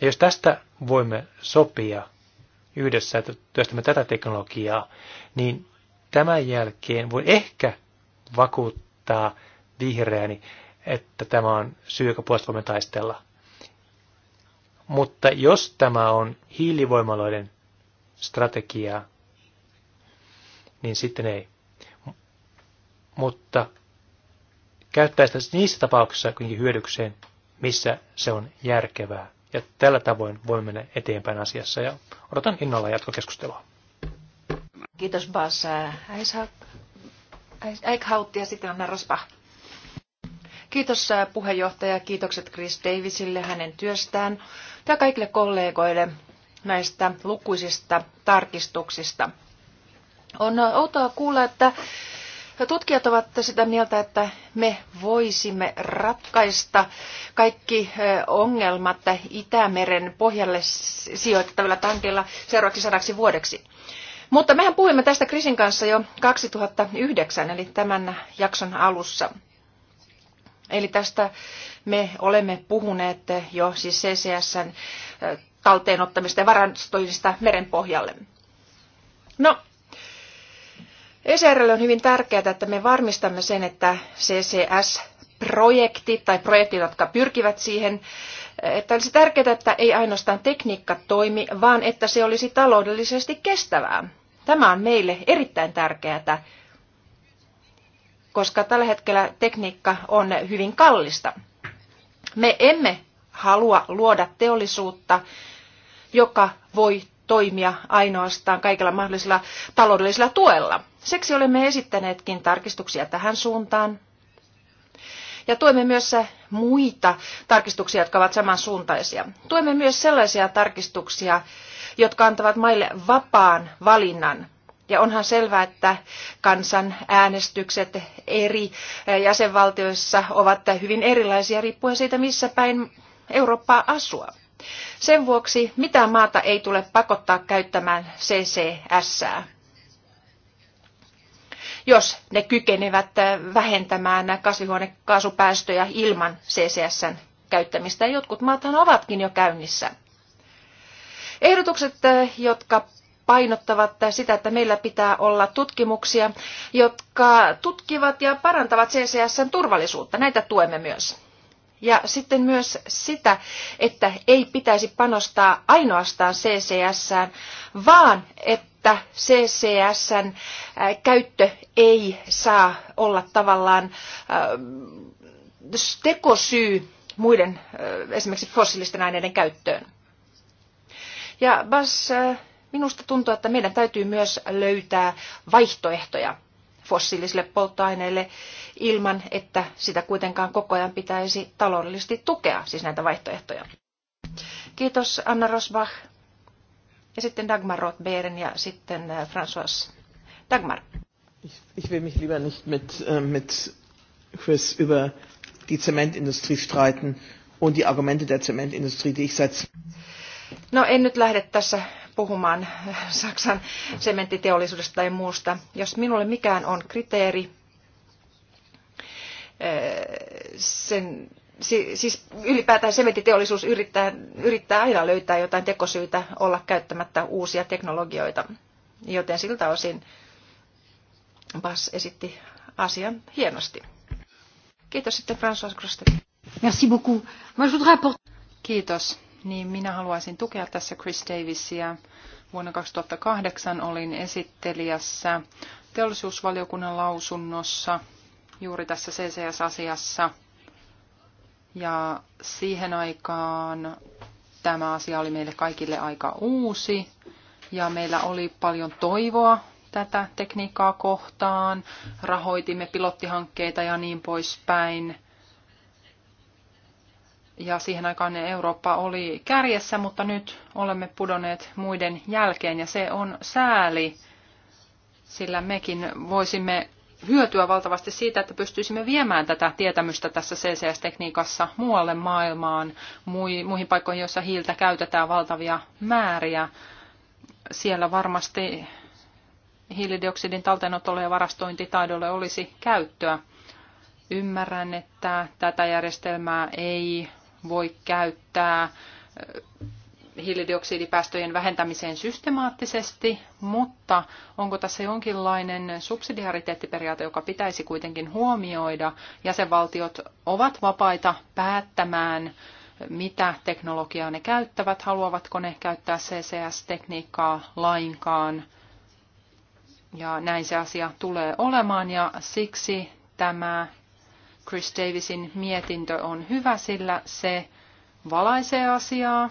Ja jos tästä voimme sopia yhdessä, että työstämme tätä teknologiaa, niin tämän jälkeen voi ehkä vakuuttaa vihreäni, että tämä on syy, joka puolesta voimme taistella. Mutta jos tämä on hiilivoimaloiden strategiaa, niin sitten ei. Mutta käyttää sitä niissä tapauksissa kuitenkin hyödykseen, missä se on järkevää. Ja tällä tavoin voimme mennä eteenpäin asiassa ja odotan innolla jatkokeskustelua. Kiitos Bas äh, Eichhaut ja sitten on Rospa. Kiitos puheenjohtaja, kiitokset Chris Davisille hänen työstään ja kaikille kollegoille näistä lukuisista tarkistuksista. On outoa kuulla, että tutkijat ovat sitä mieltä, että me voisimme ratkaista kaikki ongelmat Itämeren pohjalle sijoittavilla tankilla seuraavaksi sadaksi vuodeksi. Mutta mehän puhuimme tästä Krisin kanssa jo 2009, eli tämän jakson alussa. Eli tästä me olemme puhuneet jo siis CCSn talteenottamista ja varastoinnista merenpohjalle. No, ECRL on hyvin tärkeää, että me varmistamme sen, että CCS-projektit tai projektit, jotka pyrkivät siihen, että olisi tärkeää, että ei ainoastaan tekniikka toimi, vaan että se olisi taloudellisesti kestävää. Tämä on meille erittäin tärkeää, koska tällä hetkellä tekniikka on hyvin kallista. Me emme halua luoda teollisuutta, joka voi toimia ainoastaan kaikilla mahdollisilla taloudellisilla tuella. Seksi olemme esittäneetkin tarkistuksia tähän suuntaan. Ja tuemme myös muita tarkistuksia, jotka ovat samansuuntaisia. Tuemme myös sellaisia tarkistuksia, jotka antavat maille vapaan valinnan ja onhan selvää, että kansan äänestykset eri eh, jäsenvaltioissa ovat hyvin erilaisia riippuen siitä, missä päin Eurooppaa asua. Sen vuoksi mitään maata ei tule pakottaa käyttämään CCS. Jos ne kykenevät eh, vähentämään kasvihuonekaasupäästöjä ilman CCSn käyttämistä, jotkut maathan ovatkin jo käynnissä. Ehdotukset, eh, jotka painottavat sitä, että meillä pitää olla tutkimuksia, jotka tutkivat ja parantavat CCSn turvallisuutta. Näitä tuemme myös. Ja sitten myös sitä, että ei pitäisi panostaa ainoastaan CCSään, vaan että CCSn äh, käyttö ei saa olla tavallaan äh, tekosyy muiden äh, esimerkiksi fossiilisten aineiden käyttöön. Ja Bas Minusta tuntuu, että meidän täytyy myös löytää vaihtoehtoja fossiilisille polttoaineille ilman, että sitä kuitenkaan koko ajan pitäisi taloudellisesti tukea, siis näitä vaihtoehtoja. Kiitos Anna Rosbach ja sitten Dagmar Rothbeeren ja sitten äh, François Dagmar. Ich, ich will mich lieber nicht mit, äh, mit Chris über die Zementindustrie streiten und die Argumente der Zementindustrie, die ich seit... No en nyt lähde tässä puhumaan Saksan sementtiteollisuudesta tai muusta. Jos minulle mikään on kriteeri, eh, sen, siis ylipäätään sementtiteollisuus yrittää, yrittää aina löytää jotain tekosyitä olla käyttämättä uusia teknologioita. Joten siltä osin Bas esitti asian hienosti. Kiitos sitten François Merci beaucoup. Moi, je voudrais apporter... Kiitos niin minä haluaisin tukea tässä Chris Davisia. Vuonna 2008 olin esittelijässä teollisuusvaliokunnan lausunnossa juuri tässä CCS-asiassa. Ja siihen aikaan tämä asia oli meille kaikille aika uusi ja meillä oli paljon toivoa tätä tekniikkaa kohtaan. Rahoitimme pilottihankkeita ja niin poispäin ja siihen aikaan Eurooppa oli kärjessä, mutta nyt olemme pudonneet muiden jälkeen ja se on sääli, sillä mekin voisimme hyötyä valtavasti siitä, että pystyisimme viemään tätä tietämystä tässä CCS-tekniikassa muualle maailmaan, muihin paikkoihin, joissa hiiltä käytetään valtavia määriä. Siellä varmasti hiilidioksidin talteenotolle ja varastointitaidolle olisi käyttöä. Ymmärrän, että tätä järjestelmää ei voi käyttää hiilidioksidipäästöjen vähentämiseen systemaattisesti, mutta onko tässä jonkinlainen subsidiariteettiperiaate, joka pitäisi kuitenkin huomioida? Jäsenvaltiot ovat vapaita päättämään, mitä teknologiaa ne käyttävät, haluavatko ne käyttää CCS-tekniikkaa lainkaan. Ja näin se asia tulee olemaan ja siksi tämä Chris Davisin mietintö on hyvä, sillä se valaisee asiaa.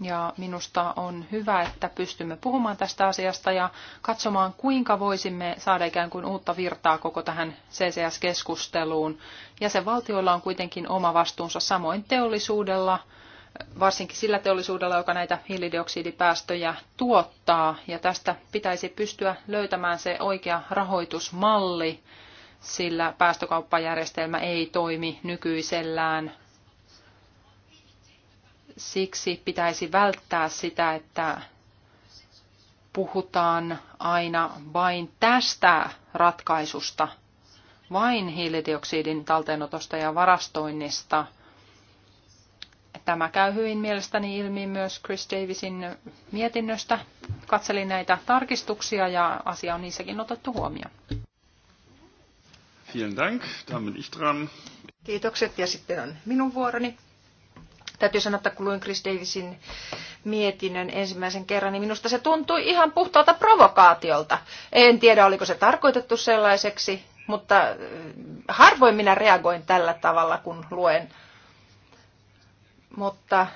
Ja minusta on hyvä, että pystymme puhumaan tästä asiasta ja katsomaan, kuinka voisimme saada ikään kuin uutta virtaa koko tähän CCS-keskusteluun. Jäsenvaltioilla on kuitenkin oma vastuunsa samoin teollisuudella, varsinkin sillä teollisuudella, joka näitä hiilidioksidipäästöjä tuottaa. Ja tästä pitäisi pystyä löytämään se oikea rahoitusmalli sillä päästökauppajärjestelmä ei toimi nykyisellään. Siksi pitäisi välttää sitä, että puhutaan aina vain tästä ratkaisusta, vain hiilidioksidin talteenotosta ja varastoinnista. Tämä käy hyvin mielestäni ilmi myös Chris Davisin mietinnöstä. Katselin näitä tarkistuksia ja asia on niissäkin otettu huomioon. Vielen Dank. da bin ich dran. Kiitokset ja sitten on minun vuoroni. Täytyy sanoa, että kun luin Chris Davisin mietinnön ensimmäisen kerran, niin minusta se tuntui ihan puhtaalta provokaatiolta. En tiedä, oliko se tarkoitettu sellaiseksi, mutta äh, harvoin minä reagoin tällä tavalla, kun luen. Mutta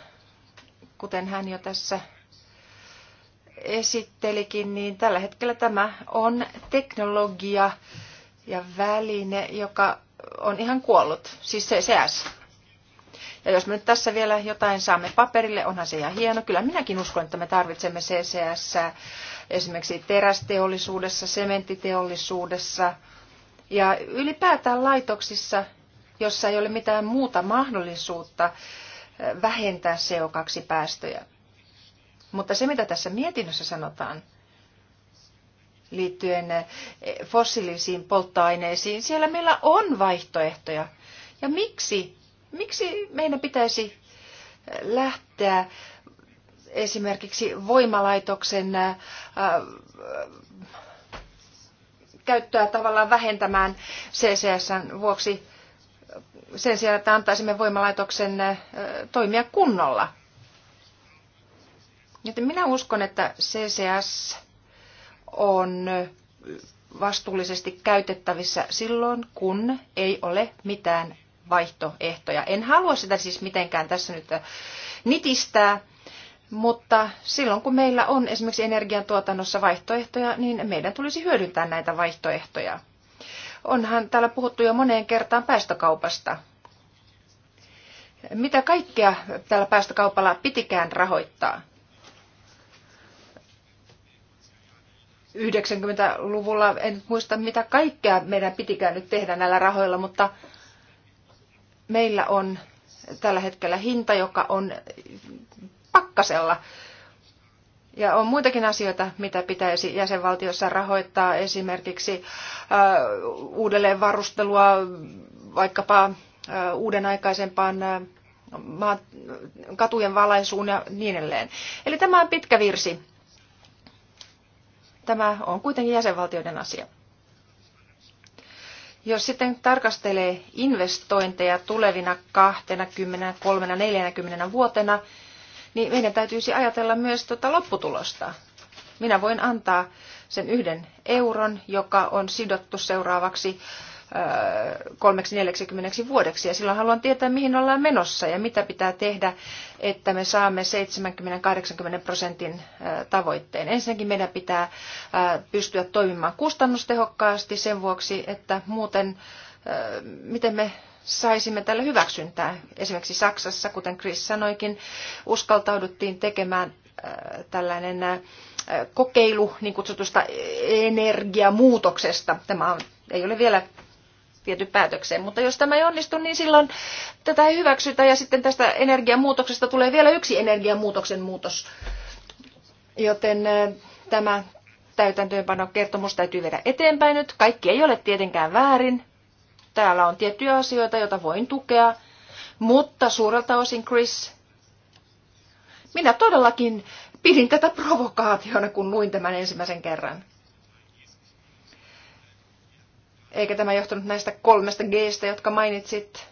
kuten hän jo tässä esittelikin, niin tällä hetkellä tämä on teknologia, ja väline, joka on ihan kuollut, siis CCS. Ja jos me nyt tässä vielä jotain saamme paperille, onhan se ihan hieno. Kyllä minäkin uskon, että me tarvitsemme CCS esimerkiksi terästeollisuudessa, sementiteollisuudessa ja ylipäätään laitoksissa, jossa ei ole mitään muuta mahdollisuutta vähentää CO2-päästöjä. Mutta se, mitä tässä mietinnössä sanotaan, liittyen eh, fossiilisiin polttoaineisiin. Siellä meillä on vaihtoehtoja. Ja miksi? Miksi meidän pitäisi eh, lähteä esimerkiksi voimalaitoksen eh, käyttöä tavallaan vähentämään CCSn vuoksi sen sijaan, että antaisimme voimalaitoksen toimia kunnolla. Joten minä uskon, että CCS on vastuullisesti käytettävissä silloin, kun ei ole mitään vaihtoehtoja. En halua sitä siis mitenkään tässä nyt nitistää, mutta silloin kun meillä on esimerkiksi energiantuotannossa vaihtoehtoja, niin meidän tulisi hyödyntää näitä vaihtoehtoja. Onhan täällä puhuttu jo moneen kertaan päästökaupasta. Mitä kaikkea tällä päästökaupalla pitikään rahoittaa? 90-luvulla, en muista mitä kaikkea meidän pitikään nyt tehdä näillä rahoilla, mutta meillä on tällä hetkellä hinta, joka on pakkasella. Ja on muitakin asioita, mitä pitäisi jäsenvaltiossa rahoittaa, esimerkiksi äh, uudelleen varustelua vaikkapa äh, uuden aikaisempaan äh, katujen valaisuun ja niin edelleen. Eli tämä on pitkä virsi tämä on kuitenkin jäsenvaltioiden asia. Jos sitten tarkastelee investointeja tulevina 20, 30, 40 vuotena, niin meidän täytyisi ajatella myös tuota lopputulosta. Minä voin antaa sen yhden euron, joka on sidottu seuraavaksi kolmeksi 40 vuodeksi. Ja silloin haluan tietää, mihin ollaan menossa ja mitä pitää tehdä, että me saamme 70-80 prosentin tavoitteen. Ensinnäkin meidän pitää pystyä toimimaan kustannustehokkaasti sen vuoksi, että muuten miten me saisimme tälle hyväksyntää. Esimerkiksi Saksassa, kuten Chris sanoikin, uskaltauduttiin tekemään tällainen kokeilu niin kutsutusta energiamuutoksesta. Tämä on, ei ole vielä viety päätökseen. Mutta jos tämä ei onnistu, niin silloin tätä ei hyväksytä ja sitten tästä energiamuutoksesta tulee vielä yksi energiamuutoksen muutos. Joten eh, tämä täytäntöönpanokertomus täytyy viedä eteenpäin nyt. Kaikki ei ole tietenkään väärin. Täällä on tiettyjä asioita, joita voin tukea. Mutta suurelta osin, Chris, minä todellakin pidin tätä provokaationa, kun luin tämän ensimmäisen kerran. Eikä tämä johtunut näistä kolmesta Gstä, jotka mainitsit,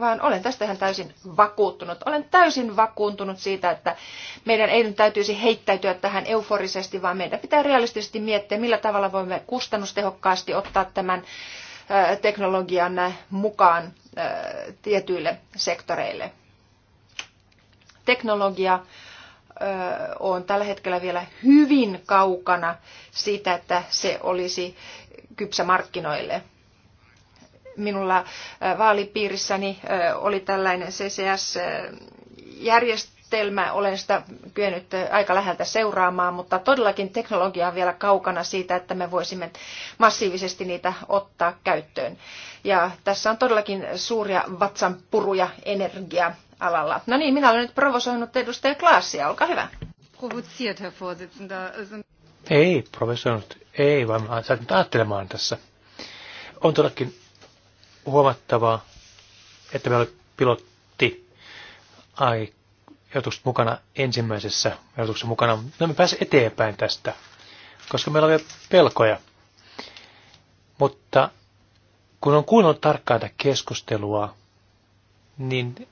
vaan olen tästä ihan täysin vakuuttunut. Olen täysin vakuuttunut siitä, että meidän ei nyt täytyisi heittäytyä tähän euforisesti, vaan meidän pitää realistisesti miettiä, millä tavalla voimme kustannustehokkaasti ottaa tämän teknologian mukaan tietyille sektoreille. Teknologia on tällä hetkellä vielä hyvin kaukana siitä, että se olisi kypsä markkinoille. Minulla äh, vaalipiirissäni äh, oli tällainen CCS-järjestelmä, olen sitä kyennyt äh, aika läheltä seuraamaan, mutta todellakin teknologia on vielä kaukana siitä, että me voisimme massiivisesti niitä ottaa käyttöön. Ja tässä on todellakin suuria vatsanpuruja energia-alalla. No niin, minä olen nyt provosoinut edustaja Klaasia, olkaa hyvä. Ei provosoinut ei, vaan mä saan nyt ajattelemaan tässä. On todellakin huomattavaa, että meillä oli pilotti ai, mukana ensimmäisessä ajatuksessa mukana. No me pääsemme eteenpäin tästä, koska meillä oli pelkoja. Mutta kun on kuunnellut tarkkaan tätä keskustelua, niin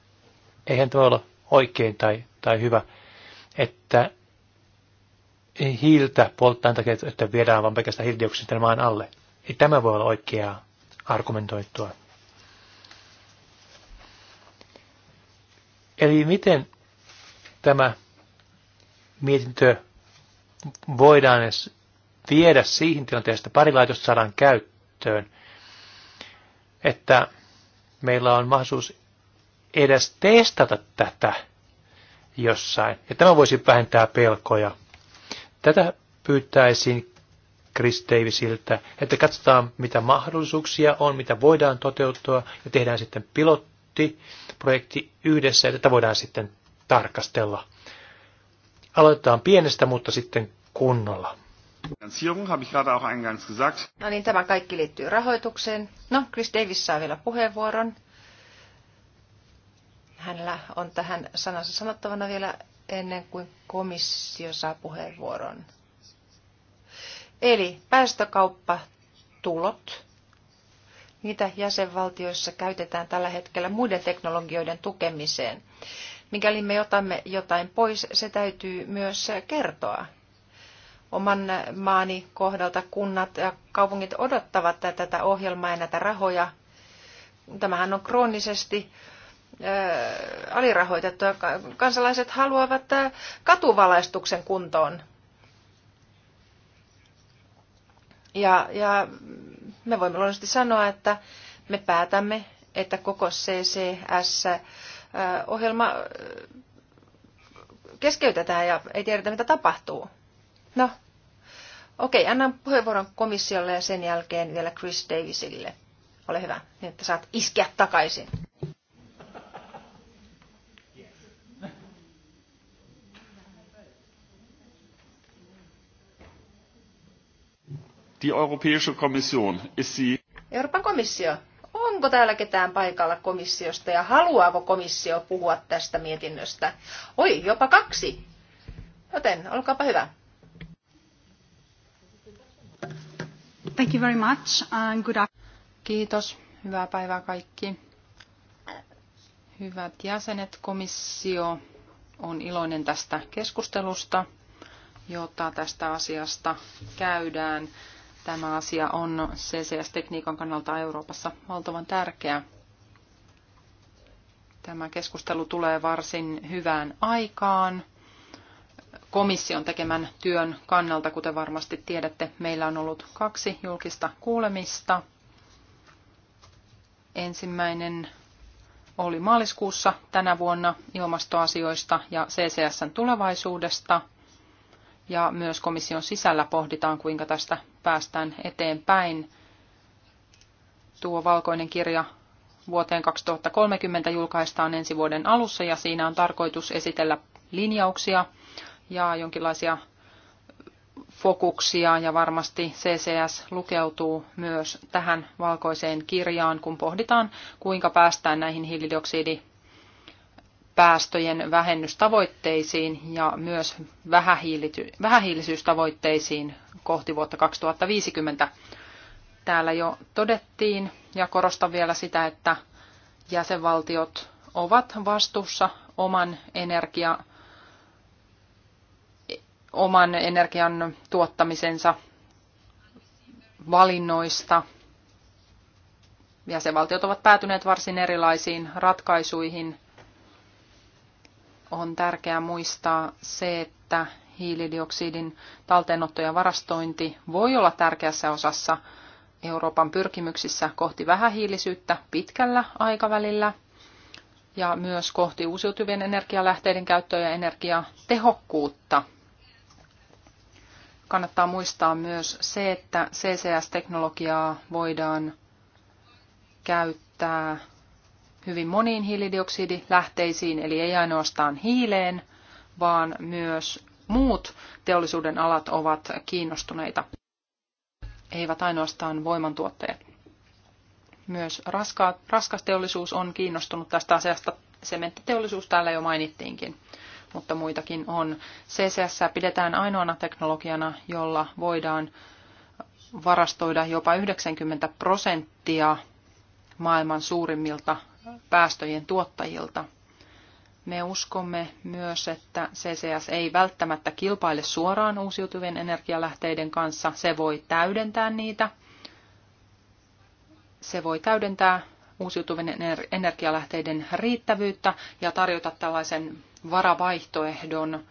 eihän tämä ole oikein tai, tai hyvä, että hiiltä polttaa takia, että viedään vain pelkästään hiilidioksidia maan alle. Ei tämä voi olla oikeaa argumentoitua. Eli miten tämä mietintö voidaan edes viedä siihen tilanteeseen, että pari laitosta saadaan käyttöön, että meillä on mahdollisuus edes testata tätä jossain. Ja tämä voisi vähentää pelkoja Tätä pyytäisin Chris Davisiltä, että katsotaan mitä mahdollisuuksia on, mitä voidaan toteuttaa ja tehdään sitten pilottiprojekti yhdessä ja tätä voidaan sitten tarkastella. Aloitetaan pienestä, mutta sitten kunnolla. No niin, tämä kaikki liittyy rahoitukseen. No, Chris Davis saa vielä puheenvuoron. Hänellä on tähän sanansa sanottavana vielä ennen kuin komissio saa puheenvuoron. Eli tulot, niitä jäsenvaltioissa käytetään tällä hetkellä muiden teknologioiden tukemiseen. Mikäli me otamme jotain pois, se täytyy myös kertoa. Oman maani kohdalta kunnat ja kaupungit odottavat tätä ohjelmaa ja näitä rahoja. Tämähän on kroonisesti alirahoitettua. Kansalaiset haluavat katuvalaistuksen kuntoon. Ja, ja me voimme luonnollisesti sanoa, että me päätämme, että koko CCS-ohjelma keskeytetään ja ei tiedetä, mitä tapahtuu. No, okei, annan puheenvuoron komissiolle ja sen jälkeen vielä Chris Davisille. Ole hyvä, niin että saat iskeä takaisin. Die Europäische Kommission, ist sie... Euroopan komissio. Onko täällä ketään paikalla komissiosta ja haluaako komissio puhua tästä mietinnöstä? Oi, jopa kaksi. Joten olkaapa hyvä. Thank you very much and good Kiitos. Hyvää päivää kaikki. Hyvät jäsenet, komissio on iloinen tästä keskustelusta, jota tästä asiasta käydään. Tämä asia on CCS-tekniikan kannalta Euroopassa valtavan tärkeä. Tämä keskustelu tulee varsin hyvään aikaan komission tekemän työn kannalta, kuten varmasti tiedätte, meillä on ollut kaksi julkista kuulemista. Ensimmäinen oli maaliskuussa tänä vuonna ilmastoasioista ja CCSn tulevaisuudesta – ja myös komission sisällä pohditaan, kuinka tästä päästään eteenpäin. Tuo valkoinen kirja vuoteen 2030 julkaistaan ensi vuoden alussa ja siinä on tarkoitus esitellä linjauksia ja jonkinlaisia fokuksia ja varmasti CCS lukeutuu myös tähän valkoiseen kirjaan, kun pohditaan, kuinka päästään näihin hiilidioksidi päästöjen vähennystavoitteisiin ja myös vähähiilisyystavoitteisiin kohti vuotta 2050. Täällä jo todettiin ja korostan vielä sitä, että jäsenvaltiot ovat vastuussa oman energia, oman energian tuottamisensa valinnoista. Jäsenvaltiot ovat päätyneet varsin erilaisiin ratkaisuihin on tärkeää muistaa se, että hiilidioksidin talteenotto ja varastointi voi olla tärkeässä osassa Euroopan pyrkimyksissä kohti vähähiilisyyttä pitkällä aikavälillä ja myös kohti uusiutuvien energialähteiden käyttöä ja energiatehokkuutta. Kannattaa muistaa myös se, että CCS-teknologiaa voidaan käyttää hyvin moniin hiilidioksidilähteisiin, eli ei ainoastaan hiileen, vaan myös muut teollisuuden alat ovat kiinnostuneita, eivät ainoastaan voimantuottajat. Myös raska, raskas teollisuus on kiinnostunut tästä asiasta. Sementtiteollisuus täällä jo mainittiinkin, mutta muitakin on. CCS pidetään ainoana teknologiana, jolla voidaan varastoida jopa 90 prosenttia maailman suurimmilta päästöjen tuottajilta. Me uskomme myös, että CCS ei välttämättä kilpaile suoraan uusiutuvien energialähteiden kanssa. Se voi täydentää niitä. Se voi täydentää uusiutuvien energialähteiden riittävyyttä ja tarjota tällaisen varavaihtoehdon.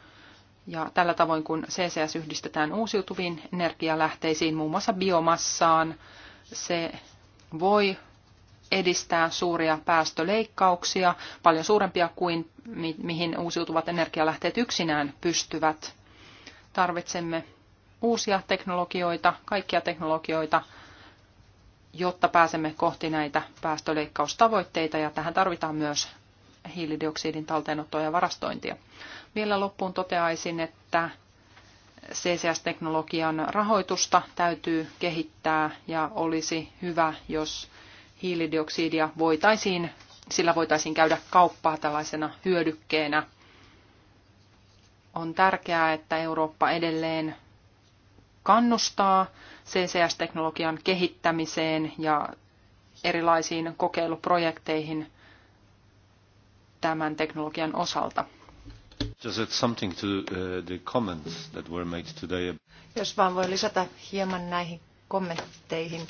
Ja tällä tavoin, kun CCS yhdistetään uusiutuviin energialähteisiin, muun muassa biomassaan, se voi edistää suuria päästöleikkauksia, paljon suurempia kuin mi- mihin uusiutuvat energialähteet yksinään pystyvät. Tarvitsemme uusia teknologioita, kaikkia teknologioita, jotta pääsemme kohti näitä päästöleikkaustavoitteita ja tähän tarvitaan myös hiilidioksidin talteenottoa ja varastointia. Vielä loppuun toteaisin, että CCS-teknologian rahoitusta täytyy kehittää ja olisi hyvä, jos hiilidioksidia voitaisiin, sillä voitaisiin käydä kauppaa tällaisena hyödykkeenä. On tärkeää, että Eurooppa edelleen kannustaa CCS-teknologian kehittämiseen ja erilaisiin kokeiluprojekteihin tämän teknologian osalta. Uh, Jos vaan voi lisätä hieman näihin kommentteihin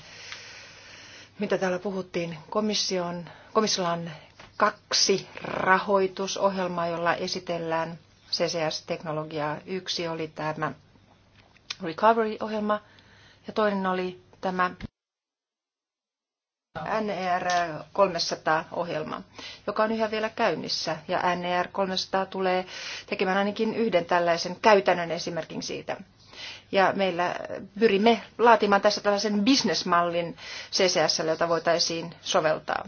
mitä täällä puhuttiin, komission, komissiolla on kaksi rahoitusohjelmaa, jolla esitellään CCS-teknologiaa. Yksi oli tämä Recovery-ohjelma ja toinen oli tämä NER 300-ohjelma, joka on yhä vielä käynnissä. Ja NER 300 tulee tekemään ainakin yhden tällaisen käytännön esimerkin siitä. Ja meillä pyrimme laatimaan tässä tällaisen bisnesmallin CCS, jota voitaisiin soveltaa.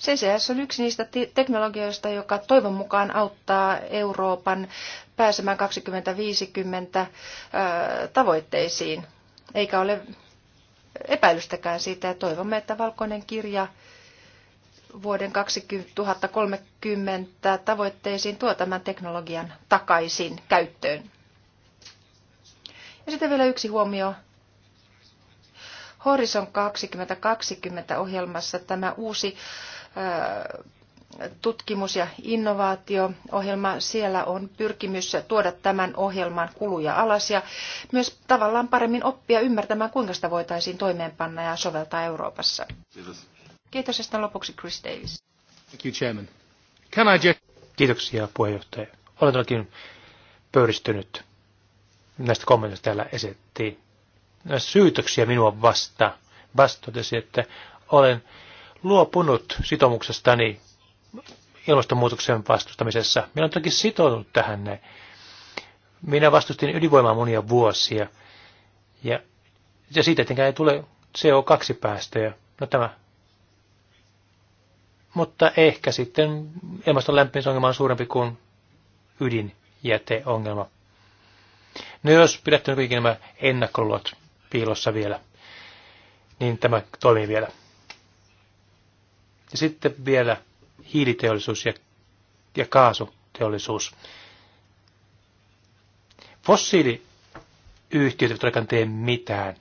CCS on yksi niistä teknologioista, joka toivon mukaan auttaa Euroopan pääsemään 2050 tavoitteisiin. Eikä ole epäilystäkään siitä ja toivomme, että valkoinen kirja vuoden 2030 tavoitteisiin tuo tämän teknologian takaisin käyttöön. Ja sitten vielä yksi huomio. Horizon 2020 ohjelmassa tämä uusi tutkimus- ja innovaatio-ohjelma. Siellä on pyrkimys tuoda tämän ohjelman kuluja alas ja myös tavallaan paremmin oppia ymmärtämään, kuinka sitä voitaisiin toimeenpanna ja soveltaa Euroopassa. Kiitos. Kiitos ja lopuksi Chris Davis. Thank you, Chairman. Can I just... Kiitoksia puheenjohtaja. Olen todellakin pöyristynyt näistä kommenteista täällä esitti Näistä syytöksiä minua vasta. Vastotesi, että olen luopunut sitoumuksestani ilmastonmuutoksen vastustamisessa. Minä olen toki sitoutunut tähän näin. Minä vastustin ydinvoimaa monia vuosia. Ja, ja siitä tietenkään ei tule CO2-päästöjä. No tämä. Mutta ehkä sitten ilmaston lämpimisongelma on suurempi kuin ydinjäteongelma. No jos pidätte kaikki nämä ennakkoluot piilossa vielä, niin tämä toimii vielä. Ja sitten vielä hiiliteollisuus ja, ja kaasuteollisuus. Fossiiliyhtiöt eivät todellakaan tee mitään.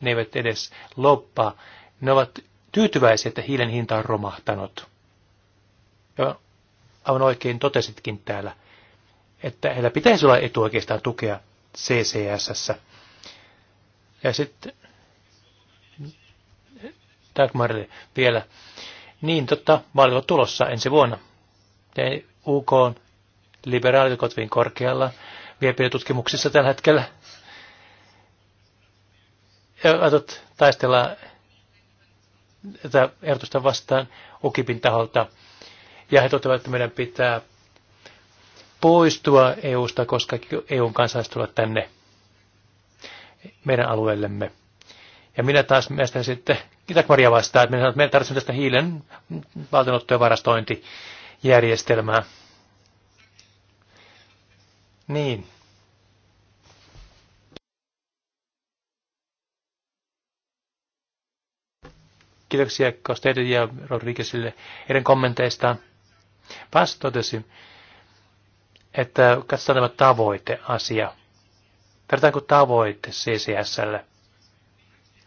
Ne eivät edes loppaa. Ne ovat tyytyväisiä, että hiilen hinta on romahtanut. Ja aivan oikein totesitkin täällä – että heillä pitäisi olla etu oikeastaan tukea CCSS. Ja sitten Dagmarille vielä. Niin, totta, vaalit tulossa ensi vuonna. Ja UK on liberaalit korkealla viepidetutkimuksissa tällä hetkellä. Ja atot taistellaan tätä ehdotusta vastaan UKIPin taholta. Ja he toteavat, että meidän pitää poistua EUsta, koska EUn kansalaiset tulevat tänne meidän alueellemme. Ja minä taas mielestäni sitten Maria vastaan, että minä sanon, että me tarvitsemme tästä hiilen valtionotto- ja varastointijärjestelmää. Niin. Kiitoksia Kosteille ja Rodriguezille heidän kommenteistaan. Paas totesi, että katsotaan tämä tavoiteasia. Tarvitaanko tavoite CCSlle?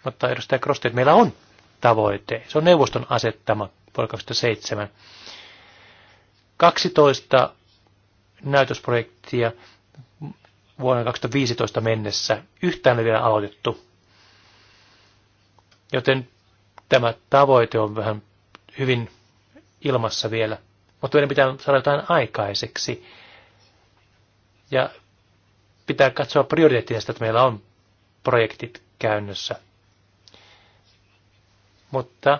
Mutta edustaja Krosti, että meillä on tavoite. Se on neuvoston asettama vuonna 2007. 12 näytösprojektia vuonna 2015 mennessä. Yhtään ei vielä aloitettu. Joten tämä tavoite on vähän hyvin ilmassa vielä. Mutta meidän pitää saada jotain aikaiseksi. Ja pitää katsoa prioriteetista, että meillä on projektit käynnössä. Mutta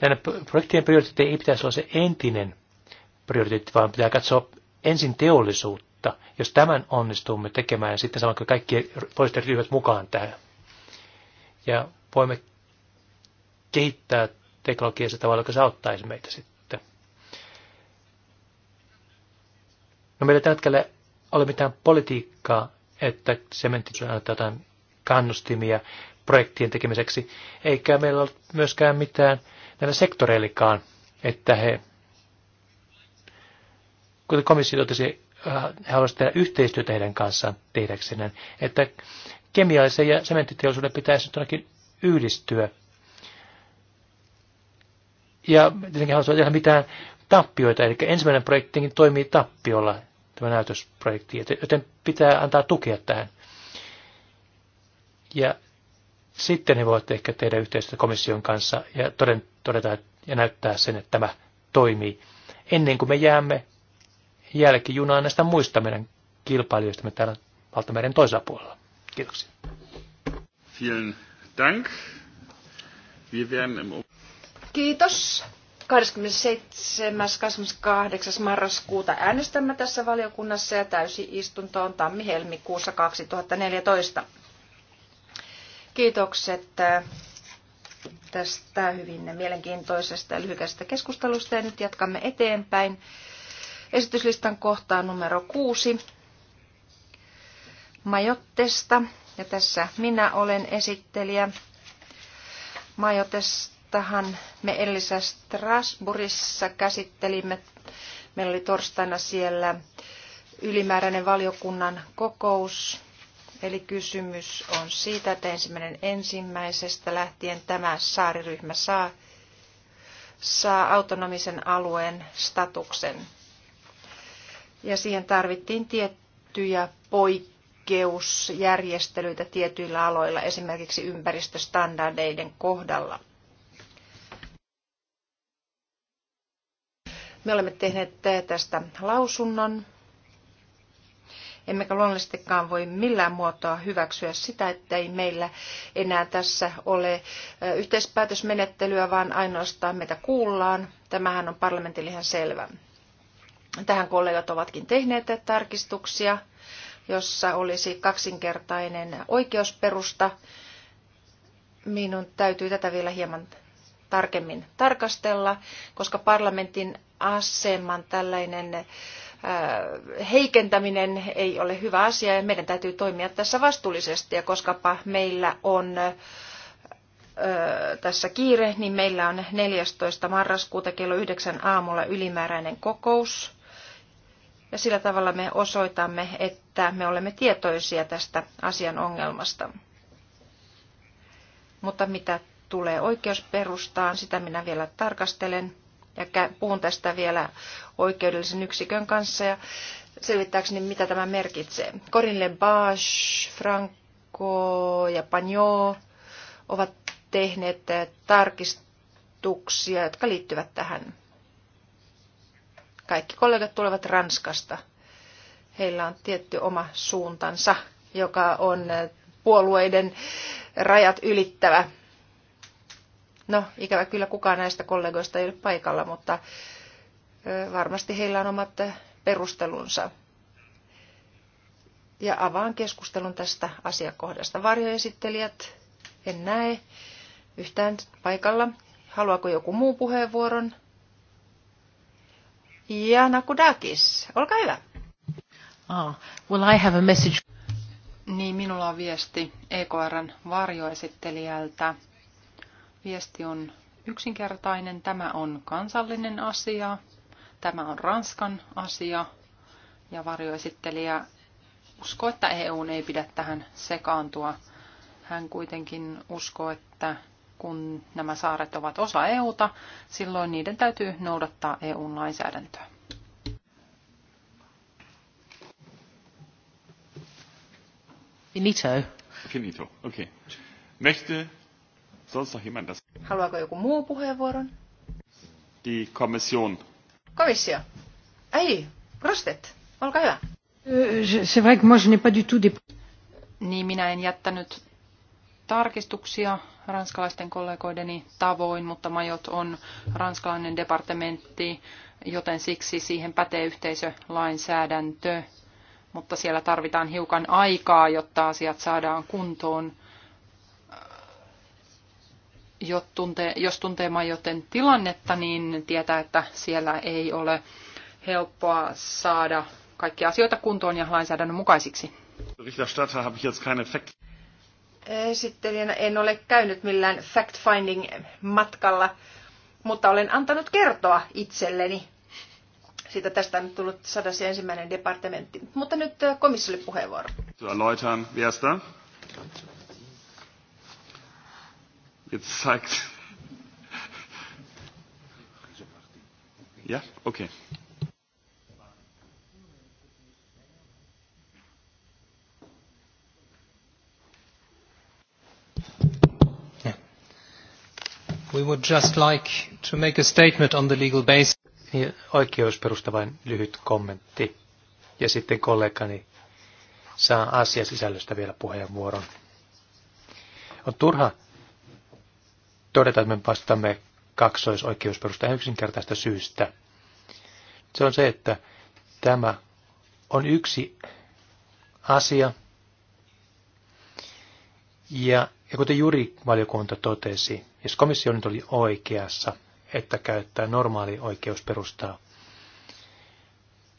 näiden projektien prioriteetti ei pitäisi olla se entinen prioriteetti, vaan pitää katsoa ensin teollisuutta. Jos tämän onnistumme tekemään, ja sitten saamme kaikki toiset ryhmät mukaan tähän. Ja voimme kehittää teknologiaa se tavalla, joka se auttaisi meitä sitten. No meillä tällä hetkellä ole mitään politiikkaa, että sementti on jotain kannustimia projektien tekemiseksi, eikä meillä ole myöskään mitään näillä sektoreillikaan, että he, kuten komissio totesi, äh, he haluaisivat tehdä yhteistyötä heidän kanssaan tehdäkseen, että kemiallisen ja sementtiteollisuuden pitäisi nyt yhdistyä. Ja tietenkin haluaisivat tehdä mitään tappioita, eli ensimmäinen projektikin toimii tappiolla, tämä näytösprojekti, joten pitää antaa tukea tähän. Ja sitten he voivat ehkä tehdä yhteistyötä komission kanssa ja todeta ja näyttää sen, että tämä toimii. Ennen kuin me jäämme jälkijunaan näistä muista meidän kilpailijoistamme täällä Valtameren toisella puolella. Kiitoksia. Vielen Dank. Wir werden im Kiitos. 27.28. marraskuuta äänestämme tässä valiokunnassa ja täysi istunto on tammi-helmikuussa 2014. Kiitokset äh, tästä hyvin mielenkiintoisesta ja lyhykästä keskustelusta ja nyt jatkamme eteenpäin. Esityslistan kohtaa numero 6 Majottesta ja tässä minä olen esittelijä. Majotesta Tahan me Elisa Strasbourgissa käsittelimme, meillä oli torstaina siellä ylimääräinen valiokunnan kokous, Eli kysymys on siitä, että ensimmäinen ensimmäisestä lähtien tämä saariryhmä saa, saa autonomisen alueen statuksen. Ja siihen tarvittiin tiettyjä poikkeusjärjestelyitä tietyillä aloilla, esimerkiksi ympäristöstandardeiden kohdalla. Me olemme tehneet tästä lausunnon. Emmekä luonnollisestikaan voi millään muotoa hyväksyä sitä, että ei meillä enää tässä ole yhteispäätösmenettelyä, vaan ainoastaan meitä kuullaan. Tämähän on parlamentille ihan selvä. Tähän kollegat ovatkin tehneet tarkistuksia, jossa olisi kaksinkertainen oikeusperusta. Minun täytyy tätä vielä hieman tarkemmin tarkastella, koska parlamentin aseman tällainen äh, heikentäminen ei ole hyvä asia ja meidän täytyy toimia tässä vastuullisesti ja koskapa meillä on äh, tässä kiire, niin meillä on 14. marraskuuta kello 9 aamulla ylimääräinen kokous. Ja sillä tavalla me osoitamme, että me olemme tietoisia tästä asian ongelmasta. Mutta mitä tulee oikeusperustaan, sitä minä vielä tarkastelen ja puhun tästä vielä oikeudellisen yksikön kanssa ja selvittääkseni, mitä tämä merkitsee. Corin Lebage, Franco ja Pagno ovat tehneet eh, tarkistuksia, jotka liittyvät tähän. Kaikki kollegat tulevat Ranskasta. Heillä on tietty oma suuntansa, joka on eh, puolueiden rajat ylittävä No, ikävä kyllä kukaan näistä kollegoista ei ole paikalla, mutta varmasti heillä on omat perustelunsa. Ja avaan keskustelun tästä asiakohdasta. Varjoesittelijät, en näe yhtään paikalla. Haluaako joku muu puheenvuoron? Ja Nakudakis, olkaa hyvä. Ah, well I have a message. Niin, minulla on viesti EKRn varjoesittelijältä. Viesti on yksinkertainen. Tämä on kansallinen asia. Tämä on Ranskan asia. Ja varjoesittelijä uskoo, että EU ei pidä tähän sekaantua. Hän kuitenkin uskoo, että kun nämä saaret ovat osa EUta, silloin niiden täytyy noudattaa EUn lainsäädäntöä. Finito. Finito, okei. Okay. Möchte Haluaako joku muu puheenvuoron? Die Kommission. Komissio. Ei, Rostet, olkaa hyvä. Euh, c'est vrai que moi je n'ai pas du tout des... Niin minä en jättänyt tarkistuksia ranskalaisten kollegoideni tavoin, mutta Majot on ranskalainen departementti, joten siksi siihen pätee yhteisölainsäädäntö. Mutta siellä tarvitaan hiukan aikaa, jotta asiat saadaan kuntoon jos tuntee majoten tilannetta, niin tietää, että siellä ei ole helppoa saada kaikkia asioita kuntoon ja lainsäädännön mukaisiksi. Esittelijänä en ole käynyt millään fact-finding-matkalla, mutta olen antanut kertoa itselleni. Siitä tästä on tullut sadasi ensimmäinen departementti. Mutta nyt komissiolle puheenvuoro. Erläutern, wer Jetzt zeigt. Ja, okay. We would just like to make a statement on the legal basis. Niin, oikeusperusta vain lyhyt kommentti. Ja sitten kollegani saa asiasisällöstä vielä puheenvuoron. On turha todeta, että me vastamme kaksoisoikeusperustaan yksinkertaista syystä. Se on se, että tämä on yksi asia. Ja, ja kuten juuri valiokunta totesi, jos komissio nyt oli oikeassa, että käyttää normaali oikeusperustaa,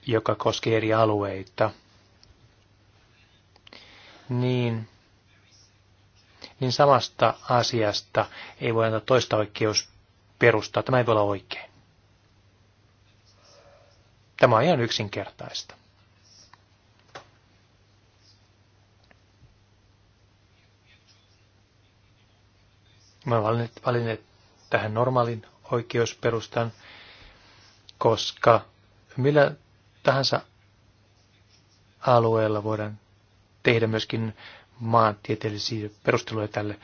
joka koskee eri alueita, niin niin samasta asiasta ei voi antaa toista oikeus perustaa. Tämä ei voi olla oikein. Tämä on ihan yksinkertaista. Mä olen valinnut, valinnut tähän normaalin oikeusperustan, koska millä tahansa alueella voidaan tehdä myöskin maantieteellisiä perusteluja tälle.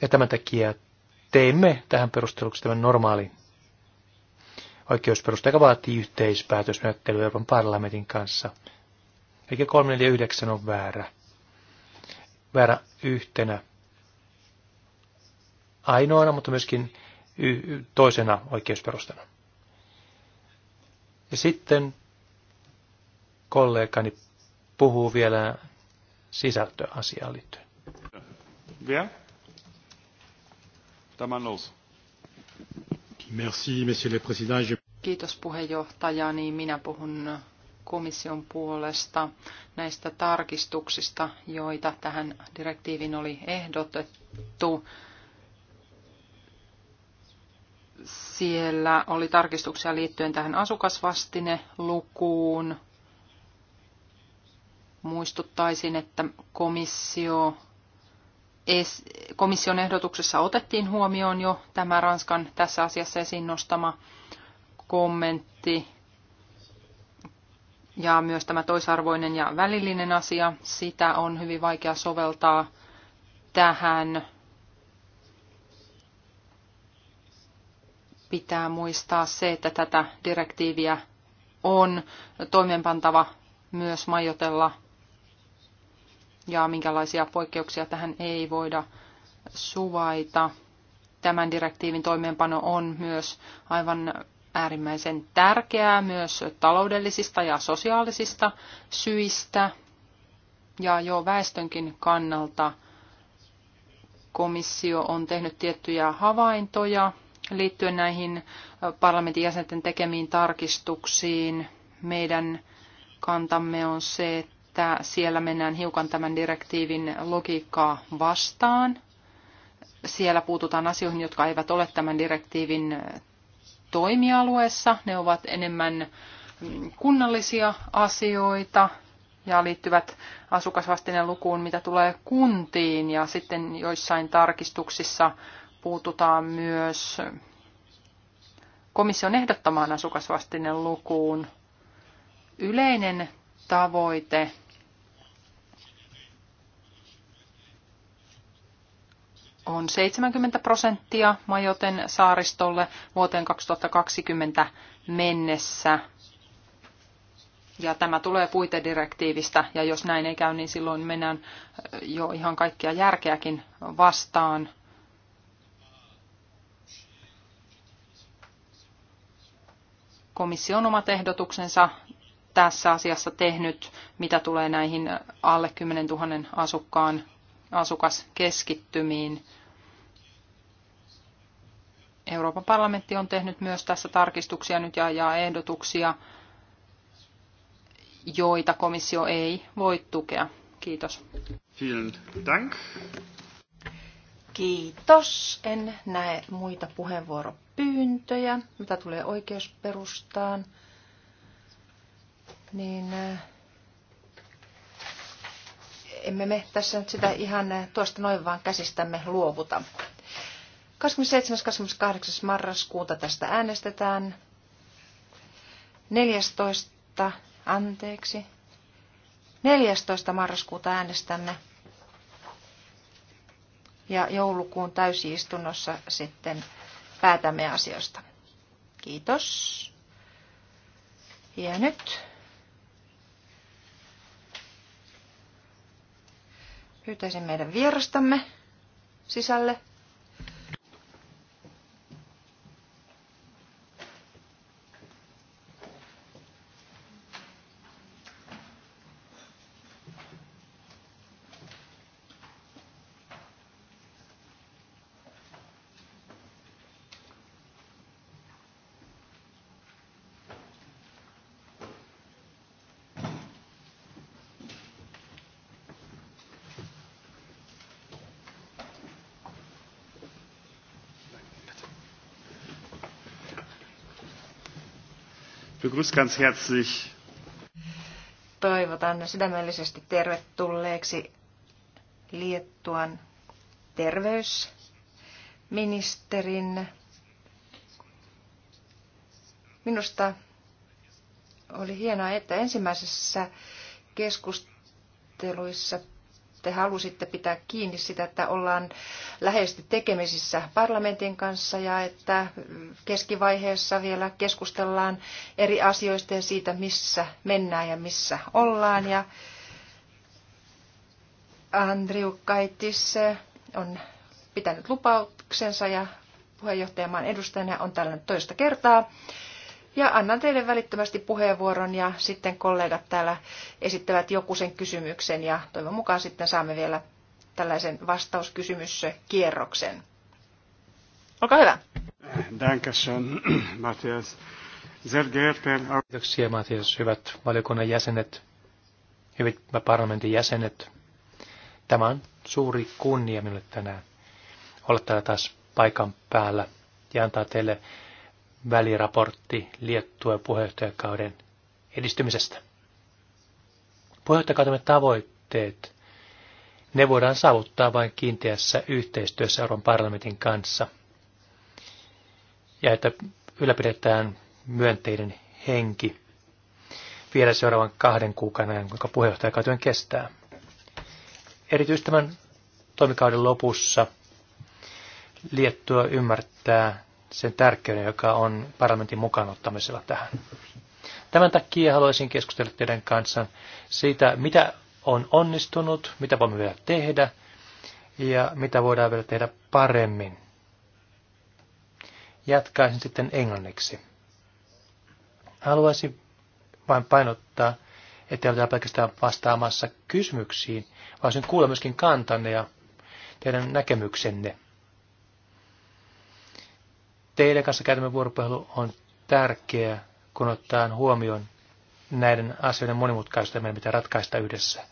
Ja tämän takia teemme tähän perusteluksi tämän normaalin oikeusperusta, joka vaatii yhteispäätösmenettelyä Euroopan parlamentin kanssa. Eli 349 on väärä. Väärä yhtenä ainoana, mutta myöskin toisena oikeusperustana. Ja sitten kollegani puhuu vielä sisältöä asiaan liittyen. Vielä? Tämä nousu. Merci, monsieur le président. Kiitos puheenjohtaja. Niin minä puhun komission puolesta näistä tarkistuksista, joita tähän direktiivin oli ehdotettu. Siellä oli tarkistuksia liittyen tähän asukasvastine lukuun, Muistuttaisin, että komissio, komission ehdotuksessa otettiin huomioon jo tämä Ranskan tässä asiassa esiin nostama kommentti ja myös tämä toisarvoinen ja välillinen asia, sitä on hyvin vaikea soveltaa tähän. Pitää muistaa se, että tätä direktiiviä on toimeenpantava myös majotella ja minkälaisia poikkeuksia tähän ei voida suvaita. Tämän direktiivin toimeenpano on myös aivan äärimmäisen tärkeää myös taloudellisista ja sosiaalisista syistä ja jo väestönkin kannalta komissio on tehnyt tiettyjä havaintoja liittyen näihin parlamentin jäsenten tekemiin tarkistuksiin. Meidän kantamme on se, että että siellä mennään hiukan tämän direktiivin logiikkaa vastaan. Siellä puututaan asioihin, jotka eivät ole tämän direktiivin toimialueessa. Ne ovat enemmän mm, kunnallisia asioita ja liittyvät asukasvastinen lukuun, mitä tulee kuntiin. Ja sitten joissain tarkistuksissa puututaan myös komission ehdottamaan asukasvastinen lukuun. Yleinen tavoite on 70 prosenttia Majoten saaristolle vuoteen 2020 mennessä. Ja tämä tulee puitedirektiivistä, ja jos näin ei käy, niin silloin mennään jo ihan kaikkia järkeäkin vastaan. Komission omat ehdotuksensa tässä asiassa tehnyt, mitä tulee näihin alle 10 000 asukkaan asukaskeskittymiin. Euroopan parlamentti on tehnyt myös tässä tarkistuksia nyt ja, ja ehdotuksia, joita komissio ei voi tukea. Kiitos. Vielen dank. Kiitos. En näe muita puheenvuoropyyntöjä, mitä tulee oikeusperustaan. Niin äh, emme me tässä nyt sitä ihan tuosta noin vaan käsistämme luovuta. 27.–28. marraskuuta tästä äänestetään. 14. anteeksi. 14. marraskuuta äänestämme. Ja joulukuun täysistunnossa sitten päätämme asioista. Kiitos. Ja nyt pyytäisin meidän vierastamme sisälle. begrüße ganz herzlich. Toivotan sydämellisesti tervetulleeksi Liettuan terveysministerin. Minusta oli hienoa, että ensimmäisessä keskusteluissa te halusitte pitää kiinni sitä, että ollaan läheisesti tekemisissä parlamentin kanssa ja että keskivaiheessa vielä keskustellaan eri asioista ja siitä, missä mennään ja missä ollaan. Ja Andriu Kaitis on pitänyt lupauksensa ja puheenjohtajamaan edustajana on tällä toista kertaa. Ja annan teille välittömästi puheenvuoron ja sitten kollegat täällä esittävät joku sen kysymyksen ja toivon mukaan sitten saamme vielä tällaisen vastauskysymyskierroksen. Olkaa hyvä. Dankeschön, Matthias. Kiitoksia Matias, hyvät valiokunnan jäsenet, hyvät parlamentin jäsenet. Tämä on suuri kunnia minulle tänään olla täällä taas paikan päällä ja antaa teille väliraportti Liettua puheenjohtajakauden edistymisestä. Puheenjohtajakautemme tavoitteet, ne voidaan saavuttaa vain kiinteässä yhteistyössä Euroopan parlamentin kanssa. Ja että ylläpidetään myönteinen henki vielä seuraavan kahden kuukauden ajan, kuinka puheenjohtajakautemme kestää. Erityisesti tämän toimikauden lopussa Liettua ymmärtää sen tärkeyden, joka on parlamentin ottamisella tähän. Tämän takia haluaisin keskustella teidän kanssa siitä, mitä on onnistunut, mitä voimme vielä tehdä ja mitä voidaan vielä tehdä paremmin. Jatkaisin sitten englanniksi. Haluaisin vain painottaa, ei ole pelkästään vastaamassa kysymyksiin, vaan sen kuulla myöskin kantanne ja teidän näkemyksenne teidän kanssa käytämme vuoropuhelu on tärkeä, kun ottaen huomioon näiden asioiden monimutkaisuutta meidän pitää ratkaista yhdessä.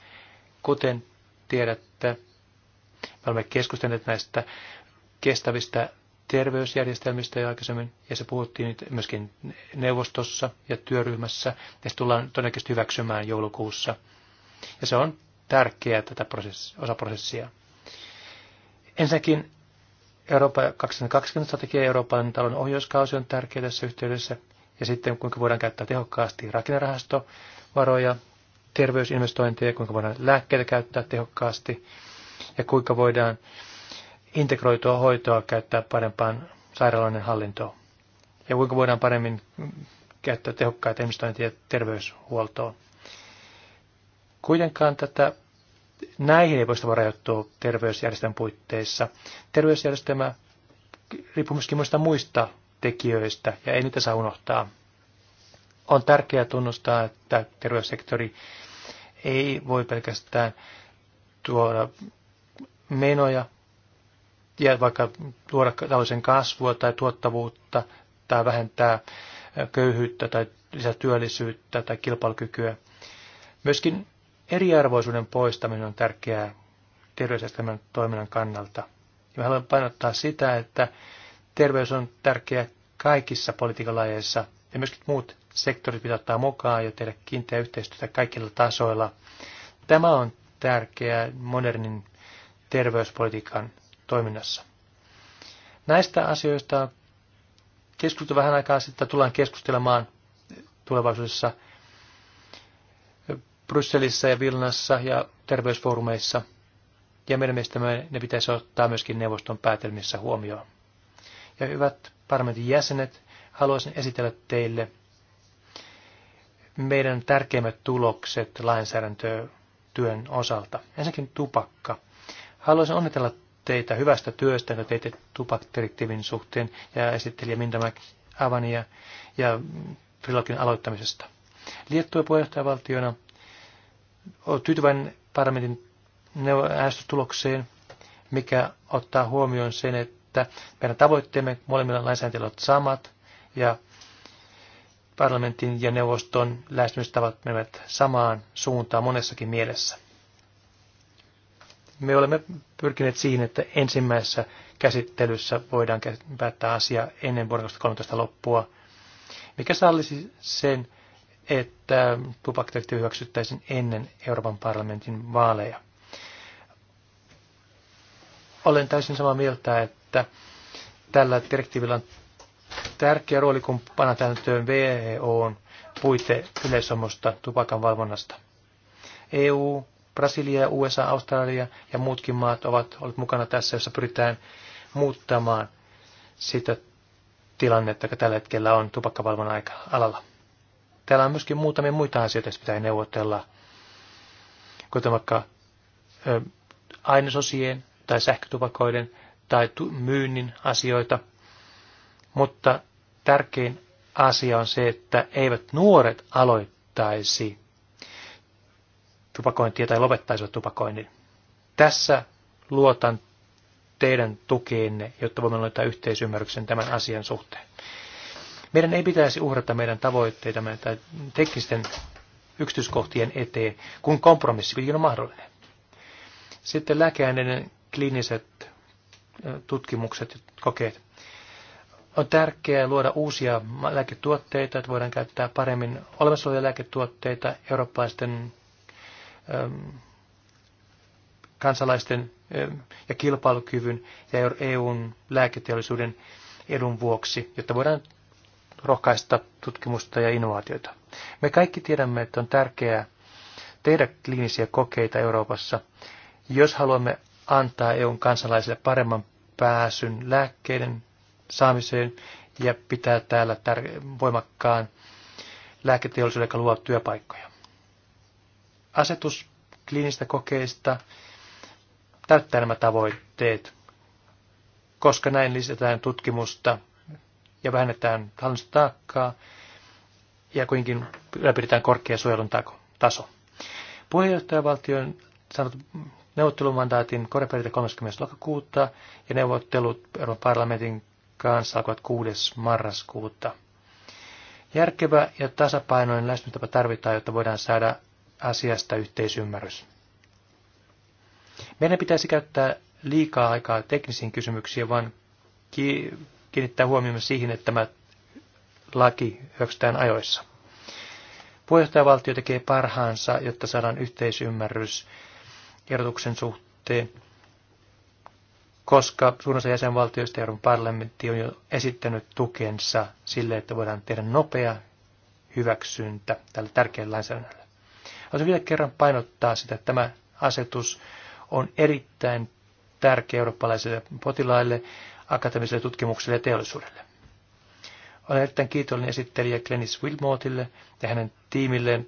Kuten tiedätte, me olemme keskustelleet näistä kestävistä terveysjärjestelmistä jo aikaisemmin, ja se puhuttiin nyt myöskin neuvostossa ja työryhmässä, ja se tullaan todennäköisesti hyväksymään joulukuussa. Ja se on tärkeää tätä prosess- osaprosessia. Ensinnäkin Eurooppa 2020 strategia ja Euroopan talon ohjauskausi on tärkeä tässä yhteydessä. Ja sitten kuinka voidaan käyttää tehokkaasti rakennerahastovaroja, terveysinvestointeja, kuinka voidaan lääkkeitä käyttää tehokkaasti ja kuinka voidaan integroitua hoitoa käyttää parempaan sairaalainen hallintoon. Ja kuinka voidaan paremmin käyttää tehokkaita investointeja terveyshuoltoon. Kuitenkaan tätä näihin ei voisi rajoittua terveysjärjestelmän puitteissa. Terveysjärjestelmä riippuu myöskin muista muista tekijöistä, ja ei niitä saa unohtaa. On tärkeää tunnustaa, että terveyssektori ei voi pelkästään tuoda menoja, ja vaikka luoda taloudellisen kasvua tai tuottavuutta, tai vähentää köyhyyttä tai lisätyöllisyyttä tai kilpailukykyä. Myöskin Eriarvoisuuden poistaminen on tärkeää terveysjärjestelmän toiminnan kannalta. Ja haluan painottaa sitä, että terveys on tärkeä kaikissa politiikalajeissa ja myöskin muut sektorit pitää ottaa mukaan ja tehdä kiinteä yhteistyötä kaikilla tasoilla. Tämä on tärkeää modernin terveyspolitiikan toiminnassa. Näistä asioista keskustelua keskusteltu vähän aikaa sitten, tullaan keskustelemaan tulevaisuudessa – Brysselissä ja Vilnassa ja terveysfoorumeissa. Ja meidän mielestä ne pitäisi ottaa myöskin neuvoston päätelmissä huomioon. Ja hyvät parlamentin jäsenet, haluaisin esitellä teille meidän tärkeimmät tulokset lainsäädäntötyön osalta. Ensinnäkin tupakka. Haluaisin onnitella teitä hyvästä työstä, jota teitte tupakkadirektiivin suhteen ja esittelijä Minda Avania ja trilogin aloittamisesta. Liettua puheenjohtajavaltiona ole tyytyväinen parlamentin äänestystulokseen, mikä ottaa huomioon sen, että meidän tavoitteemme molemmilla lainsäädäntöillä ovat samat ja parlamentin ja neuvoston lähestymistavat menevät samaan suuntaan monessakin mielessä. Me olemme pyrkineet siihen, että ensimmäisessä käsittelyssä voidaan päättää asia ennen vuoden 2013 loppua, mikä sallisi sen, että tupakkadektio hyväksyttäisiin ennen Euroopan parlamentin vaaleja. Olen täysin samaa mieltä, että tällä direktiivillä on tärkeä rooli, kun työn VEO WHOn puite yleisomusta tupakan valvonnasta. EU, Brasilia, USA, Australia ja muutkin maat ovat olleet mukana tässä, jossa pyritään muuttamaan sitä tilannetta, joka tällä hetkellä on tupakkavalvonnan alalla. Täällä on myöskin muutamia muita asioita, joista pitää neuvotella, kuten vaikka ainesosien tai sähkötupakoiden tai myynnin asioita. Mutta tärkein asia on se, että eivät nuoret aloittaisi tupakointia tai lopettaisivat tupakoinnin. Tässä luotan teidän tukeenne, jotta voimme löytää yhteisymmärryksen tämän asian suhteen. Meidän ei pitäisi uhrata meidän tavoitteitamme tai teknisten yksityiskohtien eteen, kun kompromissi kuitenkin on mahdollinen. Sitten lääkeaineiden kliiniset tutkimukset ja kokeet. On tärkeää luoda uusia lääketuotteita, että voidaan käyttää paremmin olemassa olevia lääketuotteita eurooppalaisten kansalaisten ja kilpailukyvyn ja EUn lääketeollisuuden edun vuoksi, jotta voidaan rohkaista tutkimusta ja innovaatioita. Me kaikki tiedämme, että on tärkeää tehdä kliinisiä kokeita Euroopassa, jos haluamme antaa EUn kansalaisille paremman pääsyn lääkkeiden saamiseen ja pitää täällä voimakkaan lääketeollisuuden, joka luo työpaikkoja. Asetus kliinistä kokeista täyttää nämä tavoitteet, koska näin lisätään tutkimusta ja vähennetään hallinnollista taakkaa ja kuitenkin ylläpidetään korkea suojelun taso. Puheenjohtajavaltion sanot neuvottelumandaatin koreperintä 30. lokakuuta ja neuvottelut Euroopan parlamentin kanssa alkoivat 6. marraskuuta. Järkevä ja tasapainoinen lähestymistapa tarvitaan, jotta voidaan saada asiasta yhteisymmärrys. Meidän pitäisi käyttää liikaa aikaa teknisiin kysymyksiin, vaan kiinnittää huomioon siihen, että tämä laki hyväksytään ajoissa. Puheenjohtajavaltio tekee parhaansa, jotta saadaan yhteisymmärrys erotuksen suhteen, koska suurin osa jäsenvaltioista Euroopan parlamentti on jo esittänyt tukensa sille, että voidaan tehdä nopea hyväksyntä tälle tärkeälle lainsäädännölle. Haluaisin vielä kerran painottaa sitä, että tämä asetus on erittäin tärkeä eurooppalaisille potilaille, akateemiselle tutkimukselle ja teollisuudelle. Olen erittäin kiitollinen esittelijä Glenis Wilmotille ja hänen tiimilleen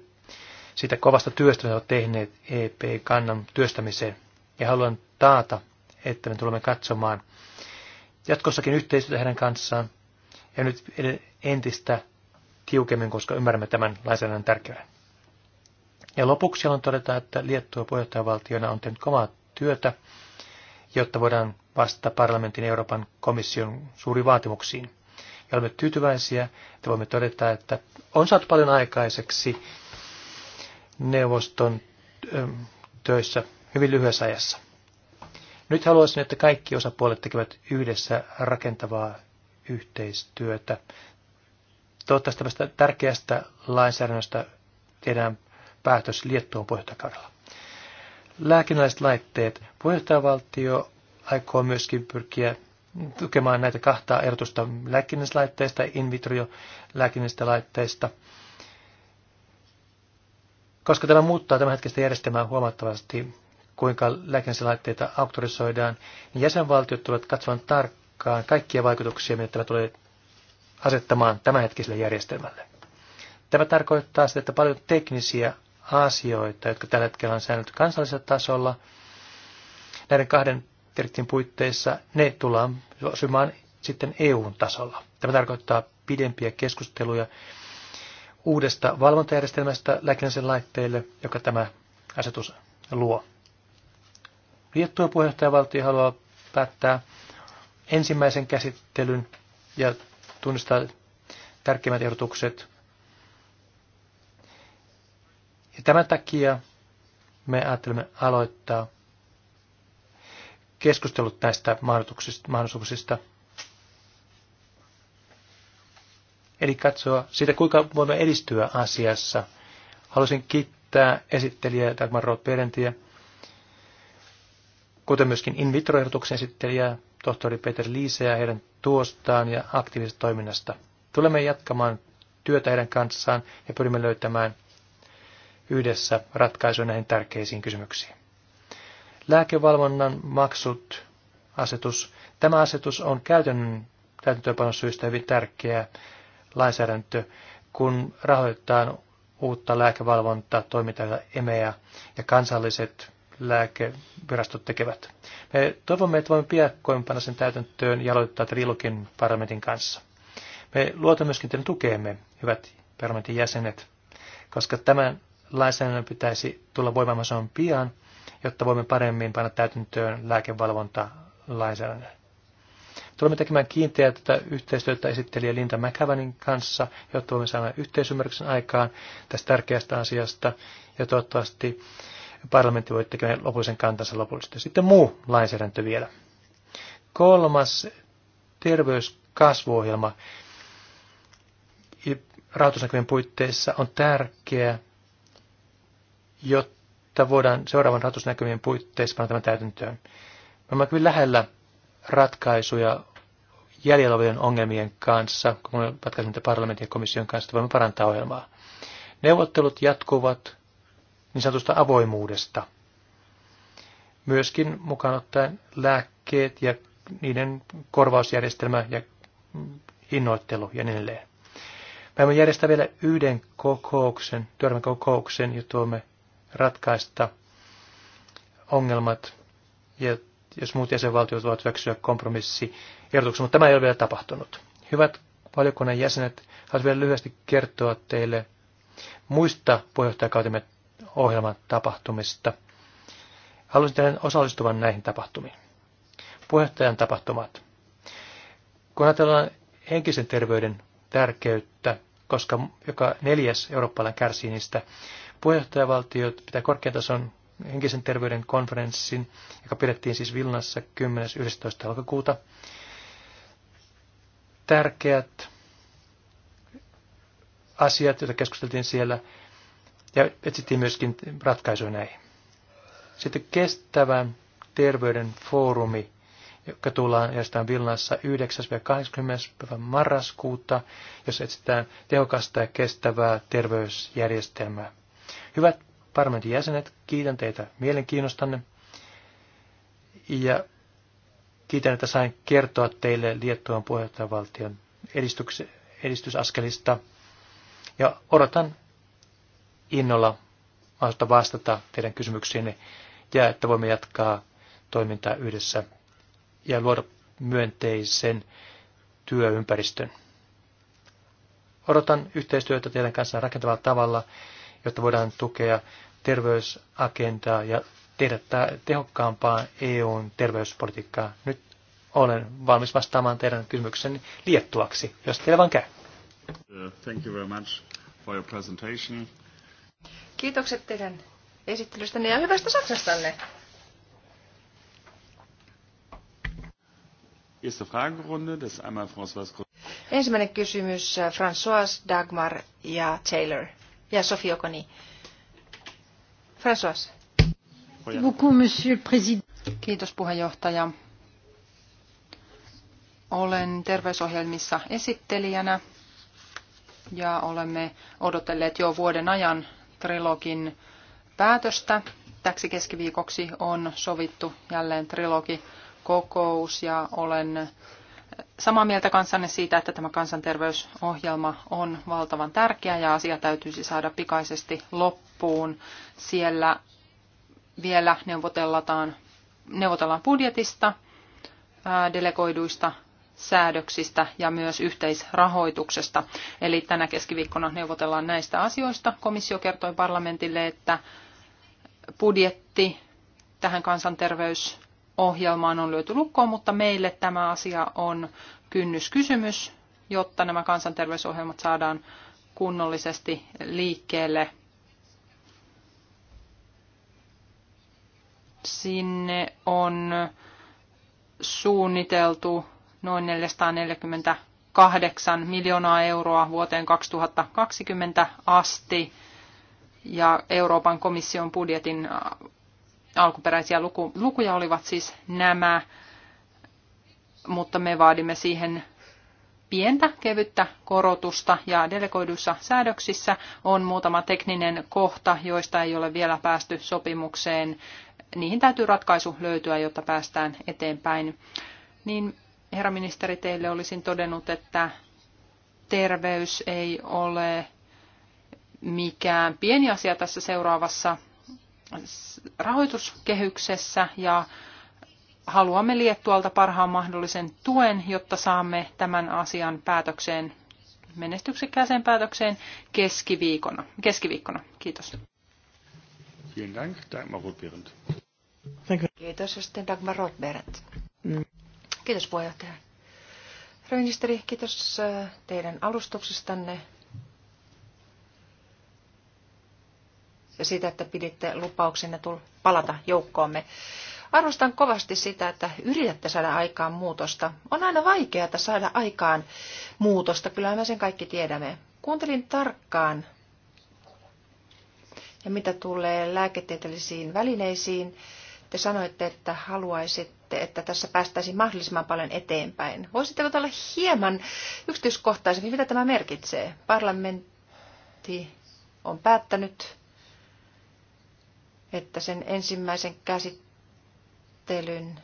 sitä kovasta työstä, mitä ovat tehneet EP-kannan työstämiseen. Ja haluan taata, että me tulemme katsomaan jatkossakin yhteistyötä hänen kanssaan ja nyt entistä tiukemmin, koska ymmärrämme tämän lainsäädännön tärkeyden. Ja lopuksi haluan todeta, että Liettua puheenjohtajavaltiona on tehnyt kovaa työtä jotta voidaan vastata parlamentin ja Euroopan komission suuriin vaatimuksiin. Ja olemme tyytyväisiä, että voimme todeta, että on saatu paljon aikaiseksi neuvoston töissä hyvin lyhyessä ajassa. Nyt haluaisin, että kaikki osapuolet tekevät yhdessä rakentavaa yhteistyötä. Toivottavasti tästä tärkeästä lainsäädännöstä tehdään päätös Liettuun pohjoittakaudella lääkinnälliset laitteet. Puheenjohtajavaltio aikoo myöskin pyrkiä tukemaan näitä kahta erotusta lääkinnällisistä ja in vitro lääkinnällisistä laitteista, koska tämä muuttaa hetkistä järjestelmää huomattavasti, kuinka lääkinnällisiä laitteita auktorisoidaan, niin jäsenvaltiot tulevat katsomaan tarkkaan kaikkia vaikutuksia, mitä tämä tulee asettamaan tämänhetkiselle järjestelmälle. Tämä tarkoittaa sitä, että paljon teknisiä asioita, jotka tällä hetkellä on säännelty kansallisella tasolla. Näiden kahden direktiivin puitteissa ne tullaan sopimaan sitten EUn tasolla. Tämä tarkoittaa pidempiä keskusteluja uudesta valvontajärjestelmästä lääkinnäisen laitteille, joka tämä asetus luo. Liettua puheenjohtajavaltio haluaa päättää ensimmäisen käsittelyn ja tunnistaa tärkeimmät ehdotukset ja tämän takia me ajattelemme aloittaa keskustelut näistä mahdollisuuksista. Eli katsoa sitä, kuinka voimme edistyä asiassa. Haluaisin kiittää esittelijää Dagmar Roth-Perentiä, kuten myöskin in vitro esittelijää, tohtori Peter Liiseä heidän tuostaan ja aktiivisesta toiminnasta. Tulemme jatkamaan työtä heidän kanssaan ja pyrimme löytämään yhdessä ratkaisu näihin tärkeisiin kysymyksiin. Lääkevalvonnan maksut asetus. Tämä asetus on käytännön täytäntöönpanon syystä hyvin tärkeä lainsäädäntö, kun rahoitetaan uutta lääkevalvontaa, toimintaa, e e EMEA ja kansalliset lääkevirastot tekevät. Me toivomme, että voimme piakkoimpana sen täytäntöön ja aloittaa trilogin parlamentin kanssa. Me luotamme myöskin teidän tukeemme, hyvät parlamentin jäsenet, koska tämän lainsäädännön pitäisi tulla voimaan pian, jotta voimme paremmin panna täytäntöön lääkevalvonta lainsäädännön. Tulemme tekemään kiinteää tätä yhteistyötä esittelijä Linda McAvanin kanssa, jotta voimme saada yhteisymmärryksen aikaan tästä tärkeästä asiasta. Ja toivottavasti parlamentti voi tekemään lopullisen kantansa lopullisesti. Sitten muu lainsäädäntö vielä. Kolmas terveyskasvuohjelma rahoitusnäkymien puitteissa on tärkeä jotta voidaan seuraavan ratusnäkymien puitteissa panna tämän täytäntöön. Me olemme kyllä lähellä ratkaisuja jäljellä olevien ongelmien kanssa, kun me ratkaisemme parlamentin ja komission kanssa, että voimme parantaa ohjelmaa. Neuvottelut jatkuvat niin sanotusta avoimuudesta. Myöskin mukaan ottaen lääkkeet ja niiden korvausjärjestelmä ja hinnoittelu ja niin edelleen. Me järjestää vielä yhden kokouksen, työryhmän kokouksen, ja tuomme ratkaista ongelmat, ja jos muut jäsenvaltiot voivat hyväksyä kompromissi ehdotuksen, mutta tämä ei ole vielä tapahtunut. Hyvät valiokunnan jäsenet, haluaisin vielä lyhyesti kertoa teille muista puheenjohtajakautemme ohjelman tapahtumista. Haluaisin teidän osallistuvan näihin tapahtumiin. Puheenjohtajan tapahtumat. Kun ajatellaan henkisen terveyden tärkeyttä, koska joka neljäs eurooppalainen kärsii niistä, Puheenjohtajavaltiot pitää korkean tason henkisen terveyden konferenssin, joka pidettiin siis Vilnassa 10.11. alkukuuta. Tärkeät asiat, joita keskusteltiin siellä, ja etsittiin myöskin ratkaisuja näihin. Sitten kestävän terveyden foorumi, joka tullaan järjestetään Vilnassa 9 20. marraskuuta, jossa etsitään tehokasta ja kestävää terveysjärjestelmää. Hyvät parlamentin jäsenet, kiitän teitä mielenkiinnostanne ja kiitän, että sain kertoa teille Liettuan puheenjohtajavaltion edistysaskelista ja odotan innolla mahdollista vastata teidän kysymyksiinne ja että voimme jatkaa toimintaa yhdessä ja luoda myönteisen työympäristön. Odotan yhteistyötä teidän kanssa rakentavalla tavalla jotta voidaan tukea terveysagendaa ja tehdä tehokkaampaa EUn terveyspolitiikkaa. Nyt olen valmis vastaamaan teidän kysymyksenne liettuaksi, jos teillä vaan käy. Uh, thank you very much for your presentation. Kiitokset teidän esittelystänne ja hyvästä Saksastanne. Ensimmäinen kysymys äh, François, Dagmar ja Taylor ja Sofi Okoni. François. Kiitos puheenjohtaja. Olen terveysohjelmissa esittelijänä ja olemme odotelleet jo vuoden ajan trilogin päätöstä. Täksi keskiviikoksi on sovittu jälleen trilogikokous ja olen samaa mieltä kanssanne siitä, että tämä kansanterveysohjelma on valtavan tärkeä ja asia täytyisi saada pikaisesti loppuun. Siellä vielä neuvotellaan, neuvotellaan budjetista, delegoiduista säädöksistä ja myös yhteisrahoituksesta. Eli tänä keskiviikkona neuvotellaan näistä asioista. Komissio kertoi parlamentille, että budjetti tähän kansanterveys ohjelmaan on lyöty lukkoon, mutta meille tämä asia on kynnyskysymys, jotta nämä kansanterveysohjelmat saadaan kunnollisesti liikkeelle. Sinne on suunniteltu noin 448 miljoonaa euroa vuoteen 2020 asti ja Euroopan komission budjetin Alkuperäisiä luku, lukuja olivat siis nämä, mutta me vaadimme siihen pientä kevyttä korotusta ja delegoiduissa säädöksissä on muutama tekninen kohta, joista ei ole vielä päästy sopimukseen. Niihin täytyy ratkaisu löytyä, jotta päästään eteenpäin. Niin herra ministeri, teille olisin todennut, että terveys ei ole mikään pieni asia tässä seuraavassa rahoituskehyksessä ja haluamme Liettualta parhaan mahdollisen tuen, jotta saamme tämän asian päätökseen menestyksekkääseen päätökseen keskiviikkona. keskiviikkona. Kiitos. Kiitos ja sitten Dagmar Rothberg. Mm. Kiitos puheenjohtaja. Herra ministeri, kiitos äh, teidän alustuksestanne ja siitä, että piditte lupauksenne palata joukkoomme. Arvostan kovasti sitä, että yritätte saada aikaan muutosta. On aina vaikeaa saada aikaan muutosta, kyllä me sen kaikki tiedämme. Kuuntelin tarkkaan, ja mitä tulee lääketieteellisiin välineisiin, te sanoitte, että haluaisitte, että tässä päästäisiin mahdollisimman paljon eteenpäin. Voisitteko olla hieman yksityiskohtaisempi, mitä tämä merkitsee? Parlamentti on päättänyt että sen ensimmäisen käsittelyn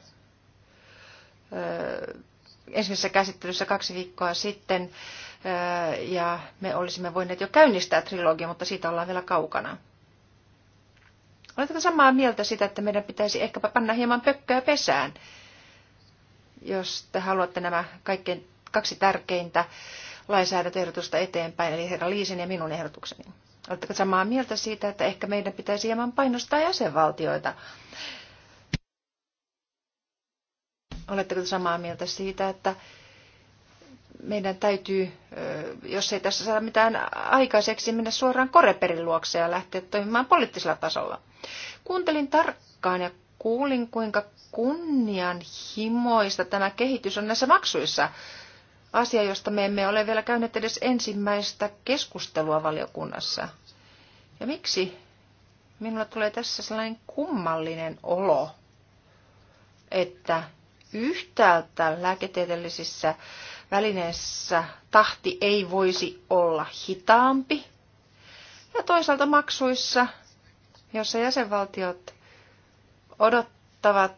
ensimmäisessä käsittelyssä kaksi viikkoa sitten ja me olisimme voineet jo käynnistää trilogia, mutta siitä ollaan vielä kaukana. Oletko samaa mieltä sitä, että meidän pitäisi ehkäpä panna hieman pökköä pesään, jos te haluatte nämä kaikkein kaksi tärkeintä lainsäädäntöehdotusta eteenpäin, eli herra Liisen ja minun ehdotukseni? Oletteko samaa mieltä siitä, että ehkä meidän pitäisi hieman painostaa jäsenvaltioita? Oletteko samaa mieltä siitä, että meidän täytyy, jos ei tässä saada mitään aikaiseksi, mennä suoraan koreperin luokse ja lähteä toimimaan poliittisella tasolla? Kuuntelin tarkkaan ja kuulin, kuinka kunnianhimoista tämä kehitys on näissä maksuissa asia, josta me emme ole vielä käyneet edes ensimmäistä keskustelua valiokunnassa. Ja miksi? Minulla tulee tässä sellainen kummallinen olo, että yhtäältä lääketieteellisissä välineissä tahti ei voisi olla hitaampi, ja toisaalta maksuissa, jossa jäsenvaltiot odottavat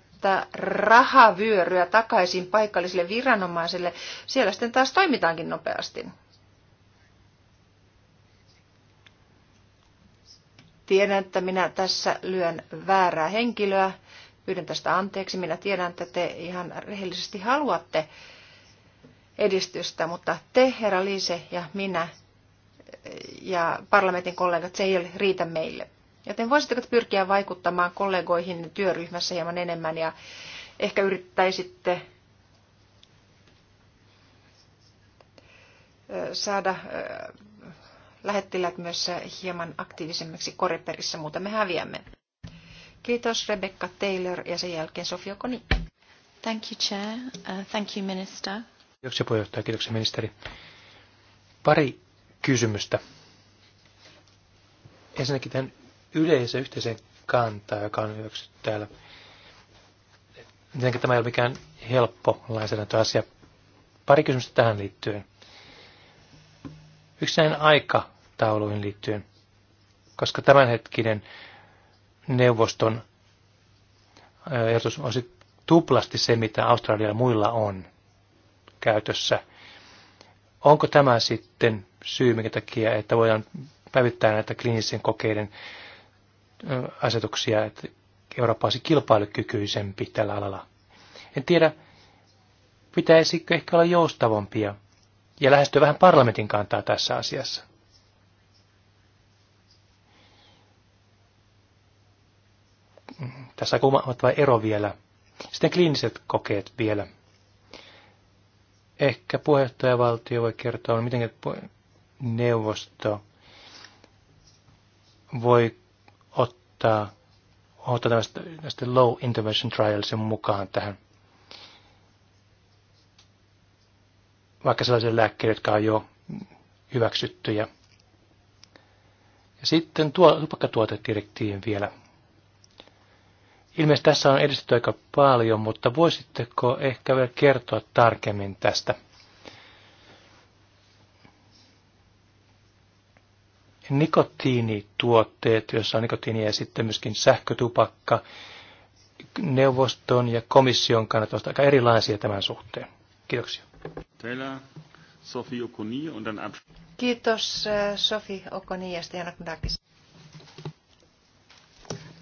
rahavyöryä takaisin paikallisille viranomaisille, siellä sitten taas toimitaankin nopeasti. Tiedän, että minä tässä lyön väärää henkilöä. Pyydän tästä anteeksi. Minä tiedän, että te ihan rehellisesti haluatte edistystä, mutta te, herra Liise ja minä ja parlamentin kollegat, se ei riitä meille. Joten voisitteko pyrkiä vaikuttamaan kollegoihin työryhmässä hieman enemmän ja ehkä yrittäisitte saada lähettilät myös hieman aktiivisemmiksi koreperissä, muuten me häviämme. Kiitos Rebecca Taylor ja sen jälkeen Sofia Koni. Thank you, Chair. Uh, thank you, Minister. Kiitoksia puheenjohtaja, kiitoksia ministeri. Pari kysymystä. Ensinnäkin tämän yleisen yhteisen kantaa, joka on hyväksytty täällä. Tietenkin tämä ei ole mikään helppo lainsäädäntöasia. Pari kysymystä tähän liittyen. Yksi näin aikatauluihin liittyen, koska tämänhetkinen neuvoston ehdotus on tuplasti se, mitä Australialla muilla on käytössä. Onko tämä sitten syy, minkä takia, että voidaan päivittää näitä kliinisen kokeiden asetuksia, että Eurooppa olisi kilpailukykyisempi tällä alalla. En tiedä, pitäisikö ehkä olla joustavampia ja lähestyä vähän parlamentin kantaa tässä asiassa. Tässä on vain ero vielä. Sitten kliiniset kokeet vielä. Ehkä puheenjohtajavaltio voi kertoa, miten neuvosto voi ottaa, ottaa tästä, tästä low intervention trialsin mukaan tähän. Vaikka sellaisia lääkkeitä, jotka on jo hyväksyttyjä. Ja sitten tuo tupakkatuotedirektiivin vielä. Ilmeisesti tässä on edistetty aika paljon, mutta voisitteko ehkä vielä kertoa tarkemmin tästä? nikotiinituotteet, joissa on nikotiinia ja sitten myöskin sähkötupakka, neuvoston ja komission kannat ovat aika erilaisia tämän suhteen. Kiitoksia. Teillä Sofi Okoni und dann Kiitos äh, Sofi Okoni ja sitten Janakudakis.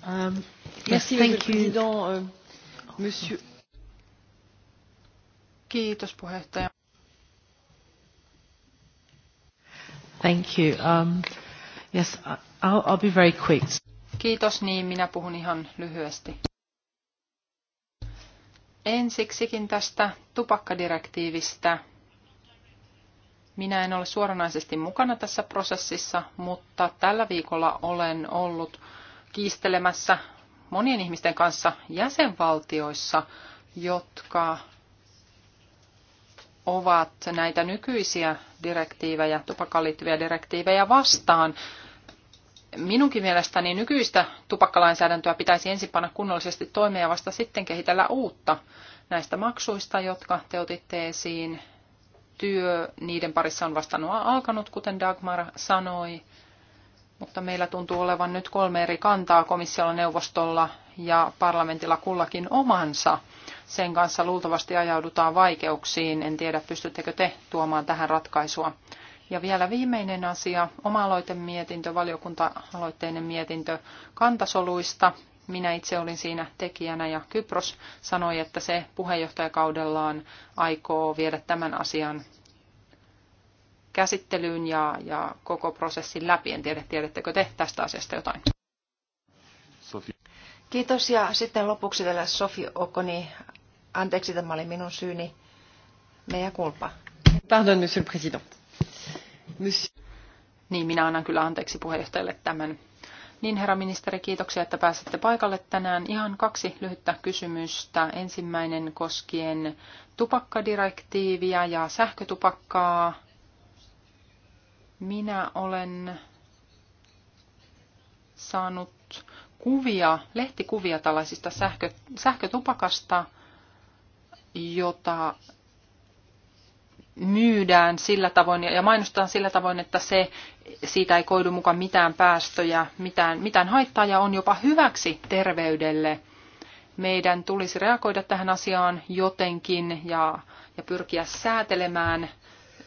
Um, merci, thank you. Euh, Monsieur. Kiitos puheenjohtaja. Thank you. Um, Yes, I'll, I'll be very quick. Kiitos, niin minä puhun ihan lyhyesti. Ensiksikin tästä tupakkadirektiivistä. Minä en ole suoranaisesti mukana tässä prosessissa, mutta tällä viikolla olen ollut kiistelemässä monien ihmisten kanssa jäsenvaltioissa, jotka ovat näitä nykyisiä direktiivejä, tupakkaan liittyviä direktiivejä vastaan minunkin mielestäni nykyistä tupakkalainsäädäntöä pitäisi ensin panna kunnollisesti toimeen ja vasta sitten kehitellä uutta näistä maksuista, jotka te otitte esiin. Työ niiden parissa on vasta alkanut, kuten Dagmar sanoi, mutta meillä tuntuu olevan nyt kolme eri kantaa komissiolla, neuvostolla ja parlamentilla kullakin omansa. Sen kanssa luultavasti ajaudutaan vaikeuksiin. En tiedä, pystyttekö te tuomaan tähän ratkaisua. Ja vielä viimeinen asia, oma-aloitemietintö, valiokunta-aloitteinen mietintö kantasoluista. Minä itse olin siinä tekijänä ja Kypros sanoi, että se puheenjohtajakaudellaan aikoo viedä tämän asian käsittelyyn ja, ja koko prosessin läpi. En tiedä, tiedättekö te tästä asiasta jotain? Sofi. Kiitos ja sitten lopuksi vielä Sofi Okoni. Anteeksi, tämä oli minun syyni. Meidän kulpa. Pardon, monsieur le président. Niin, minä annan kyllä anteeksi puheenjohtajalle tämän. Niin, herra ministeri, kiitoksia, että pääsitte paikalle tänään. Ihan kaksi lyhyttä kysymystä. Ensimmäinen koskien tupakkadirektiiviä ja sähkötupakkaa. Minä olen saanut kuvia, lehtikuvia tällaisista sähkö, sähkötupakasta, jota myydään sillä tavoin ja mainostetaan sillä tavoin, että se, siitä ei koidu mukaan mitään päästöjä, mitään, mitään haittaa ja on jopa hyväksi terveydelle. Meidän tulisi reagoida tähän asiaan jotenkin ja, ja pyrkiä säätelemään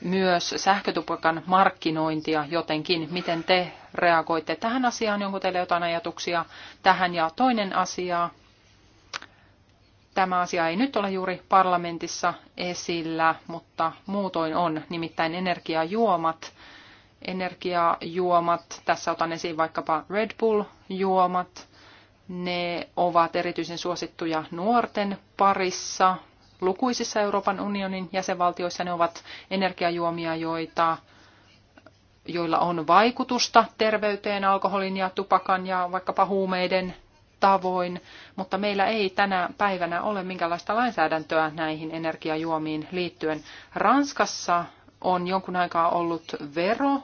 myös sähkötupakan markkinointia jotenkin. Miten te reagoitte tähän asiaan? Onko teillä jotain ajatuksia tähän? Ja toinen asia, Tämä asia ei nyt ole juuri parlamentissa esillä, mutta muutoin on, nimittäin energiajuomat. Energiajuomat, tässä otan esiin vaikkapa Red Bull-juomat, ne ovat erityisen suosittuja nuorten parissa. Lukuisissa Euroopan unionin jäsenvaltioissa ne ovat energiajuomia, joita, joilla on vaikutusta terveyteen, alkoholin ja tupakan ja vaikkapa huumeiden tavoin, mutta meillä ei tänä päivänä ole minkälaista lainsäädäntöä näihin energiajuomiin liittyen. Ranskassa on jonkun aikaa ollut vero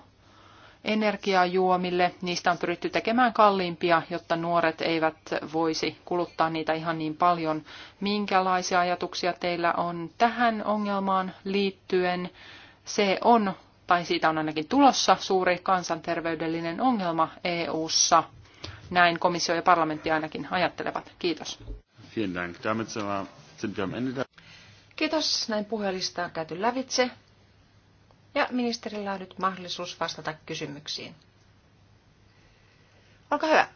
energiajuomille. Niistä on pyritty tekemään kalliimpia, jotta nuoret eivät voisi kuluttaa niitä ihan niin paljon. Minkälaisia ajatuksia teillä on tähän ongelmaan liittyen? Se on, tai siitä on ainakin tulossa, suuri kansanterveydellinen ongelma EU:ssa. ssa näin komissio ja parlamentti ainakin ajattelevat. Kiitos. Kiitos. Näin puhelista on käyty lävitse. Ja ministerillä on nyt mahdollisuus vastata kysymyksiin. Olkaa hyvä.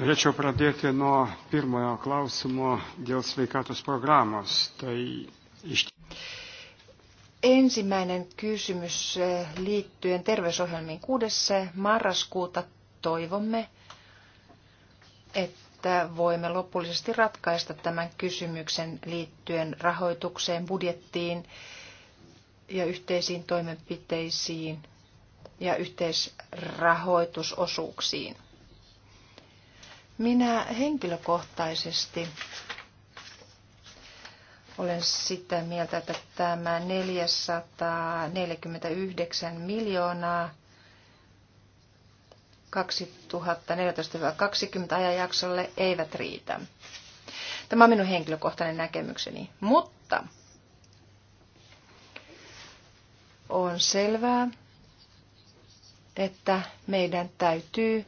Norėčiau pradėti nuo pirmojo klausimo dėl sveikatos programos. Tai iš ensimmäinen kysymys eh, liittyen terveysohjelmiin 6. marraskuuta toivomme, että voimme lopullisesti ratkaista tämän kysymyksen liittyen rahoitukseen, budjettiin ja yhteisiin toimenpiteisiin ja yhteisrahoitusosuuksiin. Minä henkilökohtaisesti olen sitä mieltä, että tämä 449 miljoonaa 2014-2020 ajanjaksolle eivät riitä. Tämä on minun henkilökohtainen näkemykseni, mutta on selvää, että meidän täytyy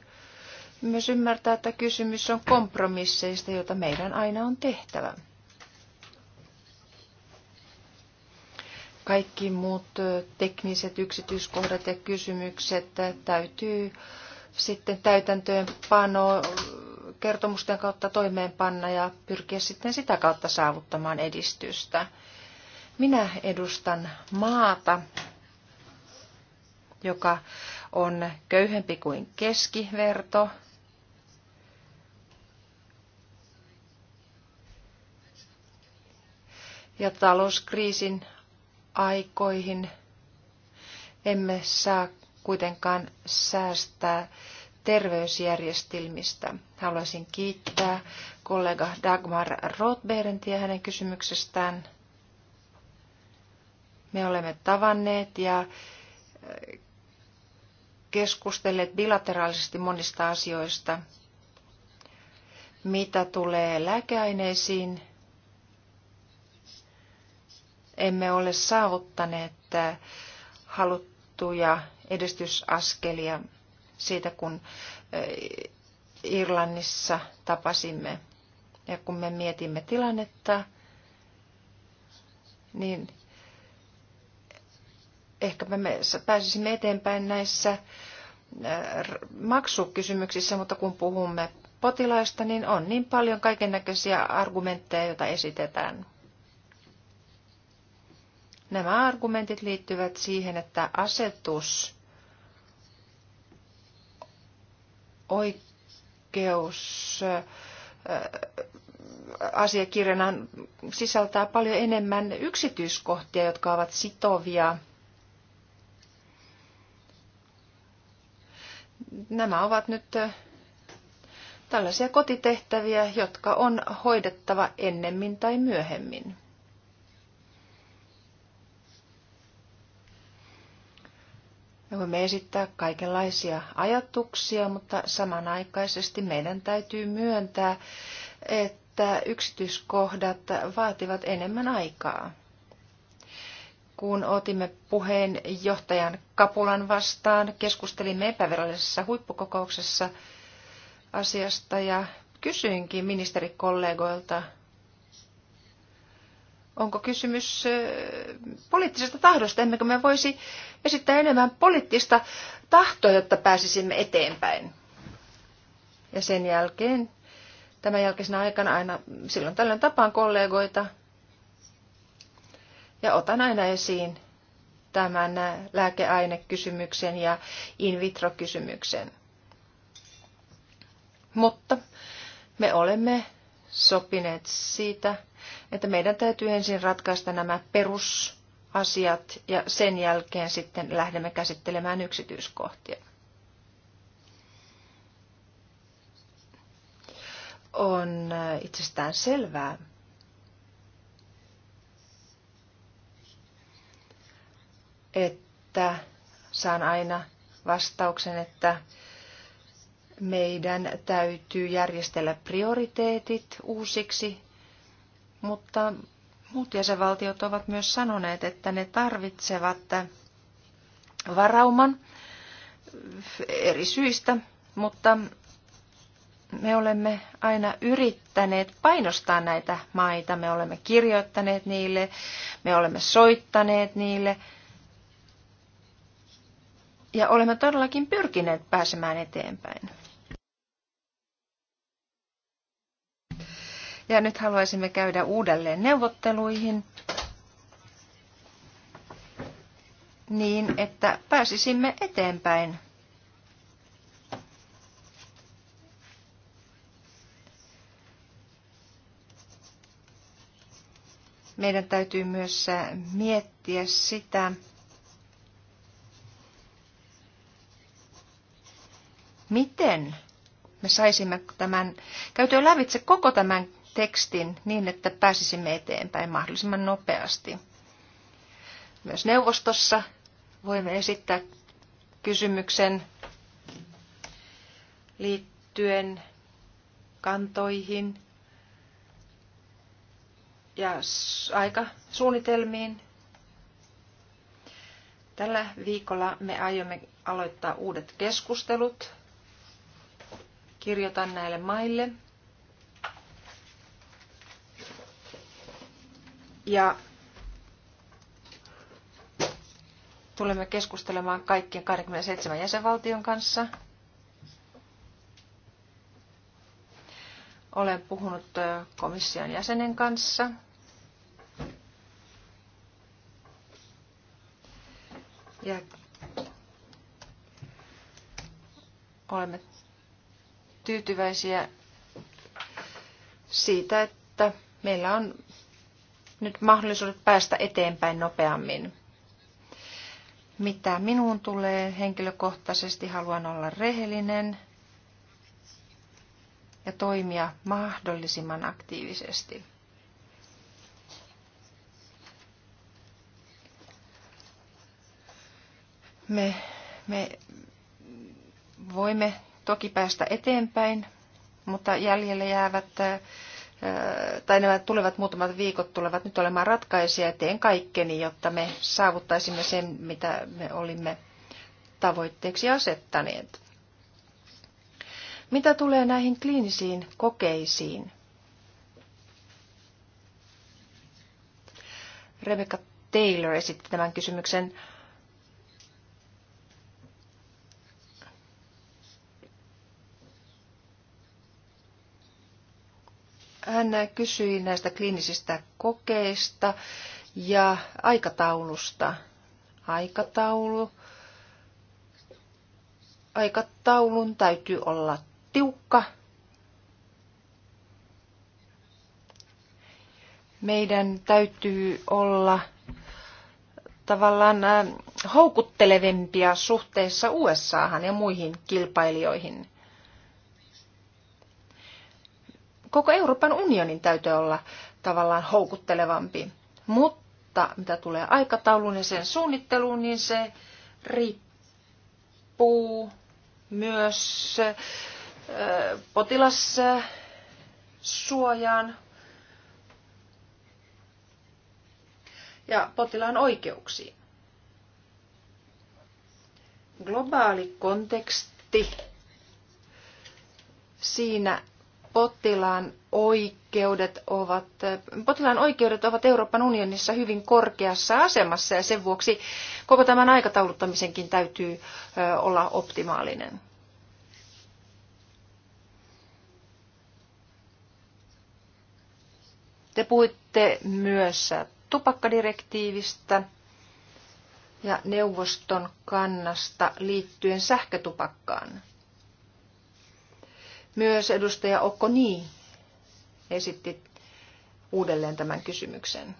myös ymmärtää, että kysymys on kompromisseista, joita meidän aina on tehtävä. kaikki muut tekniset yksityiskohdat ja kysymykset täytyy sitten täytäntöönpano kertomusten kautta toimeenpanna ja pyrkiä sitten sitä kautta saavuttamaan edistystä. Minä edustan maata, joka on köyhempi kuin keskiverto. Ja talouskriisin aikoihin. Emme saa kuitenkaan säästää terveysjärjestelmistä. Haluaisin kiittää kollega Dagmar Rothberentia hänen kysymyksestään. Me olemme tavanneet ja äh, keskustelleet bilateraalisesti monista asioista, mitä tulee lääkeaineisiin – emme ole saavuttaneet äh, haluttuja edistysaskelia siitä, kun äh, Irlannissa tapasimme. Ja kun me mietimme tilannetta, niin ehkä me pääsisimme eteenpäin näissä äh, maksukysymyksissä, mutta kun puhumme potilaista, niin on niin paljon kaiken näköisiä argumentteja, joita esitetään. Nämä argumentit liittyvät siihen, että asetus oikeus asiakirjana sisältää paljon enemmän yksityiskohtia, jotka ovat sitovia. Nämä ovat nyt tällaisia kotitehtäviä, jotka on hoidettava ennemmin tai myöhemmin. Me voimme esittää kaikenlaisia ajatuksia, mutta samanaikaisesti meidän täytyy myöntää, että yksityiskohdat vaativat enemmän aikaa. Kun otimme puheenjohtajan Kapulan vastaan, keskustelimme epävirallisessa huippukokouksessa asiasta ja kysyinkin ministerikollegoilta, Onko kysymys poliittisesta tahdosta? Emmekö me voisi esittää enemmän poliittista tahtoa, jotta pääsisimme eteenpäin? Ja sen jälkeen, tämän jälkeisenä aikana aina, silloin tällöin tapaan kollegoita ja otan aina esiin tämän lääkeainekysymyksen ja in vitro-kysymyksen. Mutta me olemme sopineet siitä, että meidän täytyy ensin ratkaista nämä perusasiat ja sen jälkeen sitten lähdemme käsittelemään yksityiskohtia. On äh, itsestään selvää, että saan aina vastauksen, että meidän täytyy järjestellä prioriteetit uusiksi mutta muut jäsenvaltiot ovat myös sanoneet, että ne tarvitsevat varauman eri syistä, mutta me olemme aina yrittäneet painostaa näitä maita. Me olemme kirjoittaneet niille, me olemme soittaneet niille ja olemme todellakin pyrkineet pääsemään eteenpäin. Ja nyt haluaisimme käydä uudelleen neuvotteluihin niin, että pääsisimme eteenpäin. Meidän täytyy myös miettiä sitä, miten me saisimme tämän käytyä lävitse koko tämän tekstin niin, että pääsisimme eteenpäin mahdollisimman nopeasti. Myös neuvostossa voimme esittää kysymyksen liittyen kantoihin ja aikasuunnitelmiin. Tällä viikolla me aiomme aloittaa uudet keskustelut. Kirjoitan näille maille – Ja tulemme keskustelemaan kaikkien 27 jäsenvaltion kanssa. Olen puhunut komission jäsenen kanssa. Ja olemme tyytyväisiä siitä, että meillä on nyt mahdollisuudet päästä eteenpäin nopeammin. Mitä minuun tulee, henkilökohtaisesti haluan olla rehellinen ja toimia mahdollisimman aktiivisesti. Me, me voimme toki päästä eteenpäin, mutta jäljelle jäävät tai nämä tulevat muutamat viikot tulevat nyt olemaan ratkaisia ja teen kaikkeni, jotta me saavuttaisimme sen, mitä me olimme tavoitteeksi asettaneet. Mitä tulee näihin kliinisiin kokeisiin? Rebecca Taylor esitti tämän kysymyksen. Hän kysyi näistä kliinisistä kokeista ja aikataulusta. Aikataulu. Aikataulun täytyy olla tiukka. Meidän täytyy olla tavallaan äh, houkuttelevempia suhteessa USAhan ja muihin kilpailijoihin. koko Euroopan unionin täytyy olla tavallaan houkuttelevampi. Mutta mitä tulee aikatauluun ja sen suunnitteluun, niin se riippuu myös potilassuojaan ja potilaan oikeuksiin. Globaali konteksti. Siinä potilaan oikeudet ovat, potilaan oikeudet ovat Euroopan unionissa hyvin korkeassa asemassa ja sen vuoksi koko tämän aikatauluttamisenkin täytyy olla optimaalinen. Te puhuitte myös tupakkadirektiivistä ja neuvoston kannasta liittyen sähkötupakkaan. Myös edustaja niin esitti uudelleen tämän kysymyksen.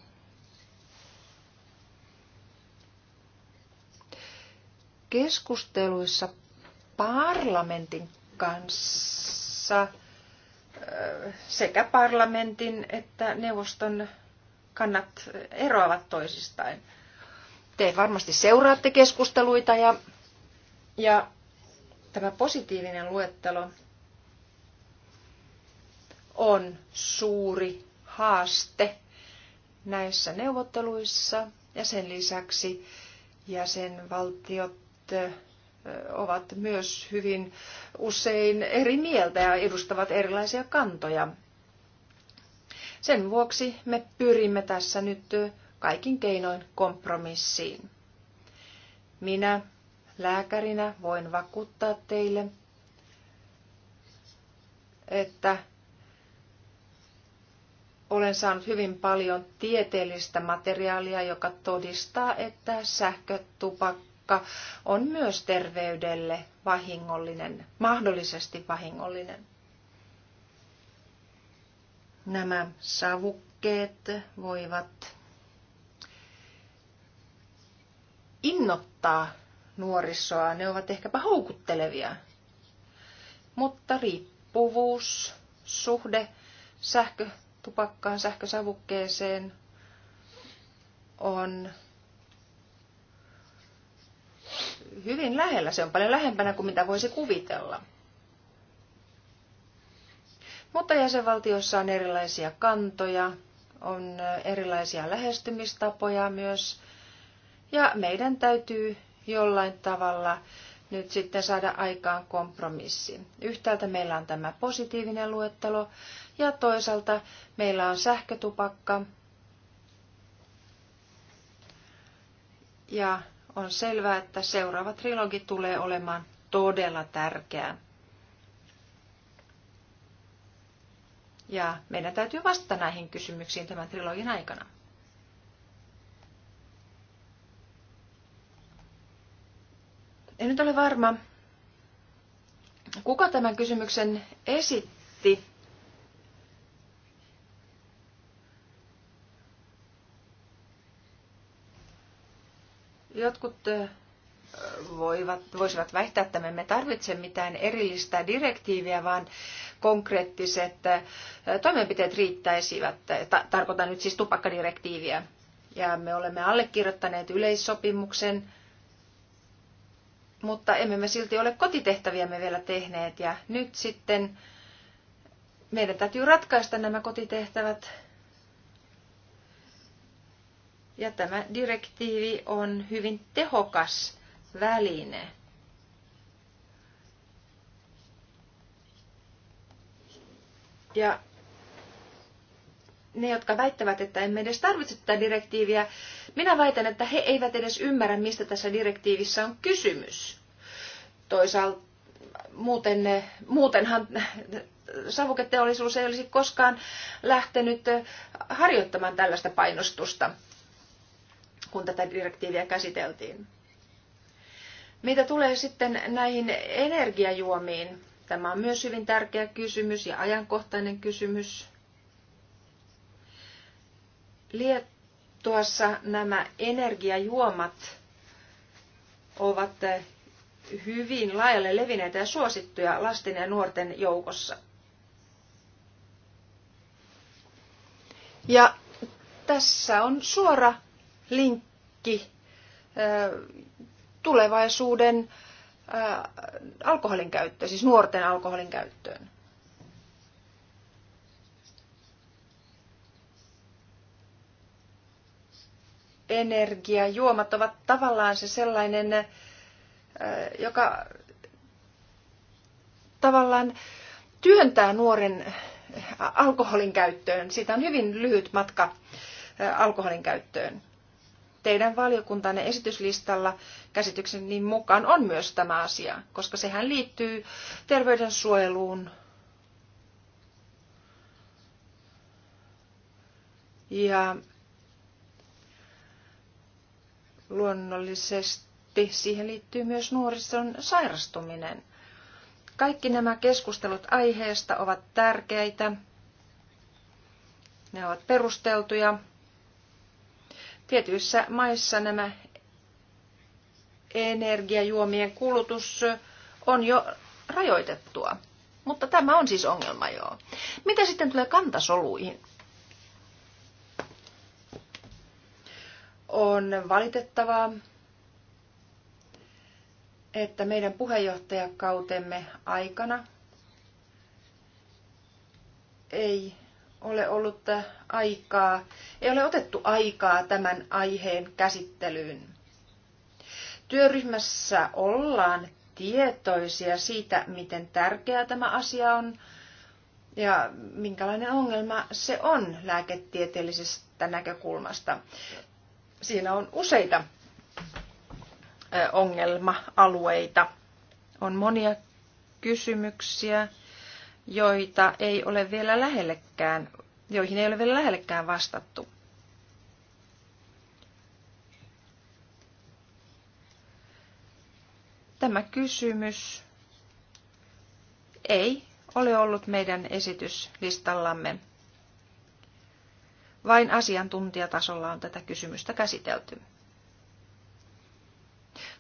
Keskusteluissa parlamentin kanssa sekä parlamentin että neuvoston kannat eroavat toisistaan. Te varmasti seuraatte keskusteluita ja, ja tämä positiivinen luettelo on suuri haaste näissä neuvotteluissa ja sen lisäksi jäsenvaltiot ovat myös hyvin usein eri mieltä ja edustavat erilaisia kantoja. Sen vuoksi me pyrimme tässä nyt kaikin keinoin kompromissiin. Minä lääkärinä voin vakuuttaa teille, että olen saanut hyvin paljon tieteellistä materiaalia, joka todistaa, että sähkötupakka on myös terveydelle vahingollinen, mahdollisesti vahingollinen. Nämä savukkeet voivat innottaa nuorisoa, ne ovat ehkäpä houkuttelevia. Mutta riippuvuus, suhde sähkö tupakkaan, sähkösavukkeeseen on hyvin lähellä. Se on paljon lähempänä kuin mitä voisi kuvitella. Mutta jäsenvaltiossa on erilaisia kantoja, on erilaisia lähestymistapoja myös. Ja meidän täytyy jollain tavalla nyt sitten saada aikaan kompromissi. Yhtäältä meillä on tämä positiivinen luettelo ja toisaalta meillä on sähkötupakka. Ja on selvää, että seuraava trilogi tulee olemaan todella tärkeä. Ja meidän täytyy vastata näihin kysymyksiin tämän trilogin aikana. En nyt ole varma, kuka tämän kysymyksen esitti. Jotkut voivat, voisivat väittää, että me emme tarvitse mitään erillistä direktiiviä, vaan konkreettiset toimenpiteet riittäisivät. Tarkoitan nyt siis tupakkadirektiiviä. Ja me olemme allekirjoittaneet yleissopimuksen mutta emme me silti ole kotitehtäviämme vielä tehneet. Ja nyt sitten meidän täytyy ratkaista nämä kotitehtävät. Ja tämä direktiivi on hyvin tehokas väline. Ja ne, jotka väittävät, että emme edes tarvitse tätä direktiiviä, minä väitän, että he eivät edes ymmärrä, mistä tässä direktiivissä on kysymys. Toisaalta muuten, muutenhan savuketeollisuus ei olisi koskaan lähtenyt harjoittamaan tällaista painostusta, kun tätä direktiiviä käsiteltiin. Mitä tulee sitten näihin energiajuomiin, tämä on myös hyvin tärkeä kysymys ja ajankohtainen kysymys. Liet tuossa nämä energiajuomat ovat eh, hyvin laajalle levinneitä ja suosittuja lasten ja nuorten joukossa. Ja tässä on suora linkki eh, tulevaisuuden eh, alkoholin käyttöön, siis nuorten alkoholin käyttöön. energiajuomat ovat tavallaan se sellainen, joka tavallaan työntää nuoren alkoholin käyttöön. Siitä on hyvin lyhyt matka alkoholin käyttöön. Teidän valiokuntanne esityslistalla käsitykseni mukaan on myös tämä asia, koska sehän liittyy terveydensuojeluun ja luonnollisesti siihen liittyy myös nuorison sairastuminen. Kaikki nämä keskustelut aiheesta ovat tärkeitä. Ne ovat perusteltuja. Tietyissä maissa nämä energiajuomien kulutus on jo rajoitettua. Mutta tämä on siis ongelma joo. Mitä sitten tulee kantasoluihin? On valitettavaa, että meidän puheenjohtajakautemme aikana ei ole ollut aikaa, ei ole otettu aikaa tämän aiheen käsittelyyn. Työryhmässä ollaan tietoisia siitä, miten tärkeä tämä asia on ja minkälainen ongelma se on lääketieteellisestä näkökulmasta siinä on useita ongelma-alueita. On monia kysymyksiä, joita ei ole vielä lähellekään, joihin ei ole vielä lähellekään vastattu. Tämä kysymys ei ole ollut meidän esityslistallamme vain asiantuntijatasolla on tätä kysymystä käsitelty.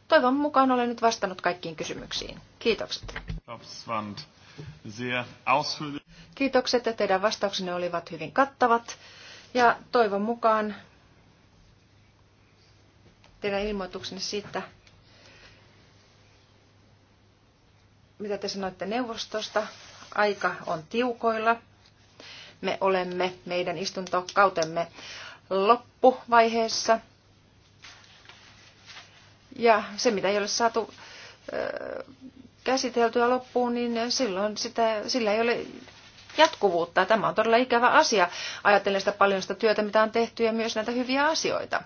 Toivon mukaan olen nyt vastannut kaikkiin kysymyksiin. Kiitokset. Kiitokset, että teidän vastauksenne olivat hyvin kattavat. Ja toivon mukaan teidän ilmoituksenne siitä, mitä te sanoitte neuvostosta. Aika on tiukoilla me olemme meidän istuntokautemme loppuvaiheessa. Ja se, mitä ei ole saatu käsiteltyä loppuun, niin silloin sitä, sillä ei ole jatkuvuutta. Tämä on todella ikävä asia. Ajattelen sitä paljon sitä työtä, mitä on tehty ja myös näitä hyviä asioita.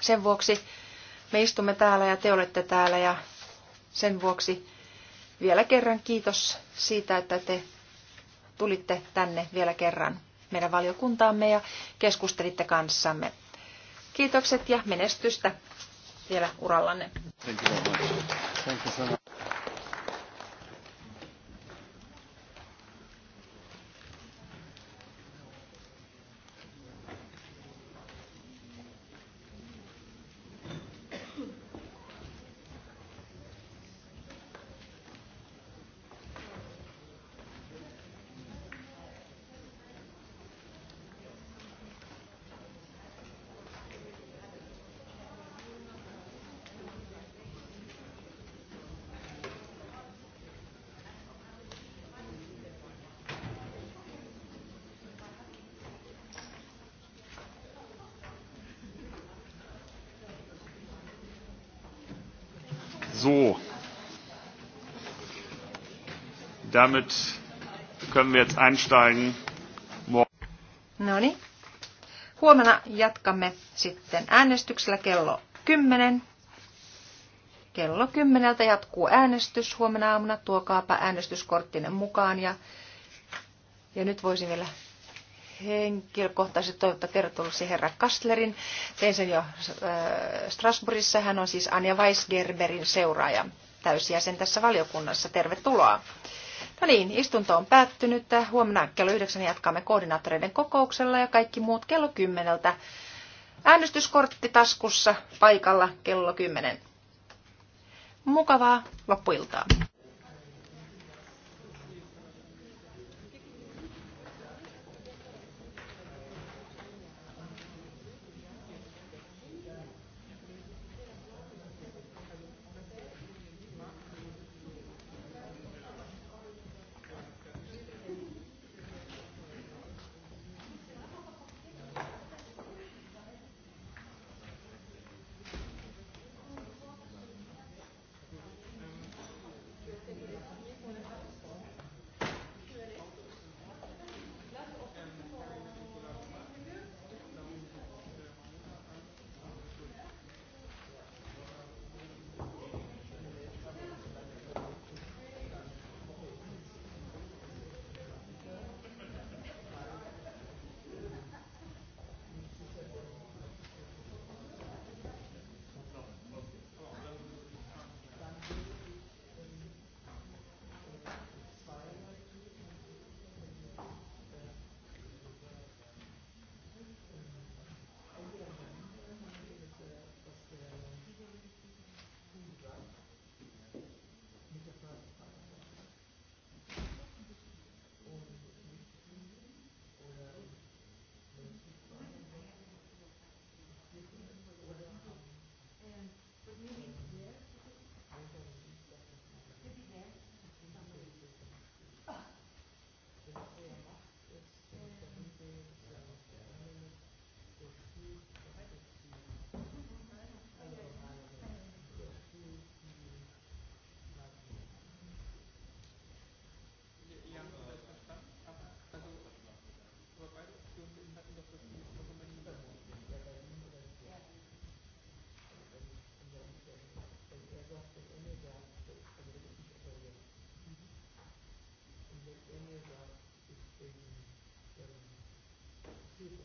Sen vuoksi me istumme täällä ja te olette täällä ja sen vuoksi vielä kerran kiitos siitä, että te tulitte tänne vielä kerran meidän valiokuntaamme ja keskustelitte kanssamme. Kiitokset ja menestystä vielä urallanne. Thank you very much. Thank you so much. So. Damit können wir jetzt einsteigen. No niin. Huomenna jatkamme sitten äänestyksellä kello 10. Kello kymmeneltä jatkuu äänestys huomenna aamuna. Tuokaapa äänestyskorttinen mukaan. Ja, ja nyt voisin vielä henkilökohtaisesti toivottaa tervetulleeksi herra Kastlerin. Tein sen jo äh, Strasbourgissa. Hän on siis Anja Weisgerberin seuraaja, täysjäsen tässä valiokunnassa. Tervetuloa. No niin, istunto on päättynyt. Huomenna kello 9 jatkamme koordinaattoreiden kokouksella ja kaikki muut kello 10. Äänestyskortti taskussa paikalla kello 10. Mukavaa loppuiltaa. Jesus.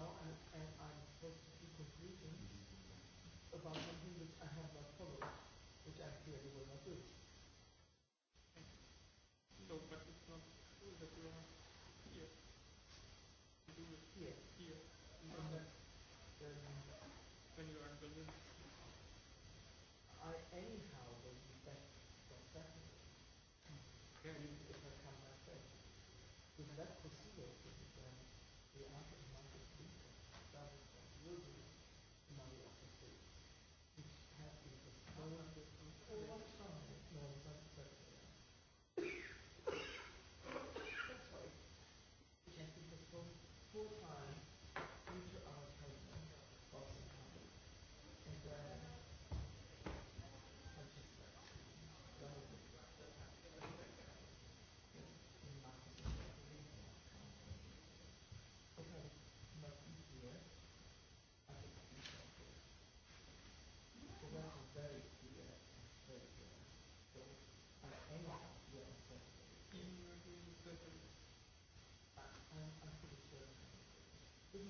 now and, and I'm supposed to speak with about something which I have not followed, which I clearly will not do. So, but it's not true that you are here. You do it here. Here. And then, then when you are in Berlin. I, any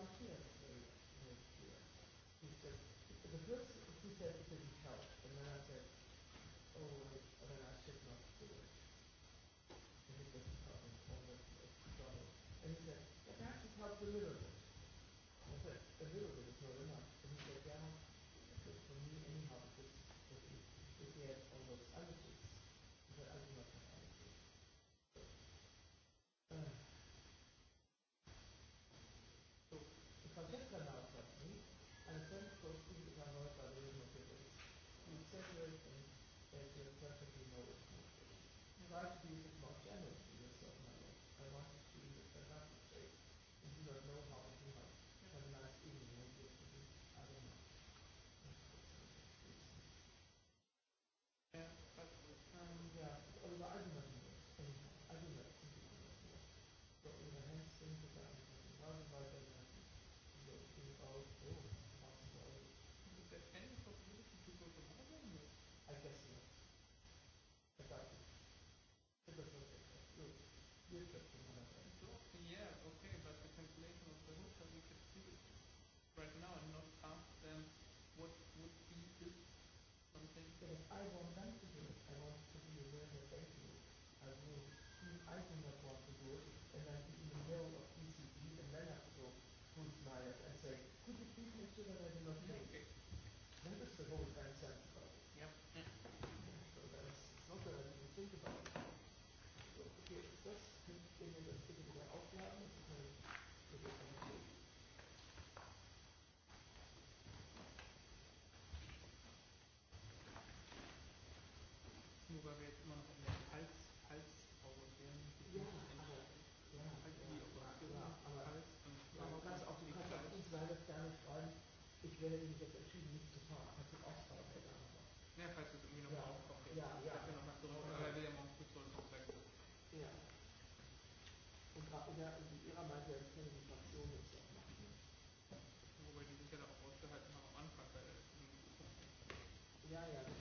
markeert in het vuur. Dus de, said it didn't help. And then I said, oh, wait, and then I should not do it. And he said, oh, it's all this, trouble. And he said, but that helped a little jag är lite försynt och saa, että vasta opetaan. Ne, kai se minun ja, kokee. Ja, ja. Että on päästy olemaan vielä mun kutsuisen sektorin. Ja. Und gerade in, der, in ihrer Meinung ist die Migration jetzt auch machen. Wobei die sich ja auch ausgehalten haben am Anfang bei der Ja, ja.